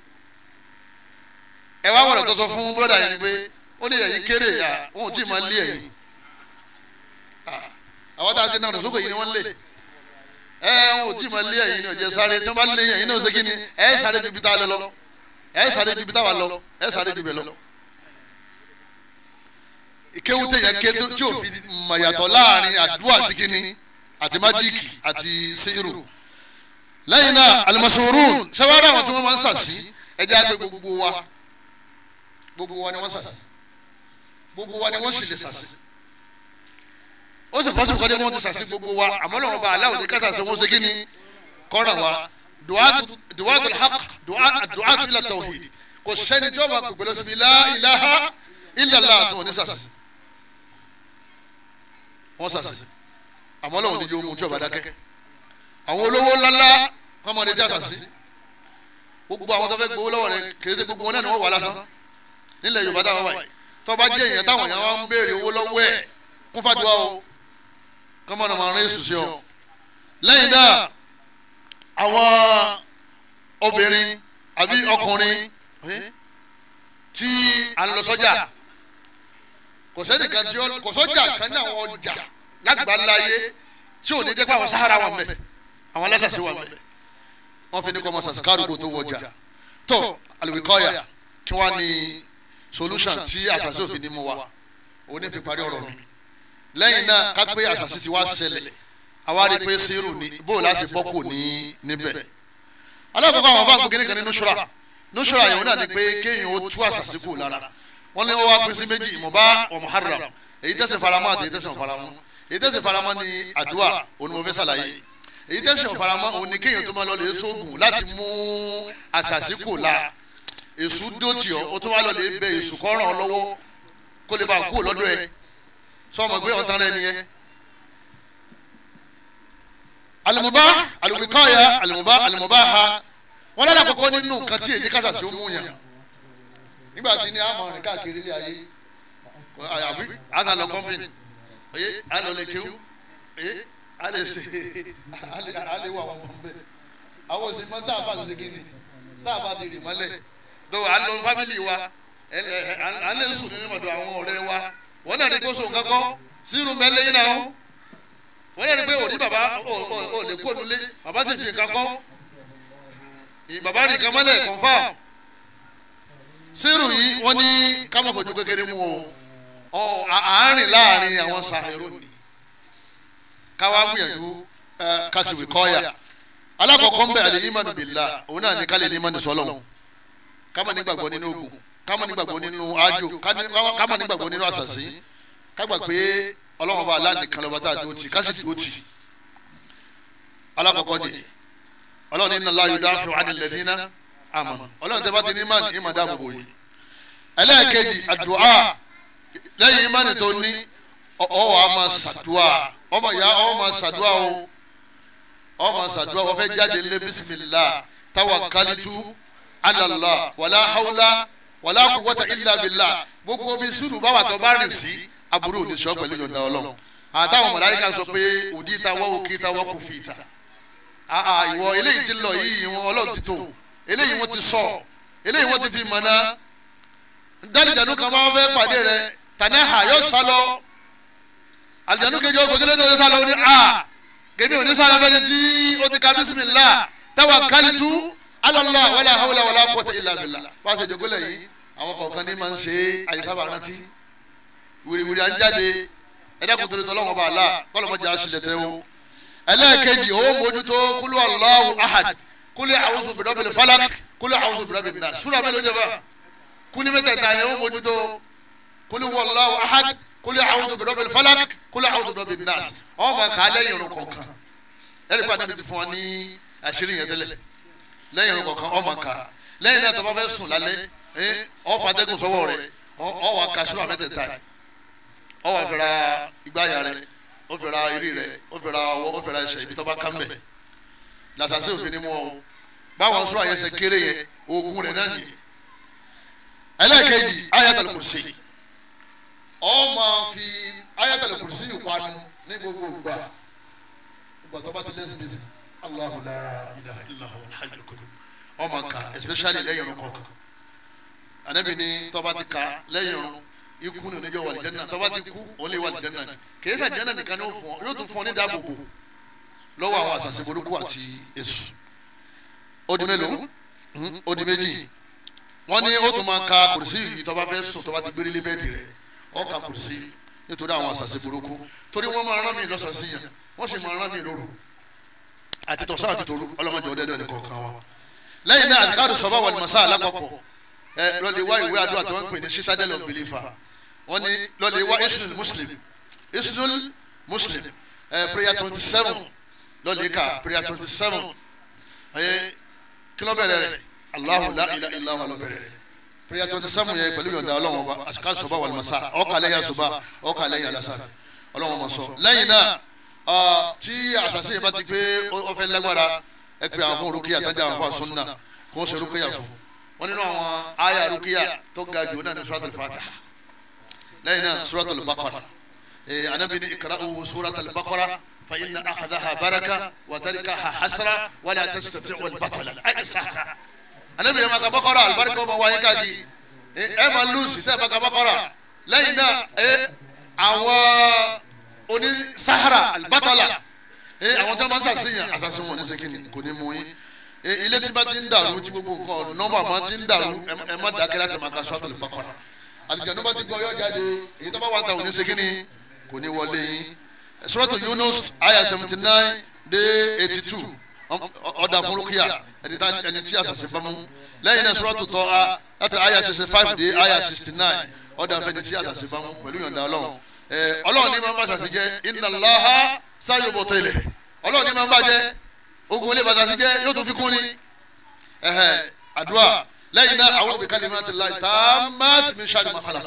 ẹ wá wọ̀rọ̀ tó fún búrọ́dà yẹn ni pé ó ní ẹ̀yin kéré à òun tí máa lé ẹ̀yin àwọn tá a ti nà ọ̀nà sókè yìí ni wọ́n lé ẹ òun tí máa lé ẹ̀yin ní ọ̀jẹ̀ sáré tí wọ́n bá lé ẹ̀yin náà ṣe kí ni ẹ sáré dubi tá a lọ lọ ẹ sáré dubi tá a wà lọ ẹ sáré dubi lọ. ìkéwu tẹ yẹn ké tí ò fi mọ̀yàtọ̀ láàrin àdúrà àti kíni àti májíìkì àti sírù lẹ́yìn náà alimasorun sẹ́wọ́n àwọn tí wọ́n máa ń sàsí ẹ̀jẹ̀ àgbẹ̀ gbogbo wa gbogbo wa ni wọ́n sàsí gbogbo wa ni wọ́n sì lè sàṣì ó sì fọ́sùn kọ́dé wọ́n ti sàṣì gbogbo wa àmọ́ lọ́wọ́ bá aláwọ̀ ní kásàṣì wọ́n ṣe kí ni kọ́ra wa duwaatul haq duwaatul ila tawhid kò sẹ́ni tí wọ́n máa gbogbo lọ́sọ̀ bí la ilaha illallah tí wọ́n ní sàṣì wọ́n sàṣì àmọ́ lọ́wọ́ ní yóò mú ojú ọ̀bà dákẹ́ àwọn olówó ńláńlá kọ́mọdé já sàṣì gbogbo àwọn tó fẹ́ gbowó lọ́wọ́ rẹ̀ kì í ṣe gbogbo wọn náà ni wọ́n wà lásán nílẹ̀ Yorùbá táwọn wáyé tọ́ba jẹ́ èèyàn táwọn èèyàn wá ń béèrè owó lọ́wọ́ ẹ̀ kún fàdúrà o kọ́mọ́nà máa rán èsù sí ọ. lẹ́yìn náà àwọn obìnrin àbí ọkùnrin tí a lọ sọ́jà kò sẹ́nìkan tí kò sọ́jà kan ní àwọn ọjà lágbàláyé tí ò ní jẹ́ pé àwọn sahara wà mẹ́ àwọn alásàsí wà mẹ́ wọ́n fi ní kọ́ ọmọ sàṣìkárù kó tó wọjà tó àlùkò kọ́yà kí wọ́n á ní solution tí àṣàṣì òfin ni mo wa òní fi parí ọ̀rọ̀ mi lẹ́yìn náà ká pé àṣàṣì ti wá ṣẹlẹ̀ àwa rí i pé sẹ́rù ni bóòlù àti bọ́kù ní níbẹ̀ alákọ̀ọ́kọ́ àwọn fáwọn gbẹ̀gẹ́ kan ní nusra nusra yẹn náà ni pé kéèyàn ó tú àṣàṣì kù lára wọ́n ní wọ́n wá pín sí méjì mọ̀bá wa muharram èyí tẹ̀sẹ̀ faramọ́ àti èyí tẹ̀sẹ̀ faramọ́ èyí tẹ̀sẹ̀ faramọ́ ni àdúrà onímọ̀fẹ́ sàlàyé èyí tẹ̀sẹ̀ faramọ́ òní kéèyàn tó máa lọ lè sóògùn láti mú àṣàṣì kù lára èṣù dòtì ọ o tún wá lọ lè bẹ èṣù kọ́ràn ọ lọ́wọ́ kó lè bá a kú lọ́dọ̀ ẹ sọmọ gbé ọ̀tán rẹ nìyẹn. alimuba alimukaya alimuba alimubaha wọn lọ́la kọ́kọ́ nínú nǹkan tí èyí kásá sí ó mú yàn nígbà tí ní àmọ́ rìn káàkiri ilé ayé àbí àtà lọ kọ́mpìnì oyè àlọ́ lè kéwú oyè àlè sè àlè wà wọ́n bẹ́ẹ̀ àwọn òsè máa tá ṣe kí ni tá a bá ti rì mọ́lẹ̀ tó à ń lọ fámìlì wa à ń lè sùn nínú ọ̀dọ̀ àwọn ọ̀rẹ́ wa wọ́n náà ní kó so nǹkan kọ́ sírun bẹ́ẹ̀ lẹ́yìn náà wọ́n náà ní pé òní bàbá ò lè kó nulẹ̀ bàbá sì fi nǹkan kọ́ bàbá nìkan mọ́lẹ̀ kọ̀ǹfà sírun yìí wọ́n ní kámọ́kọ̀jú kékeré mú o àárín láàrin àwọn sàhẹ́rò ni káwá gbìyànjú kásìwì kọ́ọ̀yà alákọ̀ọ́kọ́ ń bẹ̀ àlè ìmánu bìlá òun náà ní kálí ní ìmánu sọ́lọ́hún kámá nígbàgbọ́ nínú ogun kámá nígbàgbọ́ nínú ajo kámá nígbàgbọ́ nínú àṣàṣì kágbà pé ọlọ́wọ́n bá aláǹdì kan lọ́ba tá a dúró tì kásì dúró tì alákọ̀ọ́kọ́ ni ọlọ́run inna Allah yudafi'u 'anil ladhina amanu ọlọ́run tẹ́ bá ti ní imáàni ìmọ̀ dáàbò bò yìí ẹlẹ́ẹ̀kejì àdúà lẹ́yìn imáàni tó ní ọwọ́ a máa ṣàdúà ọmọ ìyá ọmọ máa ṣàdúà o ọmọ ṣàdúà wọ́n fẹ́ jáde lé bismillah tawakkalitu alàlá wàlá hawlá wàlá kúwọ́tà ilà bìlà gbogbo omi sùúrù báwa tó bá rìn sí aburú òní sọ pẹ̀lú yọ̀ǹda ọlọ́run àtàwọn màláíkà sọ pé òdì ta wọ́ òkè ta wọ́ kò fi ìta ìwọ eléyìí ti lọ yìí wọn ọlọ́run ti tó eléyìí wọn ti sọ eléyìí wọn ti fi mọ̀nà dálìjànú kan máa ń fẹ́ pàdé rẹ tànà hà yóò sá lọ àlìjànú kejì ọgbọ̀n kílódé yóò sá lọ ní a gèmí òní sá lọ fẹ́ni tí ó ti ka bísímìlá tawakkaltu alọ́lá wàlá hawlá wàlá quwwata illa billah bá a ṣe jòkólẹ̀ yìí àwọn kọ̀ọ̀kan ní máa ń ṣe àyíṣàbà rántí wìrìwìrì à ń jáde ẹ̀dá kò tóri tọ́lọ́wọ́n bá a la kọ́lọ́mọdé aṣílẹ̀ tẹ́ o ẹlẹ́ẹ̀kejì ó mójútó kúlú Allahu ahad kúlú a'udhu bi rabbil falaq kúlú a'udhu bi rabbin nas súra mélòó jẹ́ bá kúlú mẹ́tẹ̀ẹ̀ta yẹn ó mójútó kúlú Allahu ahad kúlú a'udhu bi rabbil falaq kúlú a'udhu bi rabbin nas ọmọ kàálẹ̀ lẹ́yìn ìrun kọ̀ọ̀kan ọmọ nǹkan lẹ́yìn náà tó bá fẹ́ sùn lálẹ́ ọ̀fà atẹ́gùn sọ́wọ́ rẹ ọ̀wà kásúrò àmẹ́tẹ̀ẹ̀ta ọ̀wà fẹ́ra ìgbáyà rẹ ó fẹ́ra eré rẹ ó fẹ́ra ọwọ́ ó fẹ́ra ẹsẹ̀ ibi tó bá ká mbẹ̀ làṣàṣe òfin ni mú ọ báwọn sọ́rọ̀ àyẹ̀sẹ̀ kéré yẹ oògùn rẹ̀ náà nìyẹn ẹlẹ́ẹ̀kejì ayatul kursi ọ máa fi ayatul kursi ìpanu ní gbogbo ìgbà ìgbà tó bá ti lẹ́sìn lẹ́sìn. Allahu la ilaha illahu alhayyul qayyum ọmọ nka especially lẹ́yìn ọ̀rọ̀ kọ̀ọ̀kan anabi ni tọ́ba ti ka lẹ́yìn ọ̀rọ̀ ikú ni oníjọ́ wà lìjẹ́ náà tọ́ba ti kú òun lè wà lìjẹ́ náà ni kì í sà jẹ́ náà nìkan ni ó fún ọ yóò tún fún ọ ní dáàbòbò lọ́wọ́ àwọn àṣàṣe burúkú àti èṣù ó di mélòó hmm, ó méjì wọ́n ní ó tún máa ka kùrìsì yìí tọ́ba fẹ́ sùn tọ́ba ti gbérí lébẹ́ẹ̀dì rẹ̀ ó ka kùrìsì nítorí àwọn àṣàṣe burúkú torí wọ́n máa rán mi lọ́sàn-án sí yàn wọ́n sì máa rán mi lóru àti tọ̀sán àti tòru ọlọ́mọdé ọ̀dẹ́dẹ́ nìkan kan wa lẹ́yìn náà àdìkádù sọ́bà wà ní masá alákọ̀ọ́kọ́ ẹ lọ́lẹ̀ wá ìwé àdúrà tí wọ́n ń pè ní citadel of believer wọ́n ní lọ́lẹ̀ wá isnul muslim isnul muslim ẹ prayer twenty seven lọ́lẹ̀ ká prayer twenty seven ẹ kílọ̀ bẹ̀rẹ̀ rẹ̀ Allahu la ilaha illa huwa ló bẹ̀rẹ̀ rẹ̀ prayer twenty seven yẹ pẹ̀lú yọ̀ǹda ọlọ́wọ́n ọba àdìkádù sọ́bà wà ní masá ọ̀kàlẹ́yà Ah, tí àṣàṣe yìí bá ti pé ó fẹ́ lágbára ẹ pé àwọn fún rúkìá tájà àwọn fún àsunna kó ṣe rúkìá fún wọn nínú àwọn àyà rúkìá tó ga jù náà ní suratul fatiha lẹ́yìn náà suratul baqara anabi ní ikra'u suratul baqara fa inna akhadhaha baraka wa tarikaha hasra wa la tastati'u al-batala àìsà anabi yẹn ma ka baqara alibarika ma wáyé káàkiri ẹ ma lùsì tẹ́ ma ka baqara lẹ́yìn náà àwọn oni sahara albatala, ee eh, àwọn tí wọn máa ń sàṣeyàn àṣàṣe wọn ní sekini kò ní mú yín ee eh, ilé tí bá ti ń dàrú tí gbogbo nǹkan nọ́mbà máa ti ń dàrú ẹ má dákẹ́ láti máa ka sọ́tò lùpàkọ́rọ́ àlìjáde bá ti gbọ́ yọ jáde èyí tó bá wà ta ò ní kò ní wọlé yín eh, suratu Yunus aya seventy nine dé eighty two ọ̀dà fún rúkìá ẹni tí àṣàṣe bá mú lẹ́yìn náà suratu Taha láti aya sixty five dé aya sixty nine ọ̀dà fẹ́ni tí àṣàṣe bá mú pẹ̀lú yọ̀ǹda ọlọ́run Eh, ọlọ́run ní máa ń bá ṣàṣì jẹ́ ìnàláha sáyò bọ̀ tẹ̀lẹ̀ ọlọ́run ní máa ń bá jẹ́ ogun olè bàtà sí jẹ́ yóò tún fi kún ni àdúrà lẹ́yìn náà àwọn òbí kálí máa ti la ìta máa ti fi ṣáàjú máa falà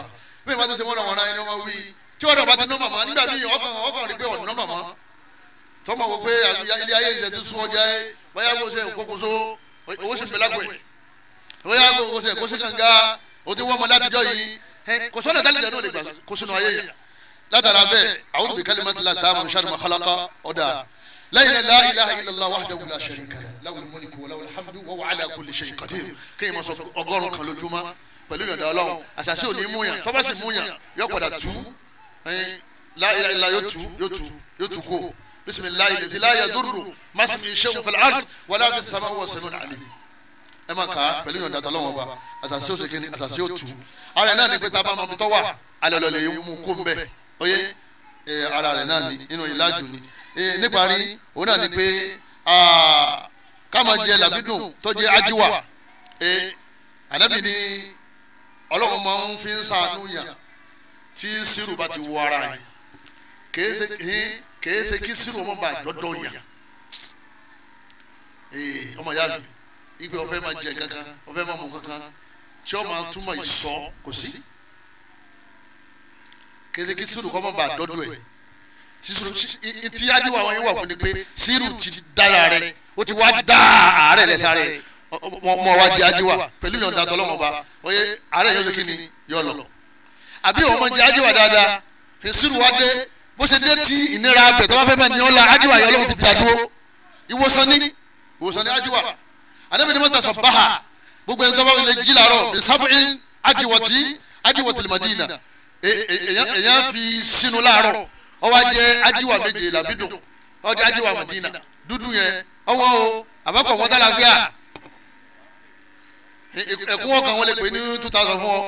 bí ìbá ti ṣe wọ́n náà wọ́n náà ẹni wọ́n wí tí wọ́n náà bá ti ná màmá nígbà míì ọkàn rí pé ọ̀nà màmá tọ́mọ̀ wò pé ilé ayé ìṣẹ́ ti sún ọjà ẹ báyà kó ṣe kókóso owó sì mẹ́lá pẹ̀ báyà kó ṣe kó sí òtí wọ́n mọ látijọ́ yìí kò sọ́nà tálẹ̀ náà lè gbà kó látara bẹ́ẹ̀ a'udhu bi kalimati la taama min sharri ma khalaqa ọ̀dà lẹ́yìn náà la ilaha illallah wahdahu la sharika lahu lahul mulku wa lahul hamdu wa huwa ala kulli shay'in qadir kéèyàn máa sọ ọgọ́rùn-ún kan lójúmọ́ pẹ̀lú yọ̀dá ọlọ́run àṣàṣe ò ní mú yàn tọ́ba sì mú yàn yóò padà tú la ilaha illallah yóò tú yóò tú yóò tú kú bisimilayi lezi la yadurru masimi sehu fil ard wala fi sama wa sami alim ẹ ma ka pẹ̀lú yọ̀ǹda tọ́lọ́ wọn ba àṣàṣe òṣèkínní àṣàṣe òtù ara ẹ̀ náà ní pé tá a bá ma bitọ́ wa alẹ́ lọ́lẹ̀ yìí mú kó ń bẹ́ẹ̀ oyè eh, ara rẹ̀ náà ni nínú ìlàjù ni eh, níparí òun náà ni pé ká máa jẹ làbídùn tó jẹ ajíwà eh, ànábì ni ọlọ́run máa ń fi ń sàánú yàn tí sírù bá ti wọ ara yìí kèé ṣe kí sírù ọmọ bá dọ́dọ̀ yàn ọmọ ìyá mi ìgbẹ́ ọ̀fẹ́ máa jẹ kankan ọ̀fẹ́ máa mú kankan tí ọ máa túmọ̀ ìsọ kò sí kéde kí sùúrù kọ́mọ̀ bá dọ́dọ̀ ẹ̀ tí yájú àwọn yín wà fún ni pé sírù ti dára rẹ ó ti wá dá àárẹ̀ lẹ́sà rẹ̀ ọmọ wa jẹ́ ajíwà pẹ̀lú ìyọ̀ǹda tọ́lọ́mọba oye àárẹ̀ yóò ṣe kí ni yọ lọ àbí ọmọ jẹ́ ajíwà dáadáa sírù wa dé bó ṣe dé tí ìnira abẹ tó bá fẹ́ bá ní ọ́la ajíwà yọ lọ́wọ́ ti dàdúró ìwòsàn ní ìwòsàn ní ajíwà anábìyẹn mọ́tà sọ báhà gbogbo ẹni tó bá wọlé jí làárọ̀ bisabu'in ajiwati ajiwati al-Madina èyàn fi sínú láàárọ̀ ọwọ́ ajẹ́ ajíwà méje làbídùn ọjọ́ ajíwà mọ̀dínà dúdú yẹn ọwọ́ o àbákọ̀ wọn dálàfíà ẹkún ọkàn wọn lè pè ní two thousand fún ọ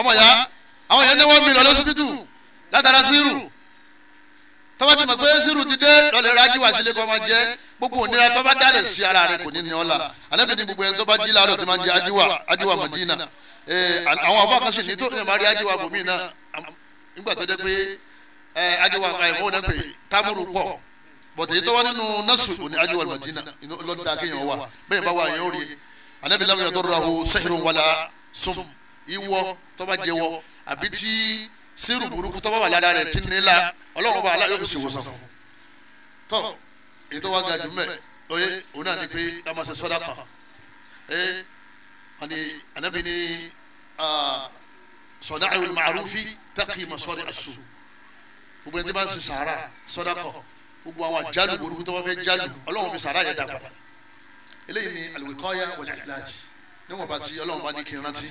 ọmọ ya àwọn yẹn ní one million lọ́sibítù látara sírù tọ́ba mọ̀ pé sírù ti dé lọ́lẹ̀ sílé kọ́ máa jẹ́ gbogbo sí ara rẹ̀ kò ní ní alẹ́ gbogbo láàárọ̀ ti máa ajíwà Eh, àwọn afákànṣe ní tó ní ìmọ̀ àríyá àjẹwà bòmí náà nígbà tó dé pé àjẹwà àìmọ́ náà pè támúrù pọ̀ bọ̀dé tó wá nínú nọ́ọ̀sì òní àjẹwà Madina lọ́dà kéèyàn wà bẹ́ẹ̀ bá wà yẹn ó rí anabi lam yadurruhu sihrun wala sum iwọ tó bá jẹwọ àbí tí sírù burúkú tó bá wà lára rẹ̀ ti nílá ọlọ́run bá aláyọ̀ fi ṣèwòsàn fún un tọ́ èyí tó wá ga jù mẹ́ lóye wọ́n ní anabi ní sọdáàwì màrúfi tẹ́kì masọ́rí aṣù gbogbo ẹni tí bá ń sin sàárà sọ́dákọ̀ gbogbo àwọn àjálù burúkú tó bá fẹ́ jálù ọlọ́run fi sàárà yẹn dà padà eléyìí ni àlùkọ́yà wọlé ìlàjì níwọ̀n bá ti ọlọ́run bá ní kí n rántí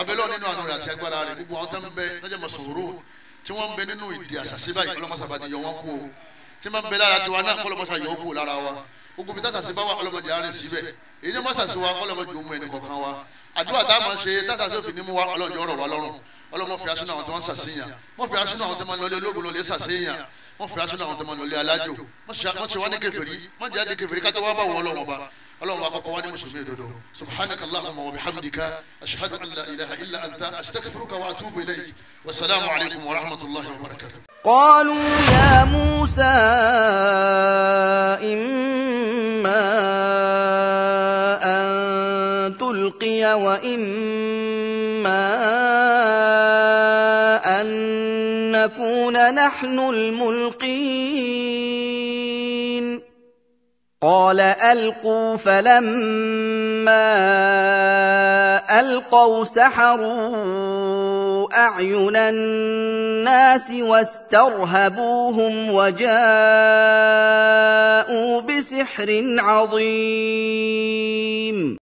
abẹ́lẹ́ nínú àánú rẹ̀ àti agbára rẹ̀ gbogbo àwọn tó ń bẹ lọ́jọ́ mọ̀sòwòrò tí wọ́n ń bẹ nínú ìdí àṣàṣe báyìí ọlọ́mọṣà bá ní yọ wọ́n kú o tí wọ́n ń bẹ lára tiwa náà kọ́lọ́mọṣà yọ wọ́n wa gbogbo èyí tó mọ́sà sí wa ọlọ́mọdé òun ẹni kọ̀ọ̀kan wa àdúrà tá a máa ṣe tàtà sókè ní mú wa ọlọ́jọ́ ọ̀rọ̀ wa lọ́rùn ọlọ́mọ fi aṣọ àwọn tó ń sàṣeyàn mọ́ fi aṣọ àwọn tó máa lọlé ológun lọlé sàṣeyàn mọ́ fi aṣọ àwọn tó máa lọlé alájò mọ́ ṣe wá ní kèfèrí mọ́ jẹ́ àdé kèfèrí ká wá bá wọn ọlọ́wọ́n ba ọlọ́wọ́n bá kọ́kọ́ wá ní mùsùlùmí òdodo subhanakallahumma wa ألقي وإما أن نكون نحن الملقين قال ألقوا فلما ألقوا سحروا أعين الناس واسترهبوهم وجاءوا بسحر عظيم